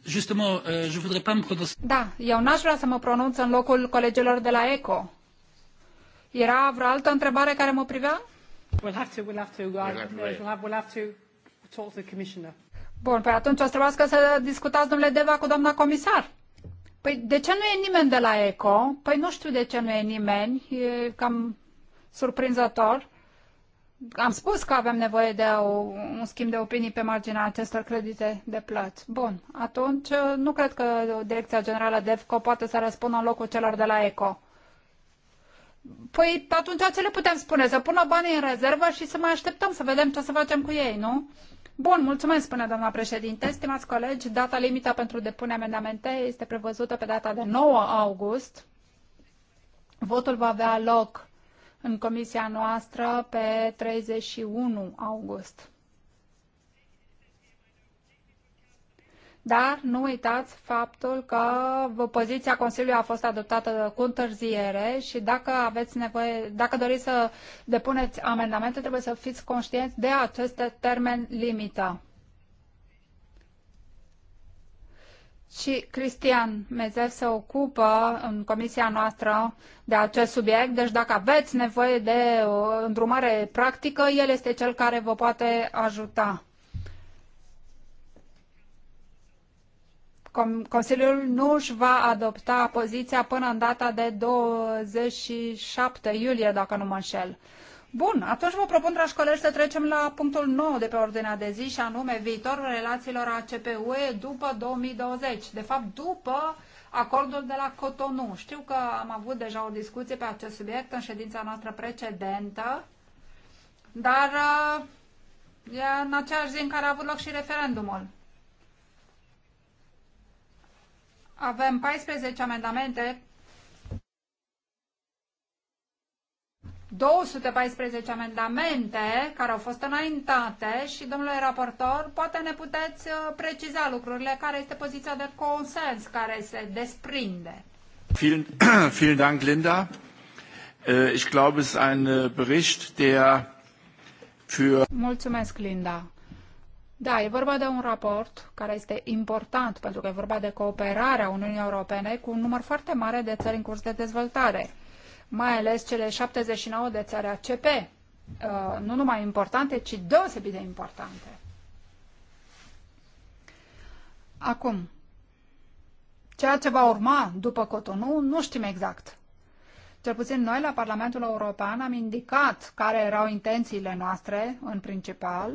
Justement, euh, je voudrais pas me prononcer. Da, eu n-aș vrea să mă pronunț în locul colegilor de la ECO. Era vreo altă întrebare care mă privea? We'll have to, we'll have to, uh, we'll we'll have, we'll have to talk to the commissioner. Bun, pe păi atunci o să trebuiască să discutați, domnule Deva, cu doamna comisar. Păi de ce nu e nimeni de la ECO? Păi nu știu de ce nu e nimeni, e cam surprinzător. Am spus că avem nevoie de o, un schimb de opinii pe marginea acestor credite de plăți. Bun, atunci nu cred că Direcția Generală DEFCO poate să răspundă în locul celor de la ECO. Păi atunci ce le putem spune? Să pună banii în rezervă și să mai așteptăm să vedem ce să facem cu ei, nu? Bun, mulțumesc, spune doamna președinte. Stimați colegi, data limită pentru depunerea amendamente este prevăzută pe data de 9 august. Votul va avea loc în comisia noastră pe 31 august. dar nu uitați faptul că poziția Consiliului a fost adoptată cu întârziere și dacă aveți nevoie, dacă doriți să depuneți amendamente, trebuie să fiți conștienți de acest termen limită. Și Cristian Mezev se ocupă în comisia noastră de acest subiect, deci dacă aveți nevoie de o îndrumare practică, el este cel care vă poate ajuta. Consiliul nu își va adopta poziția până în data de 27 iulie, dacă nu mă înșel. Bun, atunci vă propun, dragi colegi, să trecem la punctul nou de pe ordinea de zi și anume viitorul relațiilor ACP-UE după 2020. De fapt, după acordul de la Cotonou. Știu că am avut deja o discuție pe acest subiect în ședința noastră precedentă, dar uh, e în aceeași zi în care a avut loc și referendumul. Avem 14 amendamente 214 amendamente care au fost înaintate și, domnule raportor, poate ne puteți uh, preciza lucrurile, care este poziția de consens care se desprinde. Vielen, vielen Dank, Linda. Äh, ich glaube, es ist ein äh, Bericht, der für... Mulțumesc, Linda. Da, e vorba de un raport care este important pentru că e vorba de cooperarea Uniunii Europene cu un număr foarte mare de țări în curs de dezvoltare, mai ales cele 79 de țări ACP, uh, nu numai importante, ci deosebit de importante. Acum, ceea ce va urma după Cotonou, nu știm exact. Cel puțin noi la Parlamentul European am indicat care erau intențiile noastre în principal,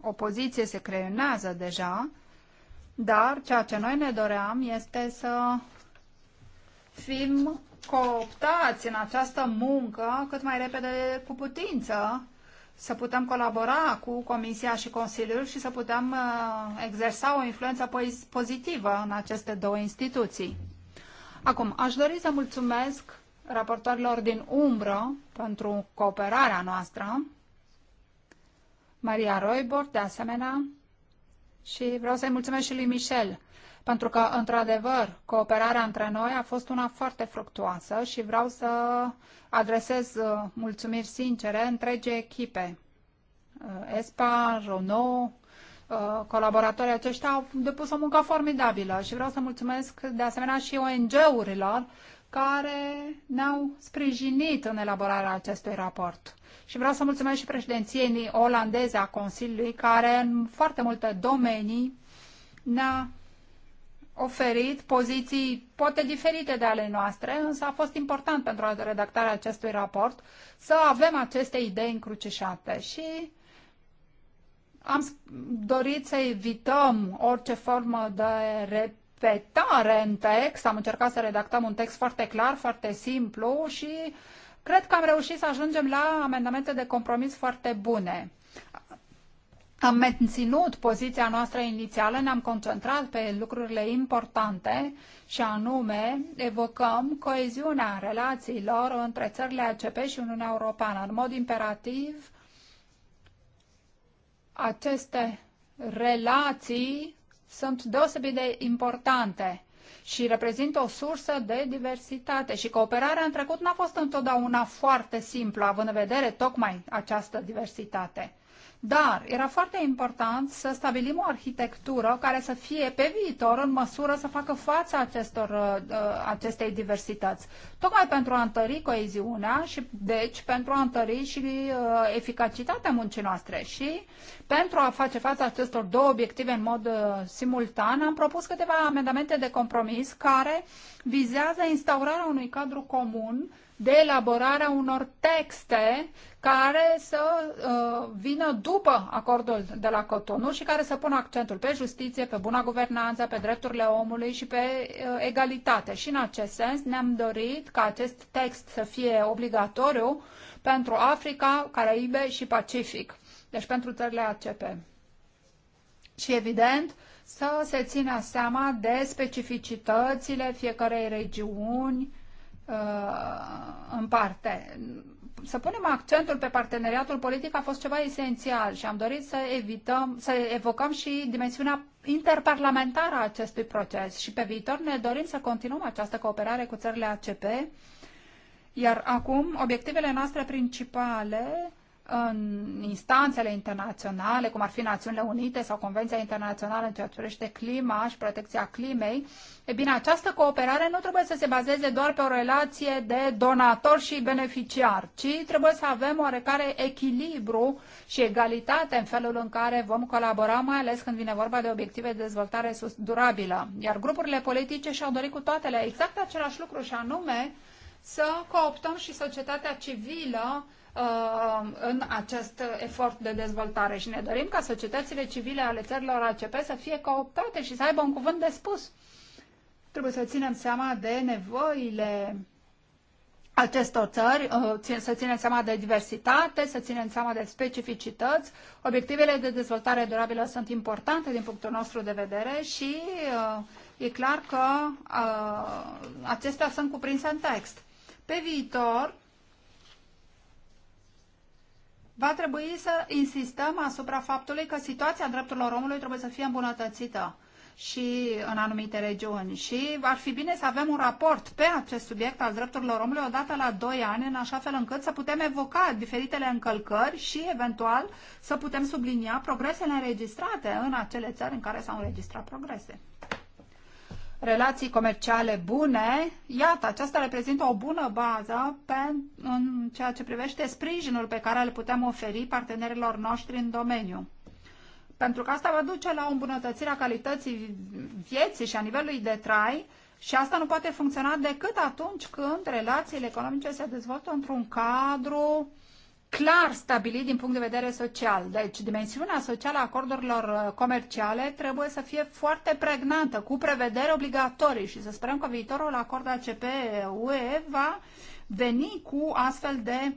opoziție se creionează deja, dar ceea ce noi ne doream este să fim cooptați în această muncă cât mai repede cu putință, să putem colabora cu Comisia și Consiliul și să putem uh, exersa o influență pozitivă în aceste două instituții. Acum, aș dori să mulțumesc raportorilor din umbră pentru cooperarea noastră. Maria Roibor, de asemenea, și vreau să-i mulțumesc și lui Michel, pentru că, într-adevăr, cooperarea între noi a fost una foarte fructuoasă și vreau să adresez uh, mulțumiri sincere întregii echipe. Uh, ESPA, Renault, uh, colaboratorii aceștia au depus o muncă formidabilă și vreau să mulțumesc de asemenea și ONG-urilor care ne-au sprijinit în elaborarea acestui raport și vreau să mulțumesc și președinției olandeze a Consiliului, care în foarte multe domenii ne-a oferit poziții poate diferite de ale noastre, însă a fost important pentru redactarea acestui raport să avem aceste idei încrucișate și am dorit să evităm orice formă de repetare în text, am încercat să redactăm un text foarte clar, foarte simplu și Cred că am reușit să ajungem la amendamente de compromis foarte bune. Am menținut poziția noastră inițială, ne-am concentrat pe lucrurile importante și anume evocăm coeziunea relațiilor între țările ACP și Uniunea Europeană. În mod imperativ, aceste relații sunt deosebit de importante și reprezintă o sursă de diversitate. Și cooperarea în trecut n-a fost întotdeauna foarte simplă, având în vedere tocmai această diversitate. Dar era foarte important să stabilim o arhitectură care să fie pe viitor în măsură să facă față acestor, uh, uh, acestei diversități. Tocmai pentru a întări coeziunea și deci pentru a întări și uh, eficacitatea muncii noastre și pentru a face față acestor două obiective în mod simultan, am propus câteva amendamente de compromis care vizează instaurarea unui cadru comun de elaborarea unor texte care să uh, vină după acordul de la Cotonou și care să pună accentul pe justiție, pe buna guvernanță, pe drepturile omului și pe uh, egalitate. Și în acest sens ne-am dorit ca acest text să fie obligatoriu pentru Africa, Caraibe și Pacific, deci pentru țările ACP. Și evident, să se țină seama de specificitățile fiecarei regiuni, Uh, în parte. Să punem accentul pe parteneriatul politic a fost ceva esențial și am dorit să evităm, să evocăm și dimensiunea interparlamentară a acestui proces și pe viitor ne dorim să continuăm această cooperare cu țările ACP, iar acum obiectivele noastre principale în instanțele internaționale, cum ar fi Națiunile Unite sau Convenția Internațională în ceea ce privește clima și protecția climei, e bine, această cooperare nu trebuie să se bazeze doar pe o relație de donator și beneficiar, ci trebuie să avem oarecare echilibru și egalitate în felul în care vom colabora, mai ales când vine vorba de obiective de dezvoltare durabilă. Iar grupurile politice și-au dorit cu toatele exact același lucru și anume să cooptăm și societatea civilă Uh, în acest efort de dezvoltare și ne dorim ca societățile civile ale țărilor ACP să fie cooptate și să aibă un cuvânt de spus. Trebuie să ținem seama de nevoile acestor țări, uh, să ținem seama de diversitate, să ținem seama de specificități. Obiectivele de dezvoltare durabilă sunt importante din punctul nostru de vedere și uh, e clar că acestea sunt cuprinse în text. Pe viitor, va trebui să insistăm asupra faptului că situația drepturilor omului trebuie să fie îmbunătățită și în anumite regiuni. Și ar fi bine să avem un raport pe acest subiect al drepturilor omului odată la 2 ani, în așa fel încât să putem evoca diferitele încălcări și, eventual, să putem sublinia progresele înregistrate în acele țări în care s-au înregistrat progrese relații comerciale bune, iată, aceasta reprezintă o bună bază pe, în ceea ce privește sprijinul pe care îl putem oferi partenerilor noștri în domeniu. Pentru că asta va duce la o îmbunătățire a calității vieții și a nivelului de trai și asta nu poate funcționa decât atunci când relațiile economice se dezvoltă într-un cadru uh, clar stabilit din punct de vedere social. Deci, dimensiunea socială a acordurilor uh, comerciale trebuie să fie foarte pregnantă, cu prevedere obligatorii și să sperăm că viitorul acord ACP-UE va veni cu astfel de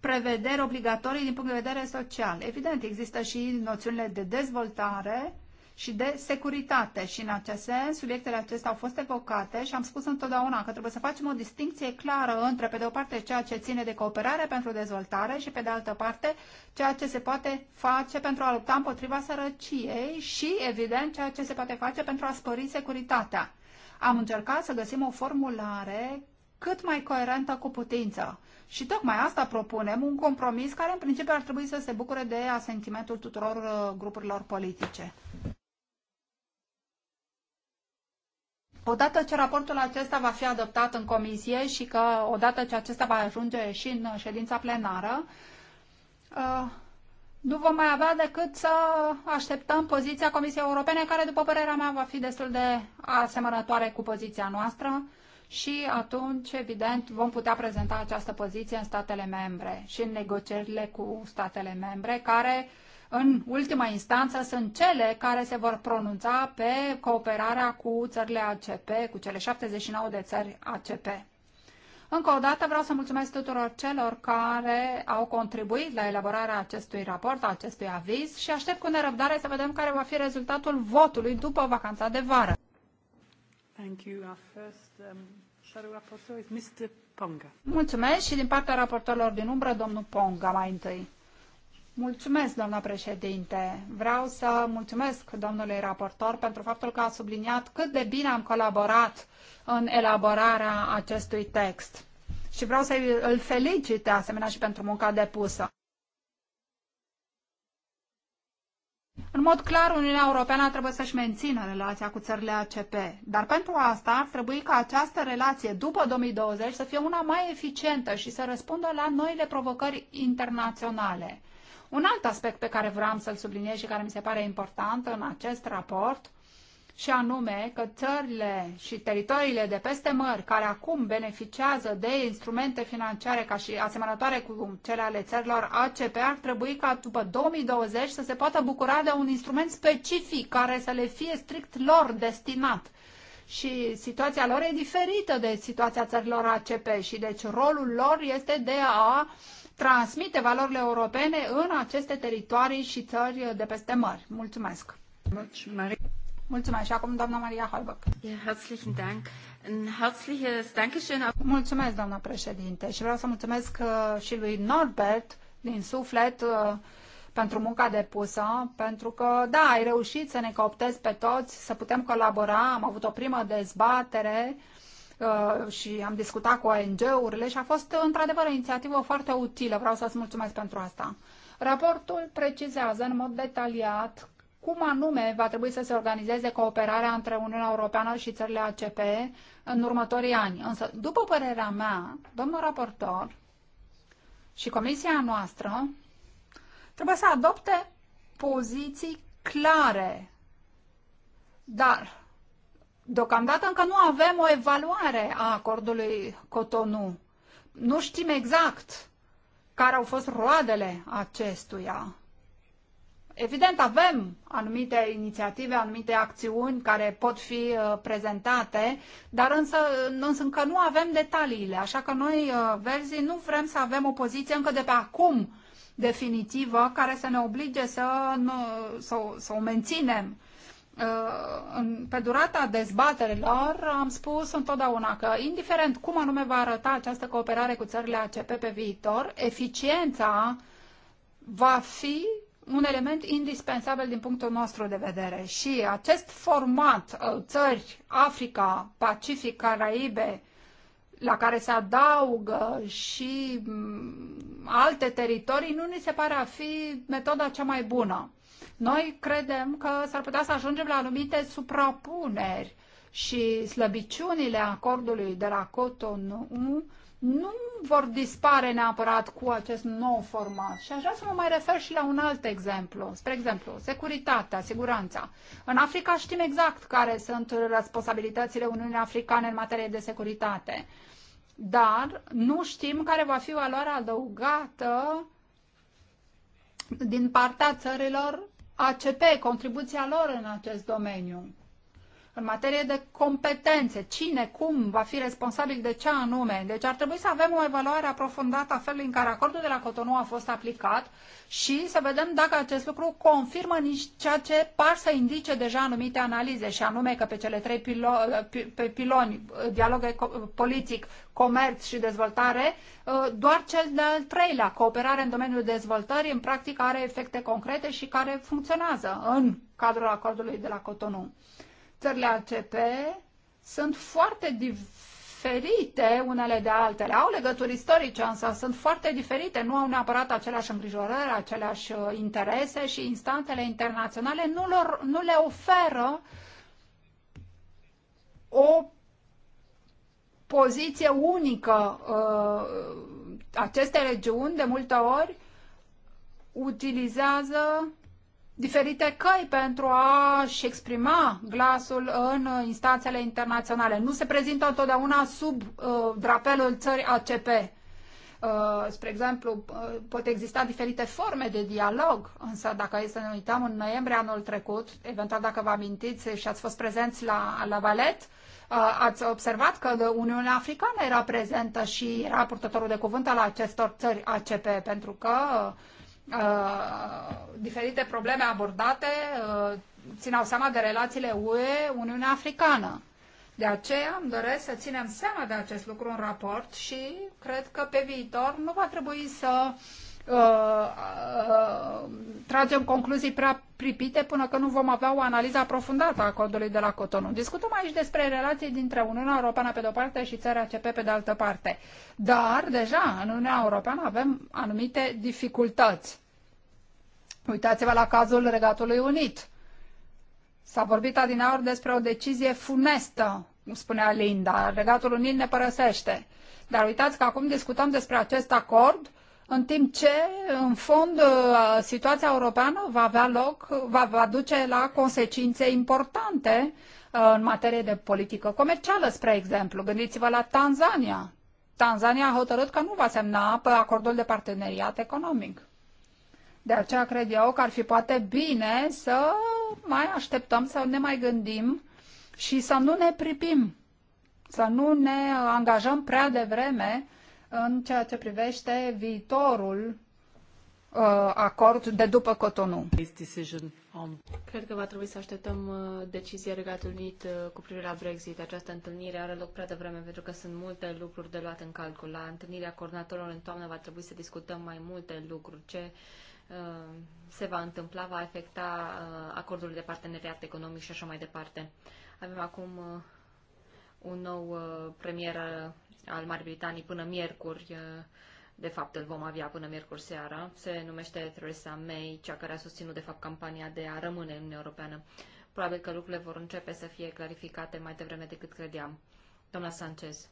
prevederi obligatorii din punct de vedere social. Evident, există și noțiunile de dezvoltare, și de securitate. Și în acest sens, subiectele acestea au fost evocate și am spus întotdeauna că trebuie să facem o distinție clară între, pe de o parte, ceea ce ține de cooperare pentru dezvoltare și, pe de altă parte, ceea ce se poate face pentru a lupta împotriva sărăciei și, evident, ceea ce se poate face pentru a spări securitatea. Am încercat să găsim o formulare cât mai coerentă cu putință. Și tocmai asta propunem, un compromis care în principiu ar trebui să se bucure de asentimentul tuturor uh, grupurilor politice. Odată ce raportul acesta va fi adoptat în comisie și că odată ce acesta va ajunge și în ședința plenară, uh, nu vom mai avea decât să așteptăm poziția Comisiei Europene, care, după părerea mea, va fi destul de asemănătoare cu poziția noastră și atunci, evident, vom putea prezenta această poziție în statele membre și în negocierile cu statele membre, care uh, în ultima instanță sunt cele care se vor pronunța pe cooperarea cu țările ACP, cu cele 79 de țări ACP. Încă o dată vreau să mulțumesc tuturor celor care au contribuit la elaborarea acestui raport, acestui aviz și aștept cu nerăbdare să vedem care va fi rezultatul votului după vacanța de vară. Thank you. Our first, um, shadow rapporteur is Mr. Ponga. Mulțumesc și din partea raportorilor din umbră, domnul Ponga mai întâi. Mulțumesc, doamna președinte. Vreau să mulțumesc domnului raportor pentru faptul că a subliniat cât de bine am colaborat în elaborarea acestui text. Și vreau să îl felicit de asemenea și pentru munca depusă. În mod clar, Uniunea Europeană trebuie să-și mențină relația cu țările ACP, dar pentru asta ar trebui ca această relație după 2020 să fie una mai eficientă și să răspundă la noile provocări internaționale. Un alt aspect pe care vreau să-l subliniez și care mi se pare important în acest raport, și anume că țările și teritoriile de peste mări care acum beneficiază de instrumente financiare ca și asemănătoare cu cele ale țărilor ACP ar trebui ca după 2020 să se poată bucura de un instrument specific care să le fie strict lor destinat și situația lor e diferită de situația țărilor ACP și deci rolul lor este de a uh, transmite valorile europene în aceste teritorii și țări de peste mări. Mulțumesc! Mulțumesc și acum doamna Maria Holbach. Mulțumesc, doamna președinte, și vreau să mulțumesc uh, și lui Norbert din suflet uh, pentru munca depusă, pentru că, da, ai reușit să ne cooptezi pe toți, să putem colabora. Am avut o primă dezbatere uh, Uh, și am discutat cu ONG-urile și a fost într-adevăr o inițiativă foarte utilă. Vreau să-ți mulțumesc pentru asta. Raportul precizează în mod detaliat cum anume va trebui să se organizeze cooperarea între Uniunea Europeană și țările ACP în următorii ani. Însă, după părerea mea, domnul raportor și comisia noastră trebuie să adopte poziții clare. Dar Deocamdată încă nu avem o evaluare a acordului Cotonou. Nu știm exact care au fost roadele acestuia. Evident, avem anumite inițiative, anumite acțiuni care pot fi uh, prezentate, dar însă, însă încă nu avem detaliile, așa că noi, uh, verzii, nu vrem să avem o poziție încă de pe acum definitivă care să ne oblige să, nu, să, să o menținem Uh, pe durata dezbaterilor am spus întotdeauna că, indiferent cum anume va arăta această cooperare cu țările ACP pe viitor, eficiența va fi un element indispensabil din punctul nostru de vedere. Și acest format, uh, țări, Africa, Pacific, Caraibe, la care se adaugă și mm, alte teritorii, nu ni se pare a fi metoda cea mai bună. Noi credem că s-ar putea să ajungem la anumite suprapuneri și slăbiciunile acordului de la Cotonou nu vor dispare neapărat cu acest nou format. Și aș vrea să mă mai refer și la un alt exemplu. Spre exemplu, securitatea, siguranța. În Africa știm exact care sunt responsabilitățile Uniunii Africane în materie de securitate. Dar nu știm care va fi valoarea adăugată din partea țărilor ACP, contribuția lor în acest domeniu în materie de competențe, cine, cum va fi responsabil de ce anume. Deci ar trebui să avem o evaluare aprofundată a felului în care acordul de la Cotonou a fost aplicat și să vedem dacă acest lucru confirmă nici ceea ce par să indice deja anumite analize și anume că pe cele trei pilo- pe piloni, dialog politic, comerț și dezvoltare, doar cel de-al treilea, cooperare în domeniul dezvoltării, în practică are efecte concrete și care funcționează în cadrul acordului de la Cotonou țările ACP sunt foarte diferite unele de altele. Au legături istorice, însă sunt foarte diferite. Nu au neapărat aceleași îngrijorări, aceleași uh, interese și instanțele internaționale nu, lor, nu le oferă o poziție unică. Uh, aceste regiuni, de multe ori, utilizează diferite căi pentru a-și exprima glasul în instanțele internaționale. Nu se prezintă întotdeauna sub uh, drapelul țării ACP. Uh, spre exemplu, uh, pot exista diferite forme de dialog, însă dacă e să ne uităm în noiembrie anul trecut, eventual dacă vă amintiți și ați fost prezenți la, la Valet, uh, ați observat că Uniunea Africană era prezentă și era purtătorul de cuvânt al acestor țări ACP, pentru că uh, Uh, diferite probleme abordate uh, țineau seama de relațiile UE-Uniunea Africană. De aceea îmi doresc să ținem seama de acest lucru în raport și cred că pe viitor nu va trebui să uh, uh, tragem concluzii prea pripite până când nu vom avea o analiză aprofundată a acordului de la Cotonou. Discutăm aici despre relații dintre Uniunea Europeană pe de-o parte și țara ACP pe de altă parte. Dar deja în Uniunea Europeană avem anumite dificultăți. Uitați-vă la cazul Regatului Unit. S-a vorbit adineaori despre o decizie funestă, spunea Linda. Regatul Unit ne părăsește. Dar uitați că acum discutăm despre acest acord în timp ce, în fond, uh, situația europeană va avea loc, va, va duce la consecințe importante uh, în materie de politică comercială, spre exemplu. Gândiți-vă la Tanzania. Tanzania a hotărât că nu va semna pe acordul de parteneriat economic. De aceea cred eu că ar fi poate bine să mai așteptăm, să ne mai gândim și să nu ne pripim, să nu ne angajăm prea devreme în ceea ce privește viitorul uh, acord de după Cotonou. Cred că va trebui să așteptăm uh, decizia Regatului Unit uh, cu privire la Brexit. Această întâlnire are loc prea devreme pentru că sunt multe lucruri de luat în calcul. La întâlnirea coordonatorilor în toamnă va trebui să discutăm mai multe lucruri. Ce se va întâmpla, va afecta acordul de parteneriat economic și așa mai departe. Avem acum un nou premier al Marii Britanii până miercuri, uh, de fapt îl vom avea până miercuri seara, se numește Theresa May, cea care a susținut de fapt campania de a rămâne în Uniunea Europeană. Probabil că lucrurile vor începe să fie clarificate mai devreme decât credeam. Doamna Sanchez.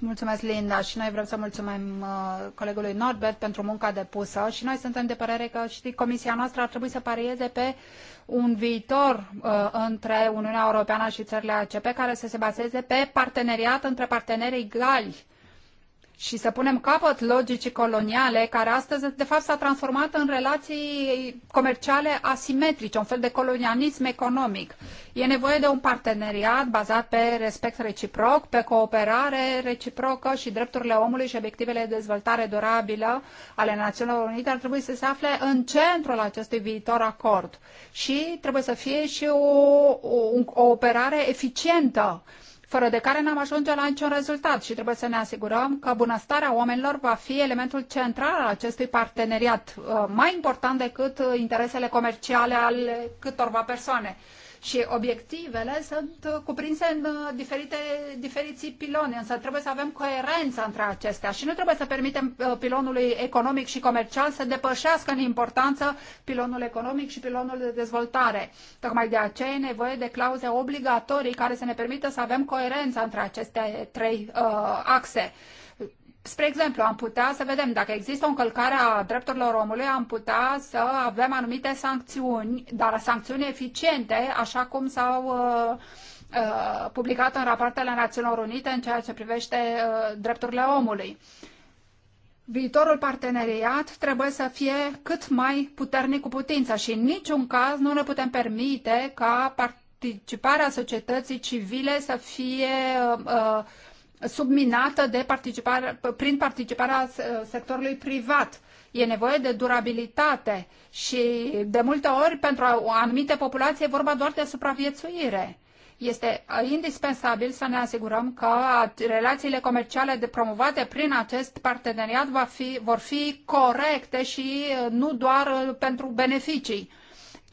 Mulțumesc, Linda, și noi vrem să mulțumim uh, colegului Norbert pentru munca depusă și noi suntem de părere că, știi, comisia noastră ar trebui să parieze pe un viitor uh, între Uniunea Europeană și țările ACP care să se bazeze pe parteneriat între parteneri egali și să punem capăt logicii coloniale, care astăzi, de fapt, s-a transformat în relații comerciale asimetrice, un fel de colonialism economic. E nevoie de un parteneriat bazat pe respect reciproc, pe cooperare reciprocă și drepturile omului și obiectivele de dezvoltare durabilă ale Națiunilor Unite ar trebui să se afle în centrul acestui viitor acord. Și trebuie să fie și o, o, o operare eficientă fără de care n-am ajunge la niciun rezultat și trebuie să ne asigurăm că bunăstarea oamenilor va fi elementul central al acestui parteneriat, uh, mai important decât uh, interesele comerciale ale câtorva persoane și obiectivele sunt uh, cuprinse în uh, diferite, diferiți piloni, însă trebuie să avem coerență între acestea și nu trebuie să permitem uh, pilonului economic și comercial să depășească în importanță pilonul economic și pilonul de dezvoltare. Tocmai de aceea e nevoie de clauze obligatorii care să ne permită să avem coerență între aceste trei uh, axe. Spre exemplu, am putea să vedem dacă există o încălcare a drepturilor omului, am putea să avem anumite sancțiuni, dar sancțiuni eficiente, așa cum s-au uh, uh, publicat în rapoartele Națiunilor Unite în ceea ce privește uh, drepturile omului. Viitorul parteneriat trebuie să fie cât mai puternic cu putință și în niciun caz nu ne putem permite ca participarea societății civile să fie uh, subminată de participare, prin participarea sectorului privat. E nevoie de durabilitate și de multe ori pentru o anumite populație e vorba doar de supraviețuire. Este indispensabil să ne asigurăm că relațiile comerciale de promovate prin acest parteneriat va fi, vor fi corecte și nu doar pentru beneficii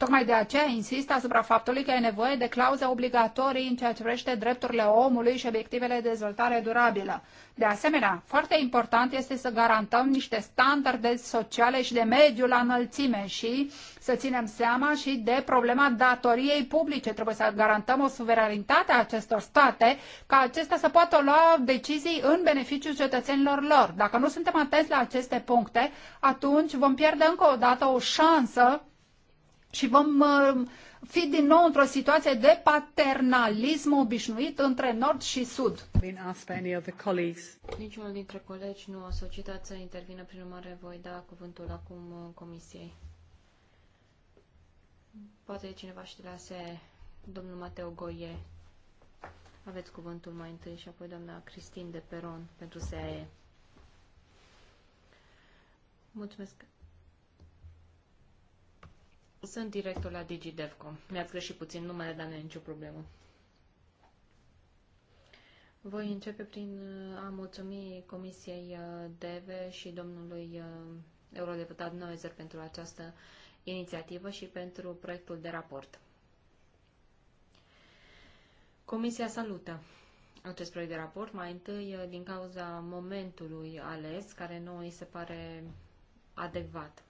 Tocmai de aceea insist asupra faptului că e nevoie de clauze obligatorii în ceea ce privește drepturile omului și obiectivele de dezvoltare durabilă. De asemenea, foarte important este să garantăm niște standarde sociale și de mediu la înălțime și să ținem seama și de problema datoriei publice. Trebuie să garantăm o suveranitate a acestor state ca acestea să poată lua decizii în beneficiul cetățenilor lor. Dacă nu suntem atenți la aceste puncte, atunci vom pierde încă o dată o șansă și vom uh, fi din nou într-o situație de paternalism obișnuit între nord și sud. Niciunul dintre colegi nu a solicitat să intervină, prin urmare voi da cuvântul acum uh, comisiei. Poate cineva și la SE, domnul Mateo Goie. Aveți cuvântul mai întâi și apoi doamna Cristin de Peron pentru SAE. Mulțumesc sunt director la DigiDevco. Mi-ați greșit puțin numele, dar nu e nicio problemă. Voi începe prin uh, a mulțumi Comisiei uh, DEVE și domnului uh, eurodeputat Noezer pentru această inițiativă și pentru proiectul de raport. Comisia salută acest proiect de raport, mai întâi din cauza momentului ales, care noi îi se pare adecvat.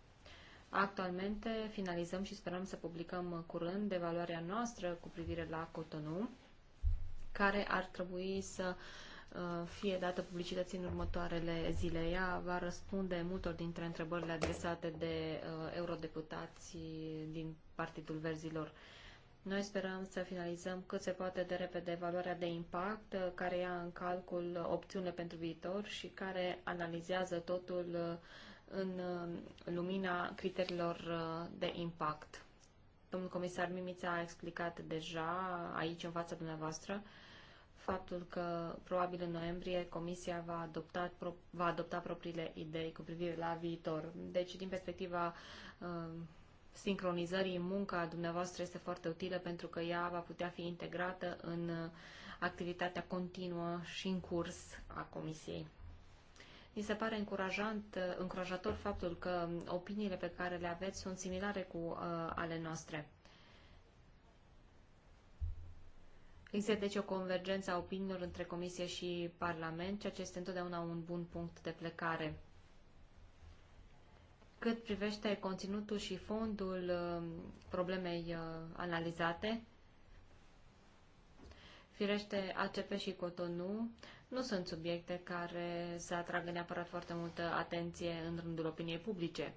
Actualmente finalizăm și sperăm să publicăm curând evaluarea noastră cu privire la Cotonou, care ar trebui să uh, fie dată publicității în următoarele zile. Ea va răspunde multor dintre întrebările adresate de eurodeputații uh, eurodeputați din Partidul Verzilor. Noi sperăm să finalizăm cât se poate de repede evaluarea de impact uh, care ia în calcul opțiune pentru viitor și care analizează totul uh, în uh, lumina criteriilor uh, de impact. Domnul comisar Mimița a explicat deja aici în fața dumneavoastră faptul că probabil în noiembrie Comisia va adopta, va adopta propriile idei cu privire la viitor. Deci, din perspectiva uh, sincronizării, munca dumneavoastră este foarte utilă pentru că ea va putea fi integrată în uh, activitatea continuă și în curs a Comisiei. Mi se pare încurajant, încurajator faptul că opiniile pe care le aveți sunt similare cu uh, ale noastre. Există deci o convergență a opiniilor între Comisie și Parlament, ceea ce este întotdeauna un bun punct de plecare. Cât privește conținutul și fondul uh, problemei uh, analizate, firește ACP și Cotonou nu sunt subiecte care să atragă neapărat foarte multă atenție în rândul opiniei publice.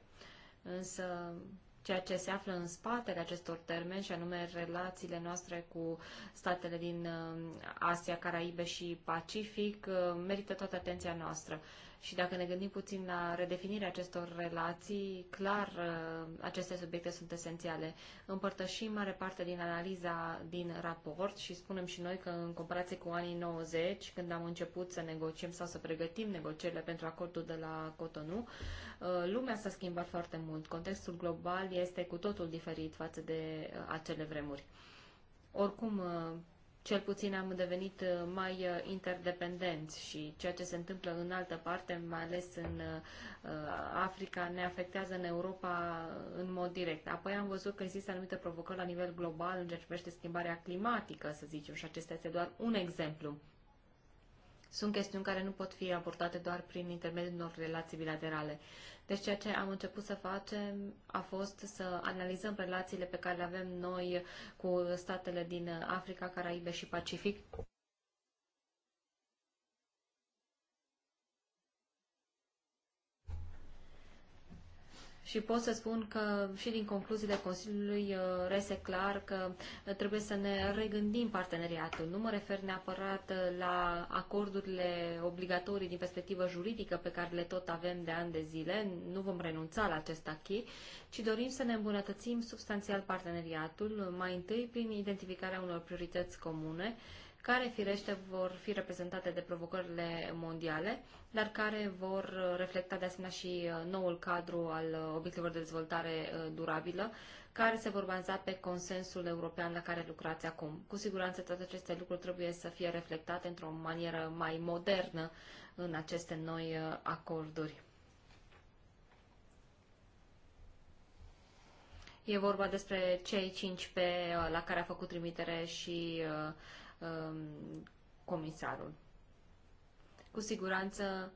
Însă ceea ce se află în spatele acestor termeni, și anume relațiile noastre cu statele din uh, Asia, Caraibe și Pacific, uh, merită toată atenția noastră. Și dacă ne gândim puțin la redefinirea acestor relații, clar uh, aceste subiecte sunt esențiale. Împărtășim mare parte din analiza din raport și spunem și noi că în comparație cu anii 90, când am început să negociem sau să pregătim negocierile pentru acordul de la Cotonou, uh, lumea s-a schimbat foarte mult. Contextul global este cu totul diferit față de uh, acele vremuri. Oricum, cel puțin am devenit uh, mai uh, interdependenți și ceea ce se întâmplă în altă parte, mai ales în uh, Africa, ne afectează în Europa în mod direct. Apoi am văzut că există anumite provocări la nivel global în ceea ce privește schimbarea climatică, să zicem, și acesta este doar un exemplu. Sunt chestiuni care nu pot fi abordate doar prin intermediul unor relații bilaterale. Deci ceea ce am început să facem a fost să analizăm relațiile pe care le avem noi cu statele din Africa, Caraibe și Pacific Și pot să spun că și din concluziile Consiliului uh, rese clar că uh, trebuie să ne regândim parteneriatul. Nu mă refer neapărat uh, la acordurile obligatorii din perspectivă juridică pe care le tot avem de ani de zile, nu vom renunța la acest achii, ci dorim să ne îmbunătățim substanțial parteneriatul, mai întâi prin identificarea unor priorități comune, care firește vor fi reprezentate de provocările mondiale, dar care vor uh, reflecta de asemenea și uh, noul cadru al uh, obiectivelor de dezvoltare durabilă, care se vor baza pe consensul european la care lucrați acum. Cu siguranță toate aceste lucruri trebuie să fie reflectate într-o manieră mai modernă în aceste noi acorduri. E vorba despre cei 5 pe la care a făcut trimitere și uh, Um, comisarul. Cu siguranță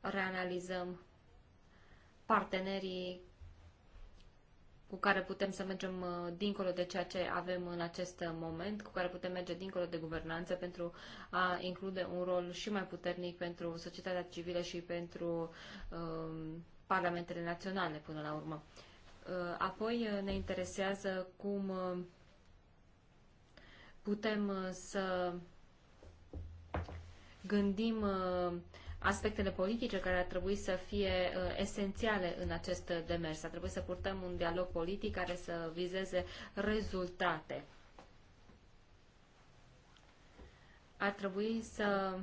reanalizăm partenerii cu care putem să mergem uh, dincolo de ceea ce avem în acest uh, moment, cu care putem merge dincolo de guvernanță pentru a include un rol și mai puternic pentru societatea civilă și pentru um, parlamentele naționale până la urmă. Uh, apoi ne interesează cum putem uh, să gândim uh, aspectele politice care ar trebui să fie uh, esențiale în acest demers. Ar trebui să purtăm un dialog politic care să vizeze rezultate. Ar trebui să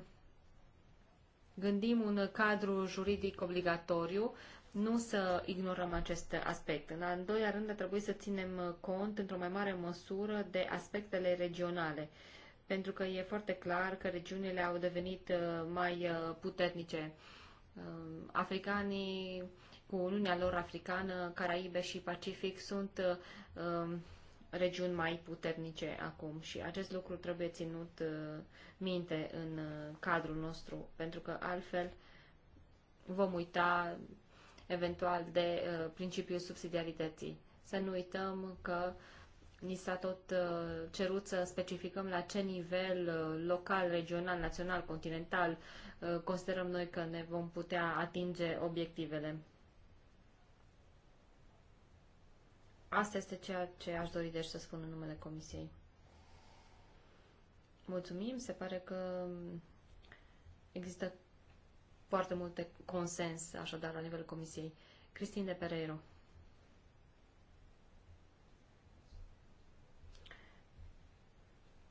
gândim un cadru juridic obligatoriu nu să ignorăm acest aspect. În al doilea rând, trebuie să ținem cont, într-o mai mare măsură, de aspectele regionale, pentru că e foarte clar că regiunile au devenit uh, mai uh, puternice. Uh, africanii, cu Uniunea lor africană, Caraibe și Pacific, sunt um, regiuni mai puternice acum și acest lucru trebuie ținut minte în cadrul nostru, pentru că altfel vom uita eventual de uh, principiul subsidiarității. Să nu uităm că ni s-a tot uh, cerut să specificăm la ce nivel uh, local, regional, național, continental considerăm noi că ne vom putea atinge obiectivele. Asta este ceea ce aș dori deci să spun în numele Comisiei. Mulțumim, se pare că um, există foarte multe consens, așadar, la nivelul Comisiei. Cristin de Pereiro.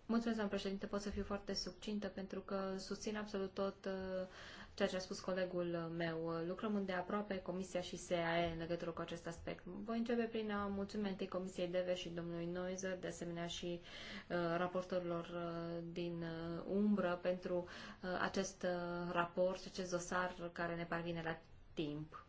Mulțumesc, doamnă președinte, pot să fiu foarte succintă pentru că susțin absolut tot uh, ceea ce a spus colegul meu. Lucrăm îndeaproape Comisia și SAE în legătură cu acest aspect. Voi începe prin a mulțumi întâi Comisiei DEVE și domnului Noizer, de asemenea și uh, raportorilor uh, din uh, umbră pentru uh, acest uh, raport, acest dosar care ne parvine la timp.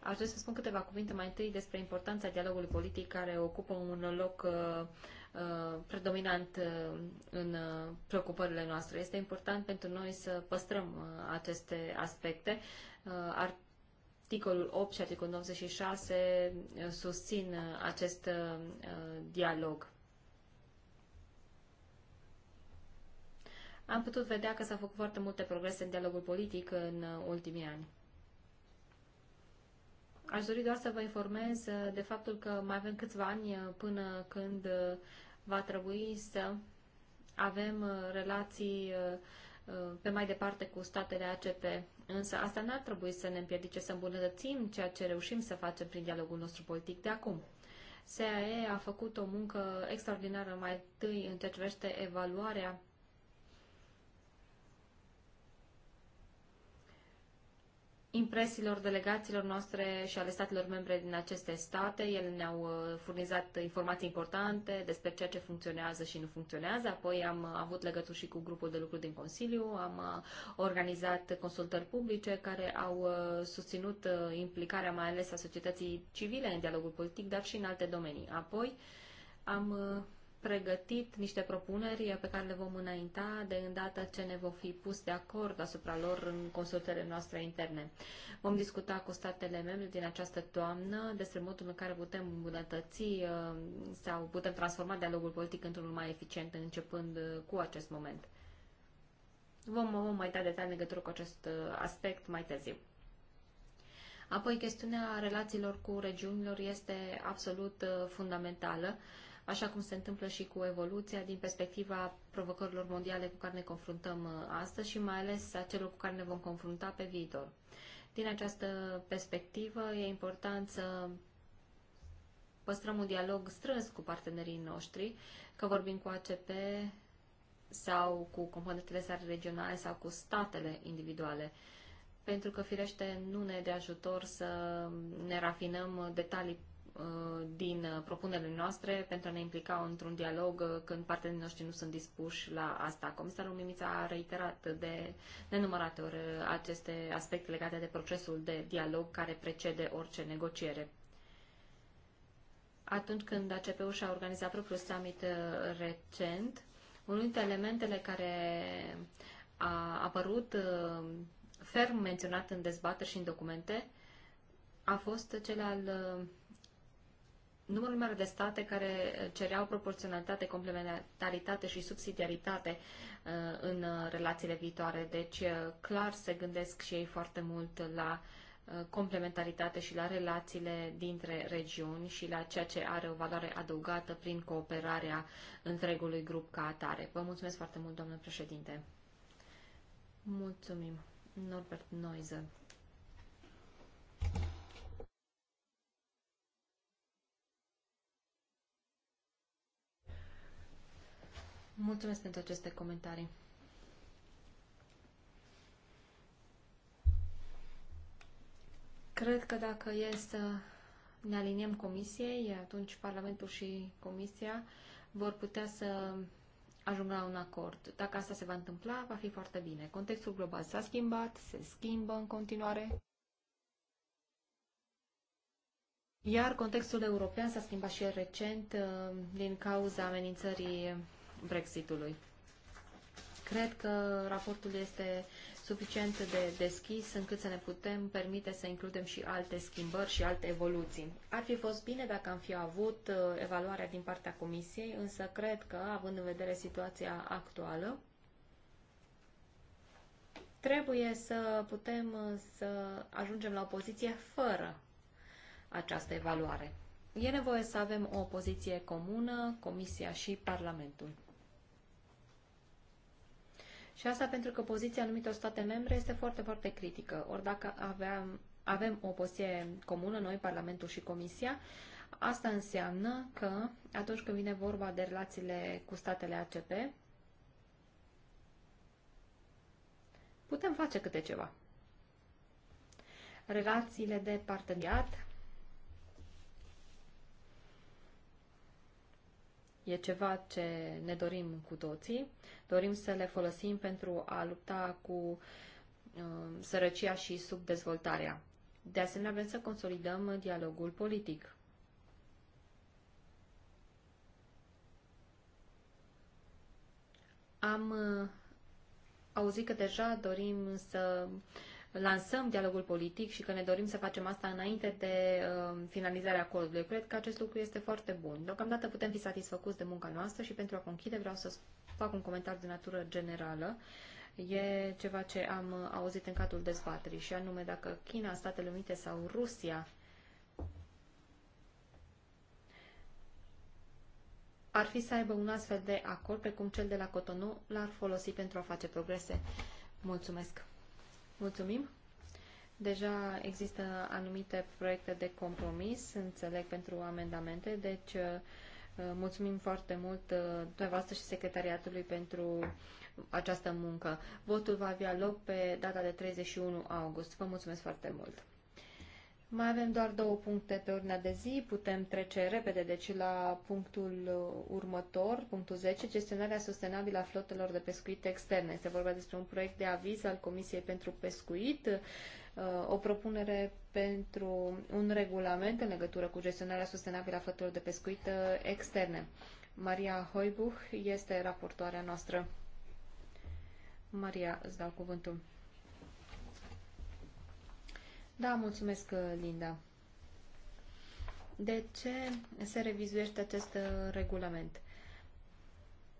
Aș vrea să spun câteva cuvinte mai întâi despre importanța dialogului politic care ocupă un loc uh, Uh, predominant uh, în uh, preocupările noastre. Este important pentru noi să păstrăm aceste aspecte. Articolul 8 și articolul 96 susțin acest dialog. Am putut vedea că s-au făcut foarte multe progrese în dialogul politic în ultimii ani. Aș dori doar să vă informez uh, de faptul că mai avem câțiva ani uh, până când uh, va trebui să avem relații pe mai departe cu statele ACP. Însă asta n-ar trebui să ne împiedice să îmbunătățim ceea ce reușim să facem prin dialogul nostru politic de acum. SAE a făcut o muncă extraordinară mai întâi în ceea ce privește evaluarea impresiilor delegațiilor noastre și ale statelor membre din aceste state. Ele ne-au uh, furnizat informații importante despre ceea ce funcționează și nu funcționează. Apoi am avut legături și cu grupul de lucru din Consiliu, am uh, organizat consultări publice care au uh, susținut implicarea mai ales a societății civile în dialogul politic, dar și în alte domenii. Apoi am pregătit niște propuneri pe care le vom înainta de îndată ce ne vom fi pus de acord asupra lor în consultările noastre interne. Vom discuta cu statele membre din această toamnă despre modul în care putem îmbunătăți uh, sau putem transforma dialogul politic într-unul mai eficient începând uh, cu acest moment. Vom, vom mai da detalii în legătură cu acest uh, aspect mai târziu. Apoi, chestiunea relațiilor cu regiunilor este absolut fundamentală așa cum se întâmplă și cu evoluția din perspectiva provocărilor mondiale cu care ne confruntăm uh, astăzi și mai ales a celor cu care ne vom confrunta pe viitor. Din această perspectivă, e important să păstrăm un dialog strâns cu partenerii noștri, că vorbim cu ACP sau cu componentele sale regionale sau cu statele individuale pentru că, firește, nu ne de ajutor să ne rafinăm detalii Uh, din uh, propunerile noastre pentru a ne implica într-un dialog uh, când partenerii noștri nu sunt dispuși la asta. Comisarul Mimița a reiterat de nenumărate ori aceste aspecte legate de procesul de dialog care precede orice negociere. Atunci când ACPU și-a organizat propriul summit recent, unul dintre elementele care a apărut ferm menționat în dezbateri și în documente a fost cel al uh, numărul mare de state care eh, cereau proporționalitate, complementaritate și subsidiaritate eh, în eh, relațiile viitoare. Deci, clar se gândesc și ei foarte mult la complementaritate și la relațiile dintre regiuni și la ceea ce are o valoare adăugată prin cooperarea întregului grup ca atare. Vă mulțumesc foarte mult, doamnă președinte. Mulțumim. Norbert Noize. Mulțumesc pentru aceste comentarii. Cred că dacă e să ne aliniem comisiei, atunci Parlamentul și Comisia vor putea să ajungă la un acord. Dacă asta se va întâmpla, va fi foarte bine. Contextul global s-a schimbat, se schimbă în continuare. Iar contextul european s-a schimbat și recent uh, din cauza amenințării Brexitului. Cred că raportul este suficient de deschis încât să ne putem permite să includem și alte schimbări și alte evoluții. Ar fi fost bine dacă am fi avut uh, evaluarea din partea Comisiei, însă cred că, având în vedere situația actuală, trebuie să putem uh, să ajungem la o poziție fără această evaluare. E nevoie să avem o poziție comună, Comisia și Parlamentul. Și asta pentru că poziția anumitor state membre este foarte, foarte critică. Ori dacă aveam, avem o poziție comună, noi, Parlamentul și Comisia, asta înseamnă că atunci când vine vorba de relațiile cu statele ACP, putem face câte ceva. Relațiile de parteneriat, E ceva ce ne dorim cu toții. Dorim să le folosim pentru a lupta cu uh, sărăcia și subdezvoltarea. De asemenea, vrem să consolidăm dialogul politic. Am uh, auzit că deja dorim să uh, lansăm dialogul politic și că ne dorim să facem asta înainte de uh, finalizarea acordului. Cred că acest lucru este foarte bun. Deocamdată putem fi satisfăcuți de munca noastră și pentru a conchide vreau să fac un comentariu de natură generală. E ceva ce am auzit în cadrul dezbaterii și anume dacă China, Statele Unite sau Rusia ar fi să aibă un astfel de acord precum cel de la Cotonou, l-ar folosi pentru a face progrese. Mulțumesc! Mulțumim. Deja există anumite proiecte de compromis, înțeleg, pentru amendamente, deci uh, mulțumim foarte mult uh, dumneavoastră și secretariatului pentru această muncă. Votul va avea loc pe data de 31 august. Vă mulțumesc foarte mult! Mai avem doar două puncte pe ordinea de zi, putem trece repede deci la punctul uh, următor, punctul 10, gestionarea sustenabilă a flotelor de pescuit externe. Este vorba despre un proiect de aviz al Comisiei pentru Pescuit, uh, o propunere pentru un regulament în legătură cu gestionarea sustenabilă a flotelor de pescuit uh, externe. Maria Hoibuch este raportoarea noastră. Maria, îți dau cuvântul. Da, mulțumesc, uh, Linda. De ce se revizuiește acest uh, regulament?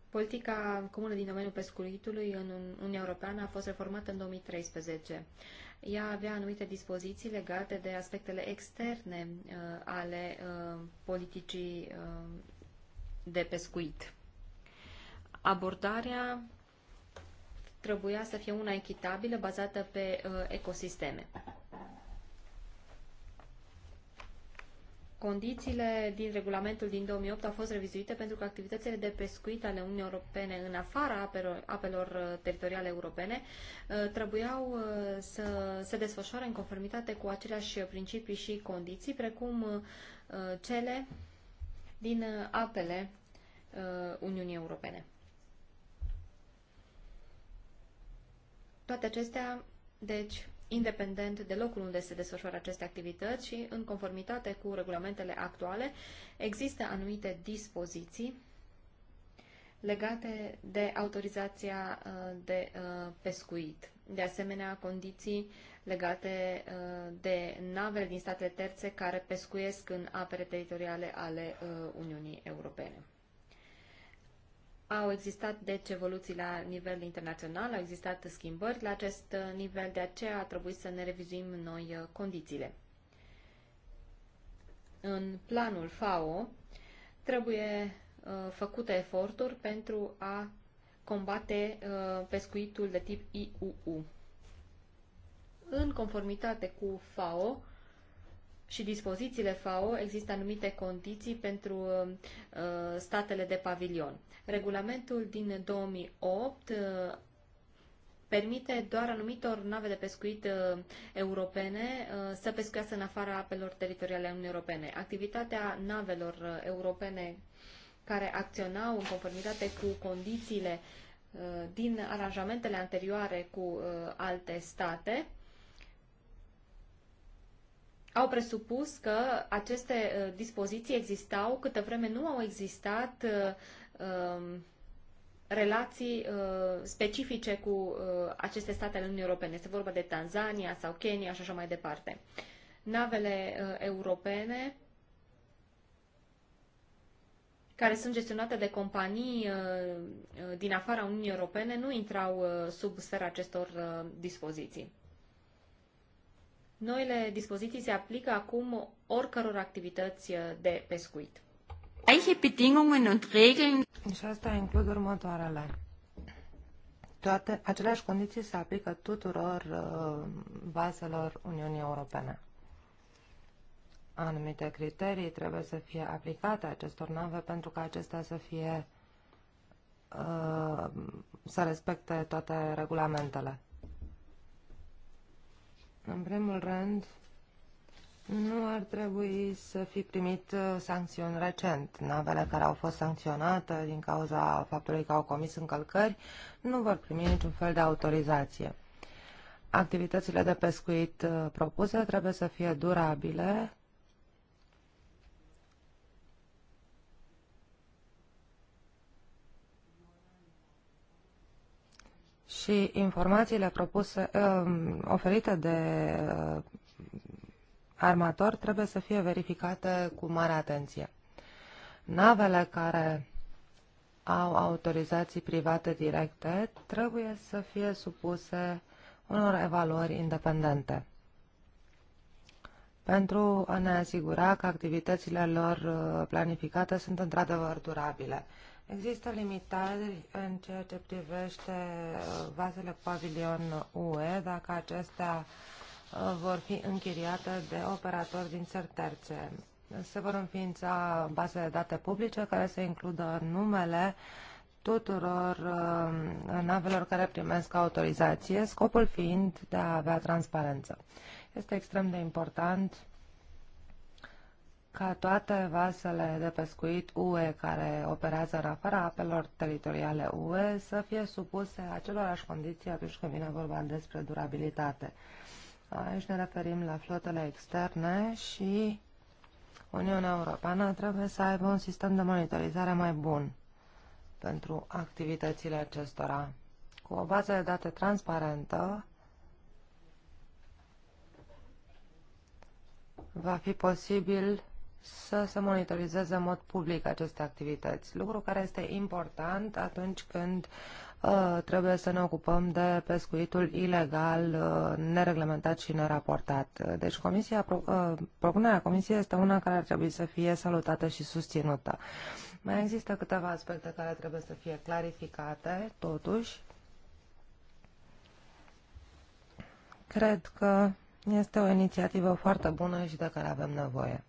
Politica comună din domeniul pescuitului în Uniunea Europeană a fost reformată în 2013. Ea avea anumite dispoziții legate de aspectele externe uh, ale uh, politicii uh, de pescuit. Abordarea trebuia să fie una echitabilă, bazată pe uh, ecosisteme. Condițiile din regulamentul din 2008 au fost revizuite pentru că activitățile de pescuit ale Uniunii Europene în afara apelor, apelor uh, teritoriale europene uh, trebuiau uh, să se desfășoare în conformitate cu aceleași principii și condiții, precum cele din apele Uniunii Europene. Toate acestea, deci, independent de locul unde se desfășoară aceste activități și în conformitate cu regulamentele actuale există anumite dispoziții legate de autorizația uh, de uh, pescuit. De asemenea, condiții legate uh, de navele din statele terțe care pescuiesc în apele teritoriale ale Uniunii Europene. Au existat, deci, evoluții la nivel internațional, au existat schimbări la acest uh, nivel, de aceea a trebuit să ne revizuim noi uh, condițiile. În planul FAO trebuie uh, făcute eforturi pentru a combate pescuitul de tip IUU. În conformitate cu FAO, și dispozițiile FAO există anumite condiții pentru uh, uh, statele de pavilion. Regulamentul din 2008 uh, permite doar anumitor nave de pescuit uh, europene uh, să pescuiască în afara apelor teritoriale Uniunii Europene. Activitatea navelor uh, europene care acționau în conformitate cu condițiile uh, din aranjamentele anterioare cu uh, alte state au presupus că aceste uh, dispoziții existau câtă vreme nu au existat uh, um, relații uh, specifice cu aceste state ale Uniunii Europene. Este vorba de Tanzania sau Kenya și așa mai departe. Navele europene care sunt gestionate de companii din afara Uniunii Europene nu intrau sub sfera acestor dispoziții. Noile dispoziții se aplică acum oricăror activități de pescuit. Gleiche Bedingungen und Regeln. Și asta includ următoarele. Toate aceleași condiții se aplică tuturor uh, bazelor Uniunii Europene. Anumite criterii trebuie să fie aplicate acestor nave pentru ca acestea să fie uh, să respecte toate regulamentele. În primul rând, nu ar trebui să fi primit uh, sancțiuni recent. Navele care au fost sancționate din cauza faptului că au comis încălcări nu vor primi niciun fel de autorizație. Activitățile de pescuit uh, propuse trebuie să fie durabile și informațiile propuse, um, oferite de uh, armator trebuie să fie verificate cu mare atenție. Navele care au autorizații private directe trebuie să fie supuse unor evaluări independente pentru a ne asigura că activitățile lor uh, planificate sunt într-adevăr durabile. Există limitări în ceea ce privește uh, vasele pavilion UE, dacă acestea uh, vor fi închiriate de operatori din țări terțe. Se vor înființa baze de date publice care să includă numele tuturor uh, navelor care primesc autorizație, scopul fiind de a avea transparență. Este extrem de important ca toate vasele de pescuit UE care operează în afara apelor teritoriale UE să fie supuse acelorași condiții atunci când vine vorba despre durabilitate. Aici ne referim la flotele externe și Uniunea Europeană trebuie să aibă un sistem de monitorizare mai bun pentru activitățile acestora, cu o bază de date transparentă va fi posibil să se monitorizeze în mod public aceste activități, lucru care este important atunci când uh, trebuie să ne ocupăm de pescuitul ilegal, uh, nereglementat și neraportat. Deci comisia, uh, propunerea comisiei este una care ar trebui să fie salutată și susținută. Mai există câteva aspecte care trebuie să fie clarificate, totuși. Cred că este o inițiativă foarte bună și de care avem nevoie.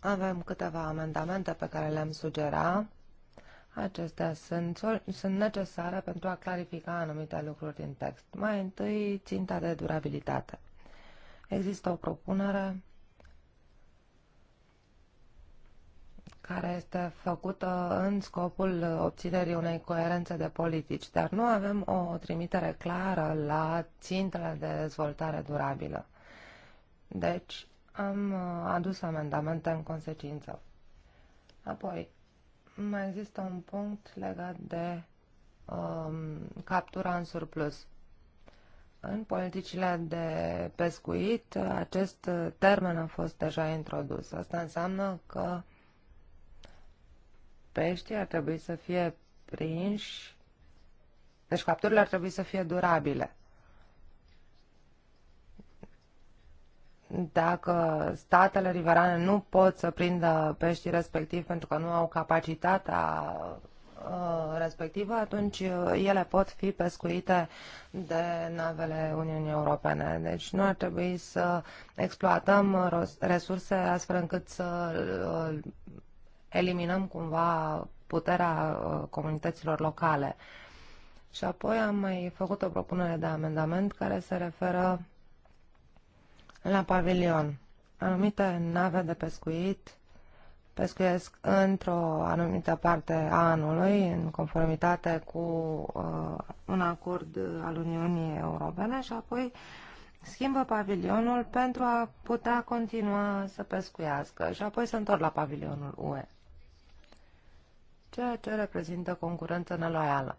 Avem câteva amendamente pe care le-am sugera. Acestea sunt, sunt necesare pentru a clarifica anumite lucruri din text. Mai întâi, ținta de durabilitate. Există o propunere care este făcută în scopul obținerii unei coerențe de politici, dar nu avem o trimitere clară la țintele de dezvoltare durabilă. Deci, am uh, adus amendamente în consecință. Apoi, mai există un punct legat de um, captura în surplus. În politicile de pescuit, acest termen a fost deja introdus. Asta înseamnă că peștii ar trebui să fie prinși, deci capturile ar trebui să fie durabile. dacă statele riverane nu pot să prindă peștii respectiv pentru că nu au capacitatea uh, respectivă, atunci uh, ele pot fi pescuite de navele Uniunii Europene. Deci nu ar trebui să exploatăm resurse astfel încât să uh, eliminăm cumva puterea comunităților locale. Și apoi am mai făcut o propunere de amendament care se referă la pavilion. Anumite nave de pescuit pescuiesc într-o anumită parte a anului, în conformitate cu uh, un acord al Uniunii Europene și apoi schimbă pavilionul pentru a putea continua să pescuiască și apoi se întorc la pavilionul UE, ceea ce reprezintă concurență neloială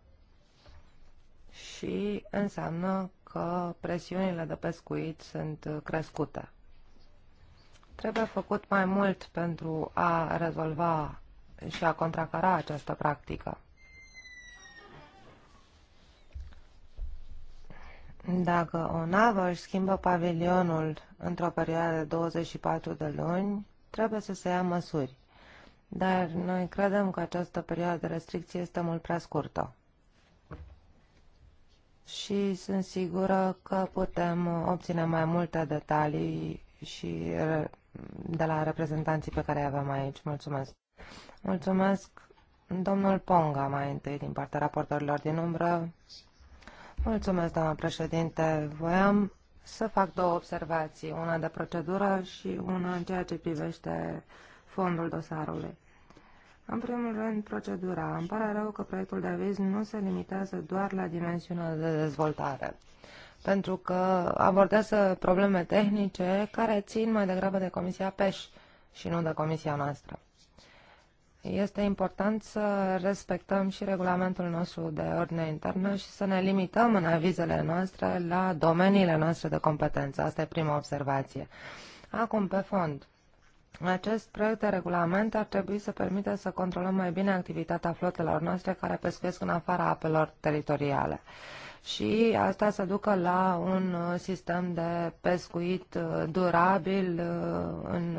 și înseamnă că presiunile de pescuit sunt crescute. Trebuie făcut mai mult pentru a rezolva și a contracara această practică. Dacă o navă își schimbă pavilionul într-o perioadă de 24 de luni, trebuie să se ia măsuri. Dar noi credem că această perioadă de restricție este mult prea scurtă și sunt sigură că putem obține mai multe detalii și de la reprezentanții pe care îi avem aici. Mulțumesc! Mulțumesc, domnul Ponga, mai întâi din partea raportorilor din umbră. Mulțumesc, doamna președinte. Voiam să fac două observații, una de procedură și una în ceea ce privește fondul dosarului. În primul rând, procedura. Îmi pare rău că proiectul de aviz nu se limitează doar la dimensiunea de dezvoltare, pentru că abordează probleme tehnice care țin mai degrabă de Comisia PEș și nu de Comisia noastră. Este important să respectăm și regulamentul nostru de ordine internă și să ne limităm în avizele noastre la domeniile noastre de competență. Asta e prima observație. Acum, pe fond, acest proiect de regulament ar trebui să permită să controlăm mai bine activitatea flotelor noastre care pescuiesc în afara apelor teritoriale. Și asta să ducă la un uh, sistem de pescuit uh, durabil uh, în,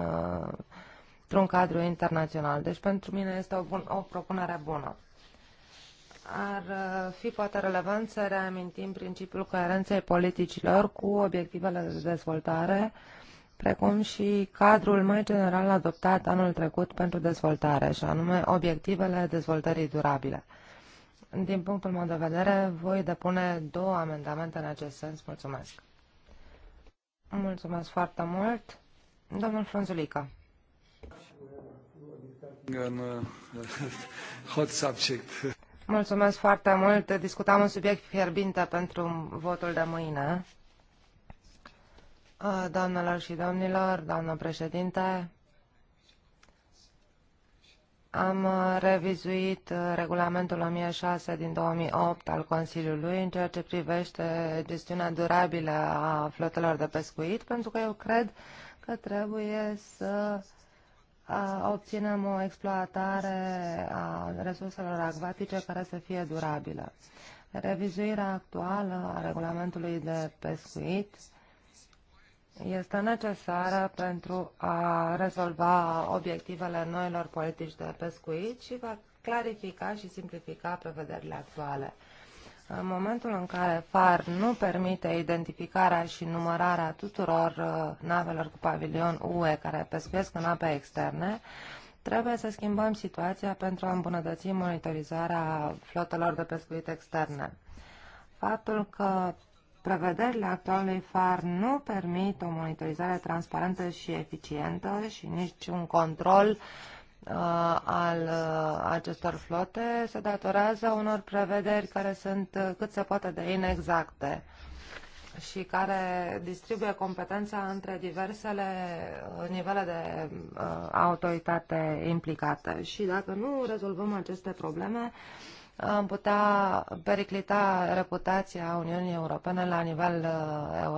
într-un cadru internațional. Deci pentru mine este o, bun, o propunere bună. Ar fi poate relevant să reamintim principiul coerenței politicilor cu obiectivele de dezvoltare precum și cadrul mai general adoptat anul trecut pentru dezvoltare, și anume obiectivele dezvoltării durabile. Din punctul meu de vedere, voi depune două amendamente în acest sens. Mulțumesc! Mulțumesc foarte mult! Domnul Frunzulică. Uh, hot subject. Mulțumesc foarte mult! Discutam un subiect fierbinte pentru votul de mâine. Ah, doamnelor și domnilor, doamnă președinte, am uh, revizuit uh, regulamentul 1006 din 2008 al Consiliului în ceea ce privește gestiunea durabilă a flotelor de pescuit, pentru că eu cred că trebuie să uh, obținem o exploatare a resurselor acvatice care să fie durabilă. Revizuirea actuală a regulamentului de pescuit este necesară pentru a rezolva obiectivele noilor politici de pescuit și va clarifica și simplifica prevederile actuale. În momentul în care FAR nu permite identificarea și numărarea tuturor uh, navelor cu pavilion UE care pescuiesc în ape externe, trebuie să schimbăm situația pentru a îmbunătăți monitorizarea flotelor de pescuit externe. Faptul că Prevederile actualului FAR nu permit o monitorizare transparentă și eficientă și nici un control uh, al uh, acestor flote se datorează unor prevederi care sunt uh, cât se poate de inexacte și care distribuie competența între diversele uh, nivele de uh, autoritate implicată. Și dacă nu rezolvăm aceste probleme, uh, am putea periclita reputația Uniunii Europene la nivel,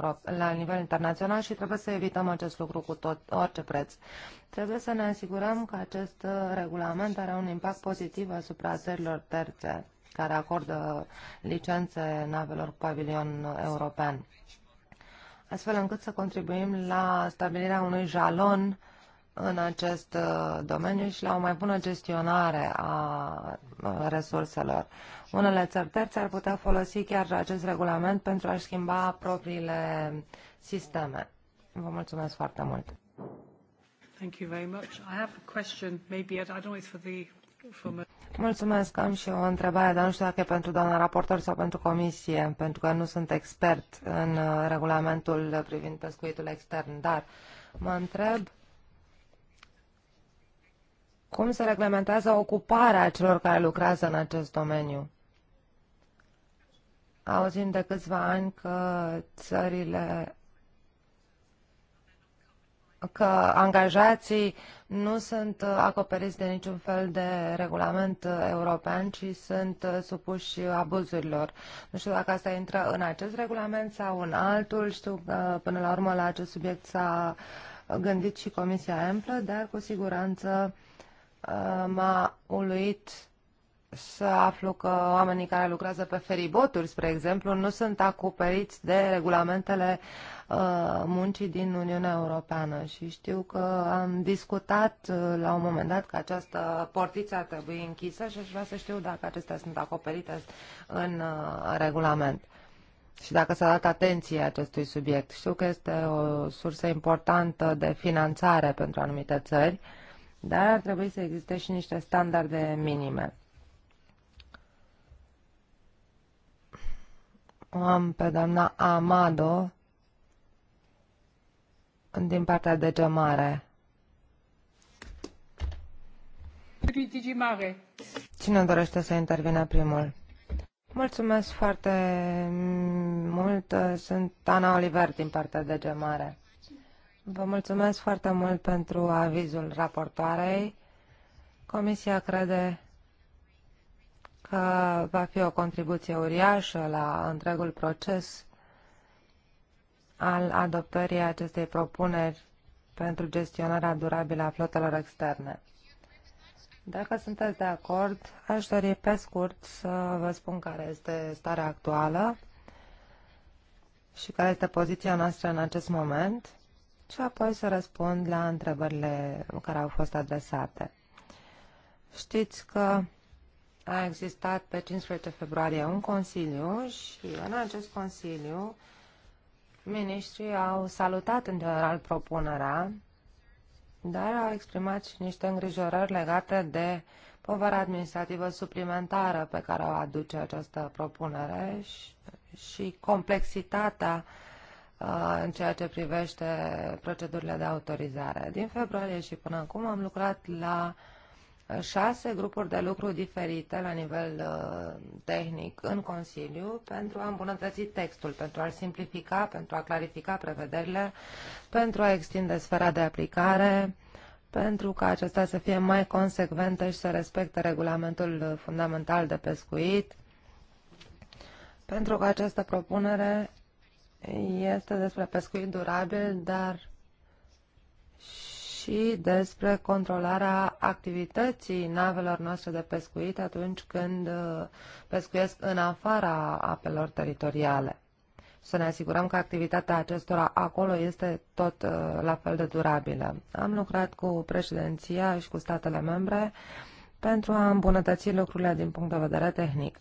uh, la nivel internațional și trebuie să evităm acest lucru cu tot, orice preț. Trebuie să ne asigurăm că acest uh, regulament are un impact pozitiv asupra țărilor terțe care acordă licențe navelor cu pavilion european, astfel încât să contribuim la stabilirea unui jalon uh, în acest uh, domeniu și la o mai bună gestionare a uh, resurselor. Unele țări terțe ar putea folosi chiar acest regulament pentru a-și schimba propriile sisteme. Vă mulțumesc foarte mult. Thank you very much. I have a question, maybe I don't know it's for the Mulțumesc, am și o întrebare, dar nu știu dacă e pentru doamna raportor sau pentru comisie, pentru că nu sunt expert în uh, regulamentul privind pescuitul extern, dar mă întreb uh, cum se reglementează ocuparea celor care lucrează în acest domeniu. Auzim de câțiva ani că țările că angajații nu sunt acoperiți de niciun fel de regulament european, ci sunt supuși abuzurilor. Nu știu dacă asta intră în acest regulament sau în altul. Știu că până la urmă la acest subiect s-a gândit și Comisia Emplă, dar cu siguranță Uh, m-a uluit să aflu că oamenii care lucrează pe feriboturi, spre exemplu, nu sunt acoperiți de regulamentele uh, muncii din Uniunea Europeană și știu că am discutat uh, la un moment dat că această portiță ar trebui închisă și aș vrea să știu dacă acestea sunt acoperite în regulament și dacă s-a dat atenție acestui subiect. Știu că este o sursă importantă de finanțare pentru anumite țări, uh, dar ar trebui să existe și niște standarde minime. Am pe doamna Amado din partea de gemare. Cine dorește să intervină primul? Mulțumesc foarte mult. Sunt Ana Oliver din partea de Gemare. Vă mulțumesc foarte mult pentru avizul raportoarei. Comisia crede că va fi o contribuție uriașă la întregul proces al adoptării acestei propuneri pentru gestionarea durabilă a flotelor externe. Dacă sunteți de acord, aș dori pe scurt să vă spun care este starea actuală și care este poziția noastră în acest moment și apoi să răspund la întrebările care au fost adresate. Știți că a existat pe 15 februarie un consiliu și în acest consiliu ministrii au salutat în general propunerea, dar au exprimat și niște îngrijorări legate de povara administrativă suplimentară pe care o aduce această propunere și, și complexitatea uh, Uh, în ceea ce privește procedurile de autorizare. Din februarie și până acum am lucrat la uh, șase grupuri de lucru diferite la nivel uh, tehnic în Consiliu pentru a îmbunătăți textul, pentru a-l simplifica, pentru a clarifica prevederile, pentru a extinde sfera de aplicare, pentru ca acestea să fie mai consecvente și să respecte regulamentul fundamental de pescuit, pentru că această propunere este despre pescuit durabil, dar și despre controlarea activității navelor noastre de pescuit atunci când uh, pescuiesc în afara apelor teritoriale. Să ne asigurăm că activitatea acestora acolo este tot uh, la fel de durabilă. Am lucrat cu președinția și cu statele membre pentru a îmbunătăți lucrurile din punct de vedere tehnic.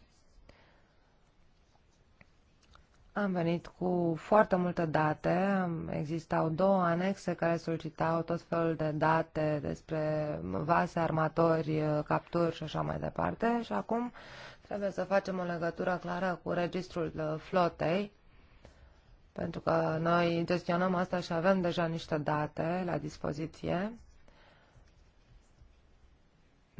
Am venit cu foarte multe date, existau două anexe care solicitau tot felul de date despre vase, armatori, uh, capturi și așa mai departe și acum trebuie să facem o legătură clară cu registrul uh, flotei, pentru că noi gestionăm asta și avem deja niște date la dispoziție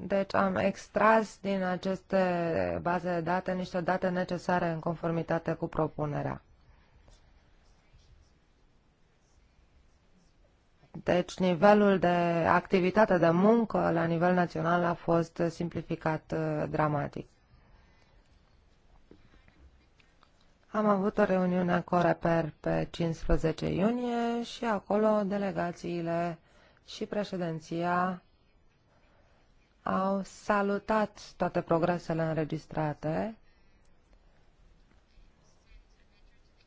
deci am extras din aceste baze de date niște date necesare în conformitate cu propunerea. Deci nivelul de activitate de muncă la nivel național a fost simplificat uh, dramatic. Am avut o reuniune Coreper pe 15 iunie și acolo delegațiile și președinția au salutat toate progresele înregistrate.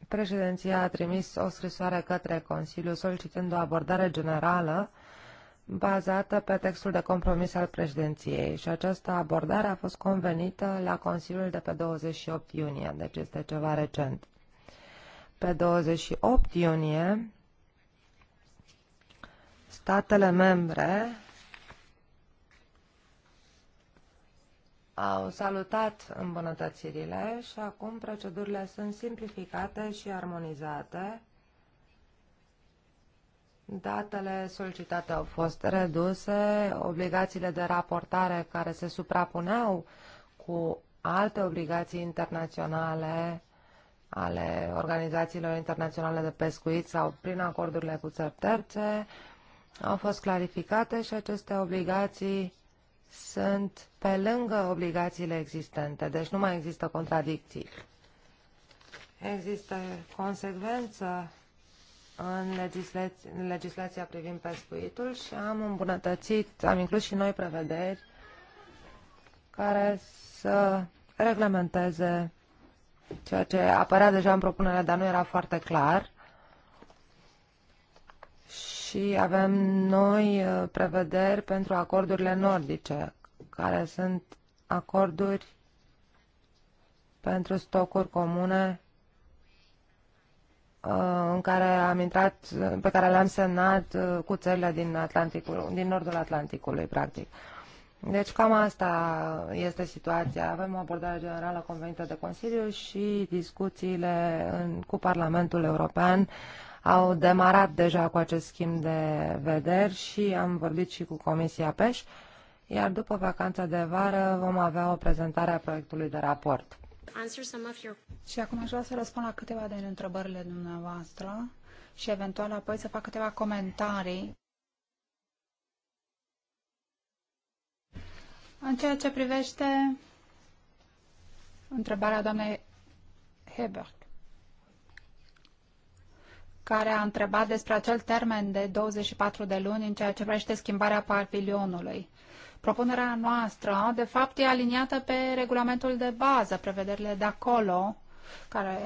Președinția a trimis o scrisoare către Consiliu solicitând o abordare generală bazată pe textul de compromis al președinției și această abordare a fost convenită la Consiliul de pe 28 iunie, deci este ceva recent. Pe 28 iunie, statele membre au salutat îmbunătățirile și acum procedurile sunt simplificate și armonizate. Datele solicitate au fost reduse, obligațiile de raportare care se suprapuneau cu alte obligații internaționale ale organizațiilor internaționale de pescuit sau prin acordurile cu țări terțe au fost clarificate și aceste obligații sunt pe lângă obligațiile existente, deci nu mai există contradicții. Există consecvență în legislația, în legislația privind pescuitul și am îmbunătățit, am inclus și noi prevederi care să reglementeze ceea ce apărea deja în propunere, dar nu era foarte clar și avem noi uh, prevederi pentru acordurile nordice, care sunt acorduri pentru stocuri comune uh, în care am intrat, uh, pe care le-am semnat cu țările din, Atlanticul, din nordul Atlanticului, practic. Deci cam asta este situația. Avem o abordare generală convenită de Consiliu și discuțiile în, cu Parlamentul European au demarat deja cu acest schimb de vederi și am vorbit și cu Comisia PEș, iar după vacanța de vară vom avea o prezentare a proiectului de raport. Și acum aș vrea să răspund la câteva din întrebările dumneavoastră și eventual apoi să fac câteva comentarii. În ceea ce privește întrebarea doamnei Heberg, care a întrebat despre acel termen de 24 de luni în ceea ce privește schimbarea pavilionului. Propunerea noastră, de fapt, e aliniată pe regulamentul de bază, prevederile de acolo, care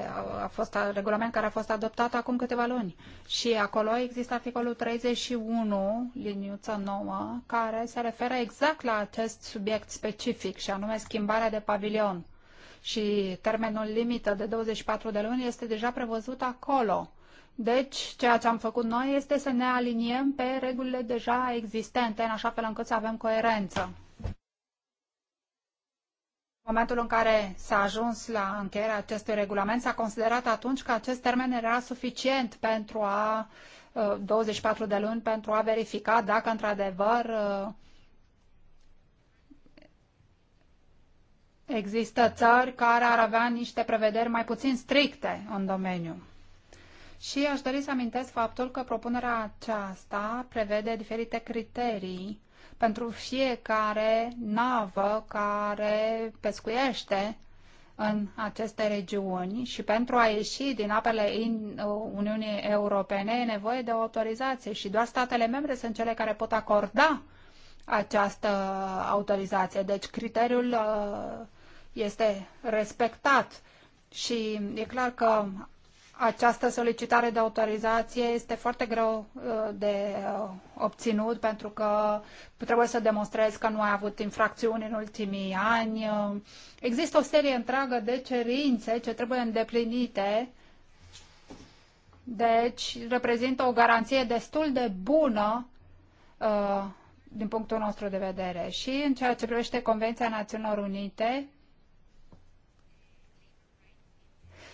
a fost, regulament care a fost adoptat acum câteva luni. Și acolo există articolul 31, liniuță nouă care se referă exact la acest subiect specific, și anume schimbarea de pavilion. Și termenul limită de 24 de luni este deja prevăzut acolo. Deci, ceea ce am făcut noi este să ne aliniem pe regulile deja existente, în așa fel încât să avem coerență. În momentul în care s-a ajuns la încheierea acestui regulament, s-a considerat atunci că acest termen era suficient pentru a 24 ă, de luni pentru a verifica dacă într-adevăr ă, există țări care ar avea niște prevederi mai puțin stricte în domeniu. Și aș dori să amintesc faptul că propunerea aceasta prevede diferite criterii pentru fiecare navă care pescuiește în aceste regiuni și pentru a ieși din apele Uniunii Europene e nevoie de autorizație și doar statele membre sunt cele care pot acorda această autorizație. Deci criteriul uh, este respectat și e clar că această solicitare de autorizație este foarte greu uh, de uh, obținut pentru că trebuie să demonstrezi că nu ai avut infracțiuni în ultimii ani. Uh, există o serie întreagă de cerințe ce trebuie îndeplinite. Deci reprezintă o garanție destul de bună din punctul nostru de vedere. Și în ceea ce privește Convenția Națiunilor Unite,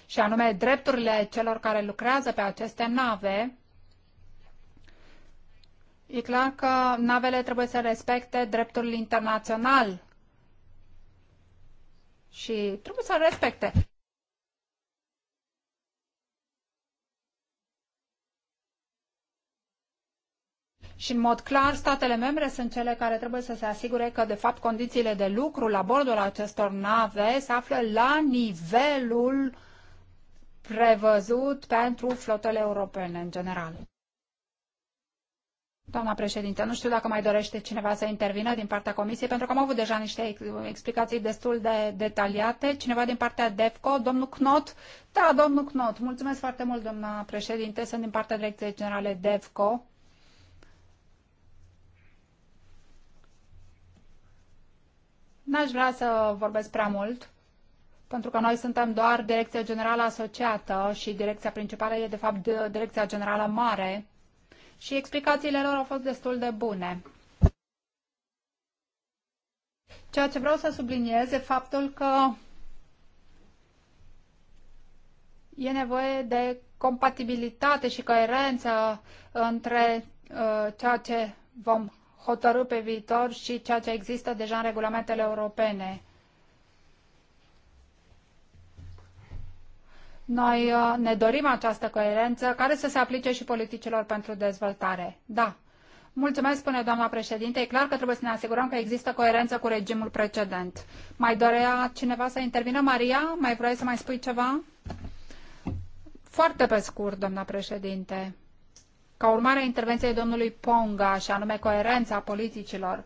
și anume drepturile celor care lucrează pe aceste nave, e clar că navele trebuie să respecte dreptul internațional și trebuie să respecte. Și în mod clar, statele membre sunt cele care trebuie să se asigure că, de fapt, condițiile de lucru la bordul acestor nave se află la nivelul uh, prevăzut pentru flotele europene în general. Doamna președinte, nu știu dacă mai dorește cineva să intervină din partea comisiei, pentru că am avut deja niște explicații destul de detaliate. Cineva din partea DEFCO, domnul Knot? Da, domnul Knot. Mulțumesc foarte mult, doamna președinte. Sunt din partea Direcției Generale DEFCO. N-aș vrea să vorbesc prea mult pentru că noi suntem doar Direcția Generală Asociată și Direcția Principală e, de fapt, Direcția Generală Mare și explicațiile lor au fost destul de bune. Ceea ce vreau să subliniez e faptul că e nevoie de compatibilitate și coerență între uh, ceea ce vom hotărâ pe viitor și ceea ce există deja în regulamentele europene. Noi uh, ne dorim această coerență care să se aplice și politicilor pentru dezvoltare. Da. Mulțumesc, spune doamna președinte. E clar că trebuie să ne asigurăm că există coerență cu regimul precedent. Mai dorea cineva să intervină? Maria, mai vrei să mai spui ceva? Foarte pe scurt, doamna președinte. Ca urmare a intervenției domnului Ponga, și anume coerența politicilor,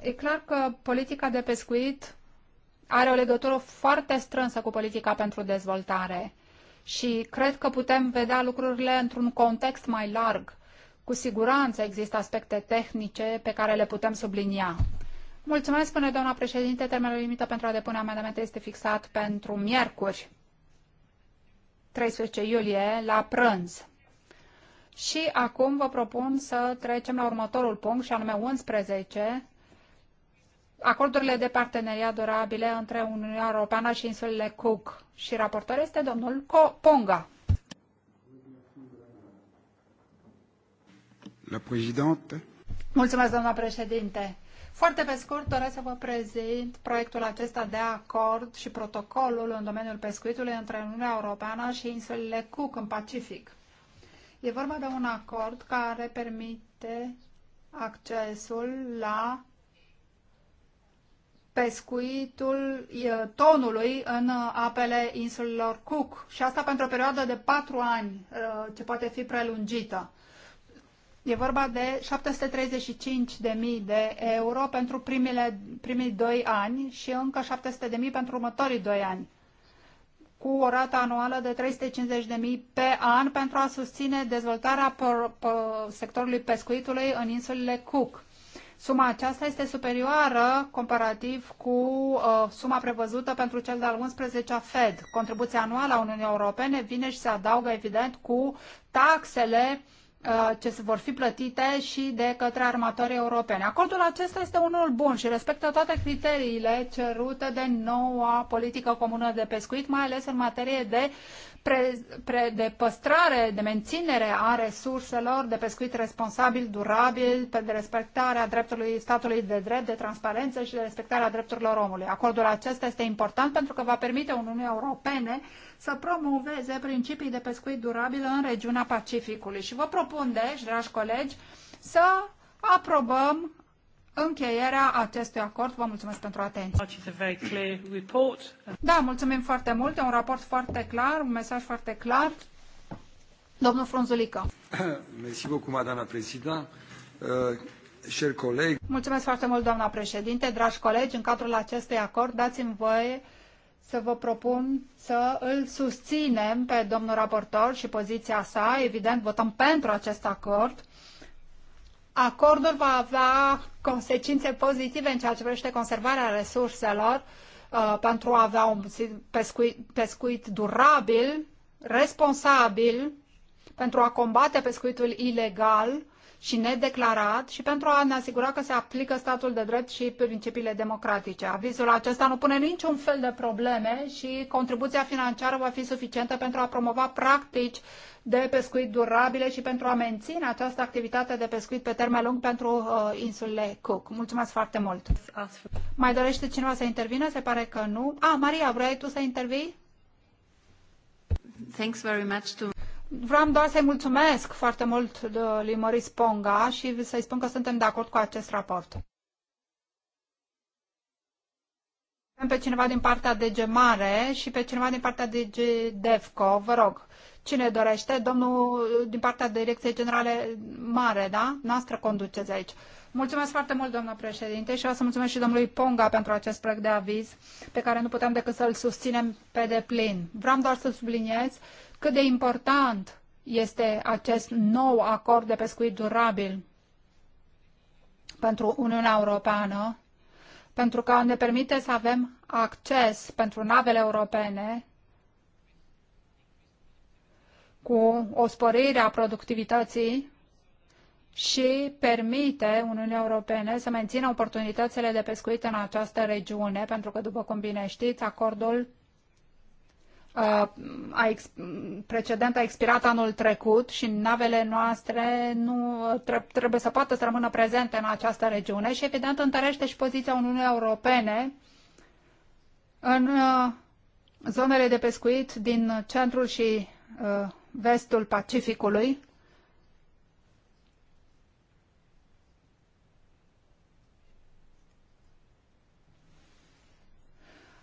e clar că politica de pescuit are o legătură foarte strânsă cu politica pentru dezvoltare și cred că putem vedea lucrurile într-un context mai larg. Cu siguranță există aspecte tehnice pe care le putem sublinia. Mulțumesc, spune doamna președinte. Termenul limită pentru a depune amendamente este fixat pentru miercuri, 13 iulie, la prânz. Și acum vă propun să trecem la următorul punct, și anume 11, acordurile de parteneriat durabile între Uniunea Europeană și insulele Cook. Și raportor este domnul Ponga. La președinte. Mulțumesc, doamna președinte. Foarte pe scurt doresc să vă prezint proiectul acesta de acord și protocolul în domeniul pescuitului între Uniunea Europeană și insulele Cook în Pacific. E vorba de un acord care permite accesul la pescuitul tonului în uh, apele insulelor Cook și asta pentru o perioadă de patru ani uh, ce poate fi prelungită. E vorba de 735.000 de euro pentru primile, primii doi ani și încă 700.000 pentru următorii doi ani, cu o rată anuală de 350.000 pe an pentru a susține dezvoltarea sectorului pescuitului în insulele Cook. Suma aceasta este superioară comparativ cu uh, suma prevăzută pentru cel de-al 11-a Fed. Contribuția anuală a Uniunii Europene vine și se adaugă, evident, cu taxele uh, ce vor fi plătite și de către armatorii europene. Acordul acesta este unul bun și respectă toate criteriile cerute de noua politică comună de pescuit, mai ales în materie de uh, pre, pre, de păstrare, de menținere a resurselor, de pescuit responsabil, durabil, de respectarea dreptului statului de drept, de transparență și de respectarea drepturilor omului. Acordul acesta este important pentru că va permite Uniunii Europene să promoveze principii de pescuit durabil în regiunea Pacificului. Și vă propun, deci, dragi colegi, să aprobăm încheierea acestui acord. Vă mulțumesc pentru atenție. Da, mulțumim foarte mult. E un raport foarte clar, un mesaj foarte clar. Domnul Frunzulică. Mersi beaucoup, madame președintă. Euh, mulțumesc foarte mult, doamna președinte. Dragi colegi, în cadrul acestui acord dați-mi voie să vă propun să îl susținem pe domnul raportor și poziția sa. Evident, votăm pentru acest acord Acordul va avea consecințe pozitive în ceea ce privește conservarea resurselor uh, pentru a avea un pescuit, pescuit durabil, responsabil, pentru a combate pescuitul ilegal și nedeclarat și pentru a ne asigura că se aplică statul de drept și principiile democratice. Avizul acesta nu pune niciun fel de probleme și contribuția financiară va fi suficientă pentru a promova practici de pescuit durabile și pentru a menține această activitate de pescuit pe termen lung pentru uh, insulele Cook. Mulțumesc foarte mult! Mai dorește cineva să intervină? Se pare că nu. ah, Maria, vrei tu să intervii? Thanks very much to... Vreau doar să-i mulțumesc foarte mult uh, lui Maurice Ponga și să-i spun că suntem de acord cu acest raport. Avem pe cineva din partea de Gemare și pe cineva din partea de Devco, vă rog. Cine dorește? Domnul uh, din partea Direcției Generale Mare, da? Noastră conduceți aici. Mulțumesc foarte mult, doamnă președinte, și vreau să mulțumesc și domnului Ponga pentru acest proiect de aviz, pe care nu putem decât să-l susținem pe deplin. Vreau doar să subliniez cât de important este acest nou acord de pescuit durabil pentru Uniunea Europeană, pentru că ne permite să avem acces pentru navele europene cu o sporire a productivității și permite Uniunii Europene să mențină oportunitățile de pescuit în această regiune, pentru că, după cum bine știți, acordul Uh, a ex- precedent a expirat anul trecut și navele noastre nu uh, tre- trebuie să poată să rămână prezente în această regiune și evident întărește și poziția Uniunii Europene în uh, zonele de pescuit din centrul și vestul Pacificului.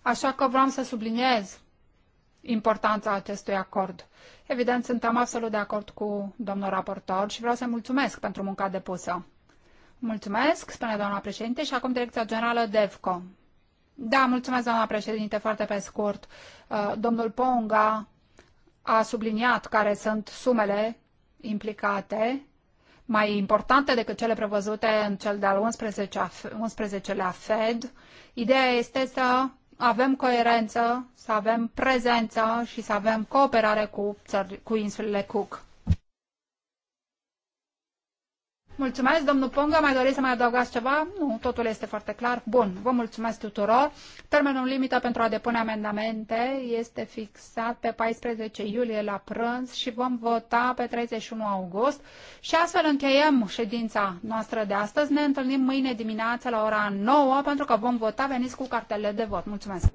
Așa că vreau să subliniez importanța acestui acord. Evident, suntem absolut de acord cu domnul raportor și vreau să mulțumesc pentru munca depusă. Mulțumesc, spune doamna președinte, și acum Direcția Generală DEVCO. Da, mulțumesc, doamna președinte, foarte pe scurt. Uh, domnul Ponga a subliniat care sunt sumele implicate, mai importante decât cele prevăzute în cel de-al 11-lea 11 FED. Ideea este să avem coerență, să avem prezență și să avem cooperare cu, țări, cu insulele Cook. Mulțumesc, domnul Ponga. Mai doriți să mai adăugați ceva? Nu, totul este foarte clar. Bun, vă mulțumesc tuturor. Termenul limită pentru a depune amendamente este fixat pe 14 iulie la prânz și vom vota pe 31 august. Și astfel încheiem ședința noastră de astăzi. Ne întâlnim mâine dimineață la ora 9 pentru că vom vota. Veniți cu cartele de vot. Mulțumesc!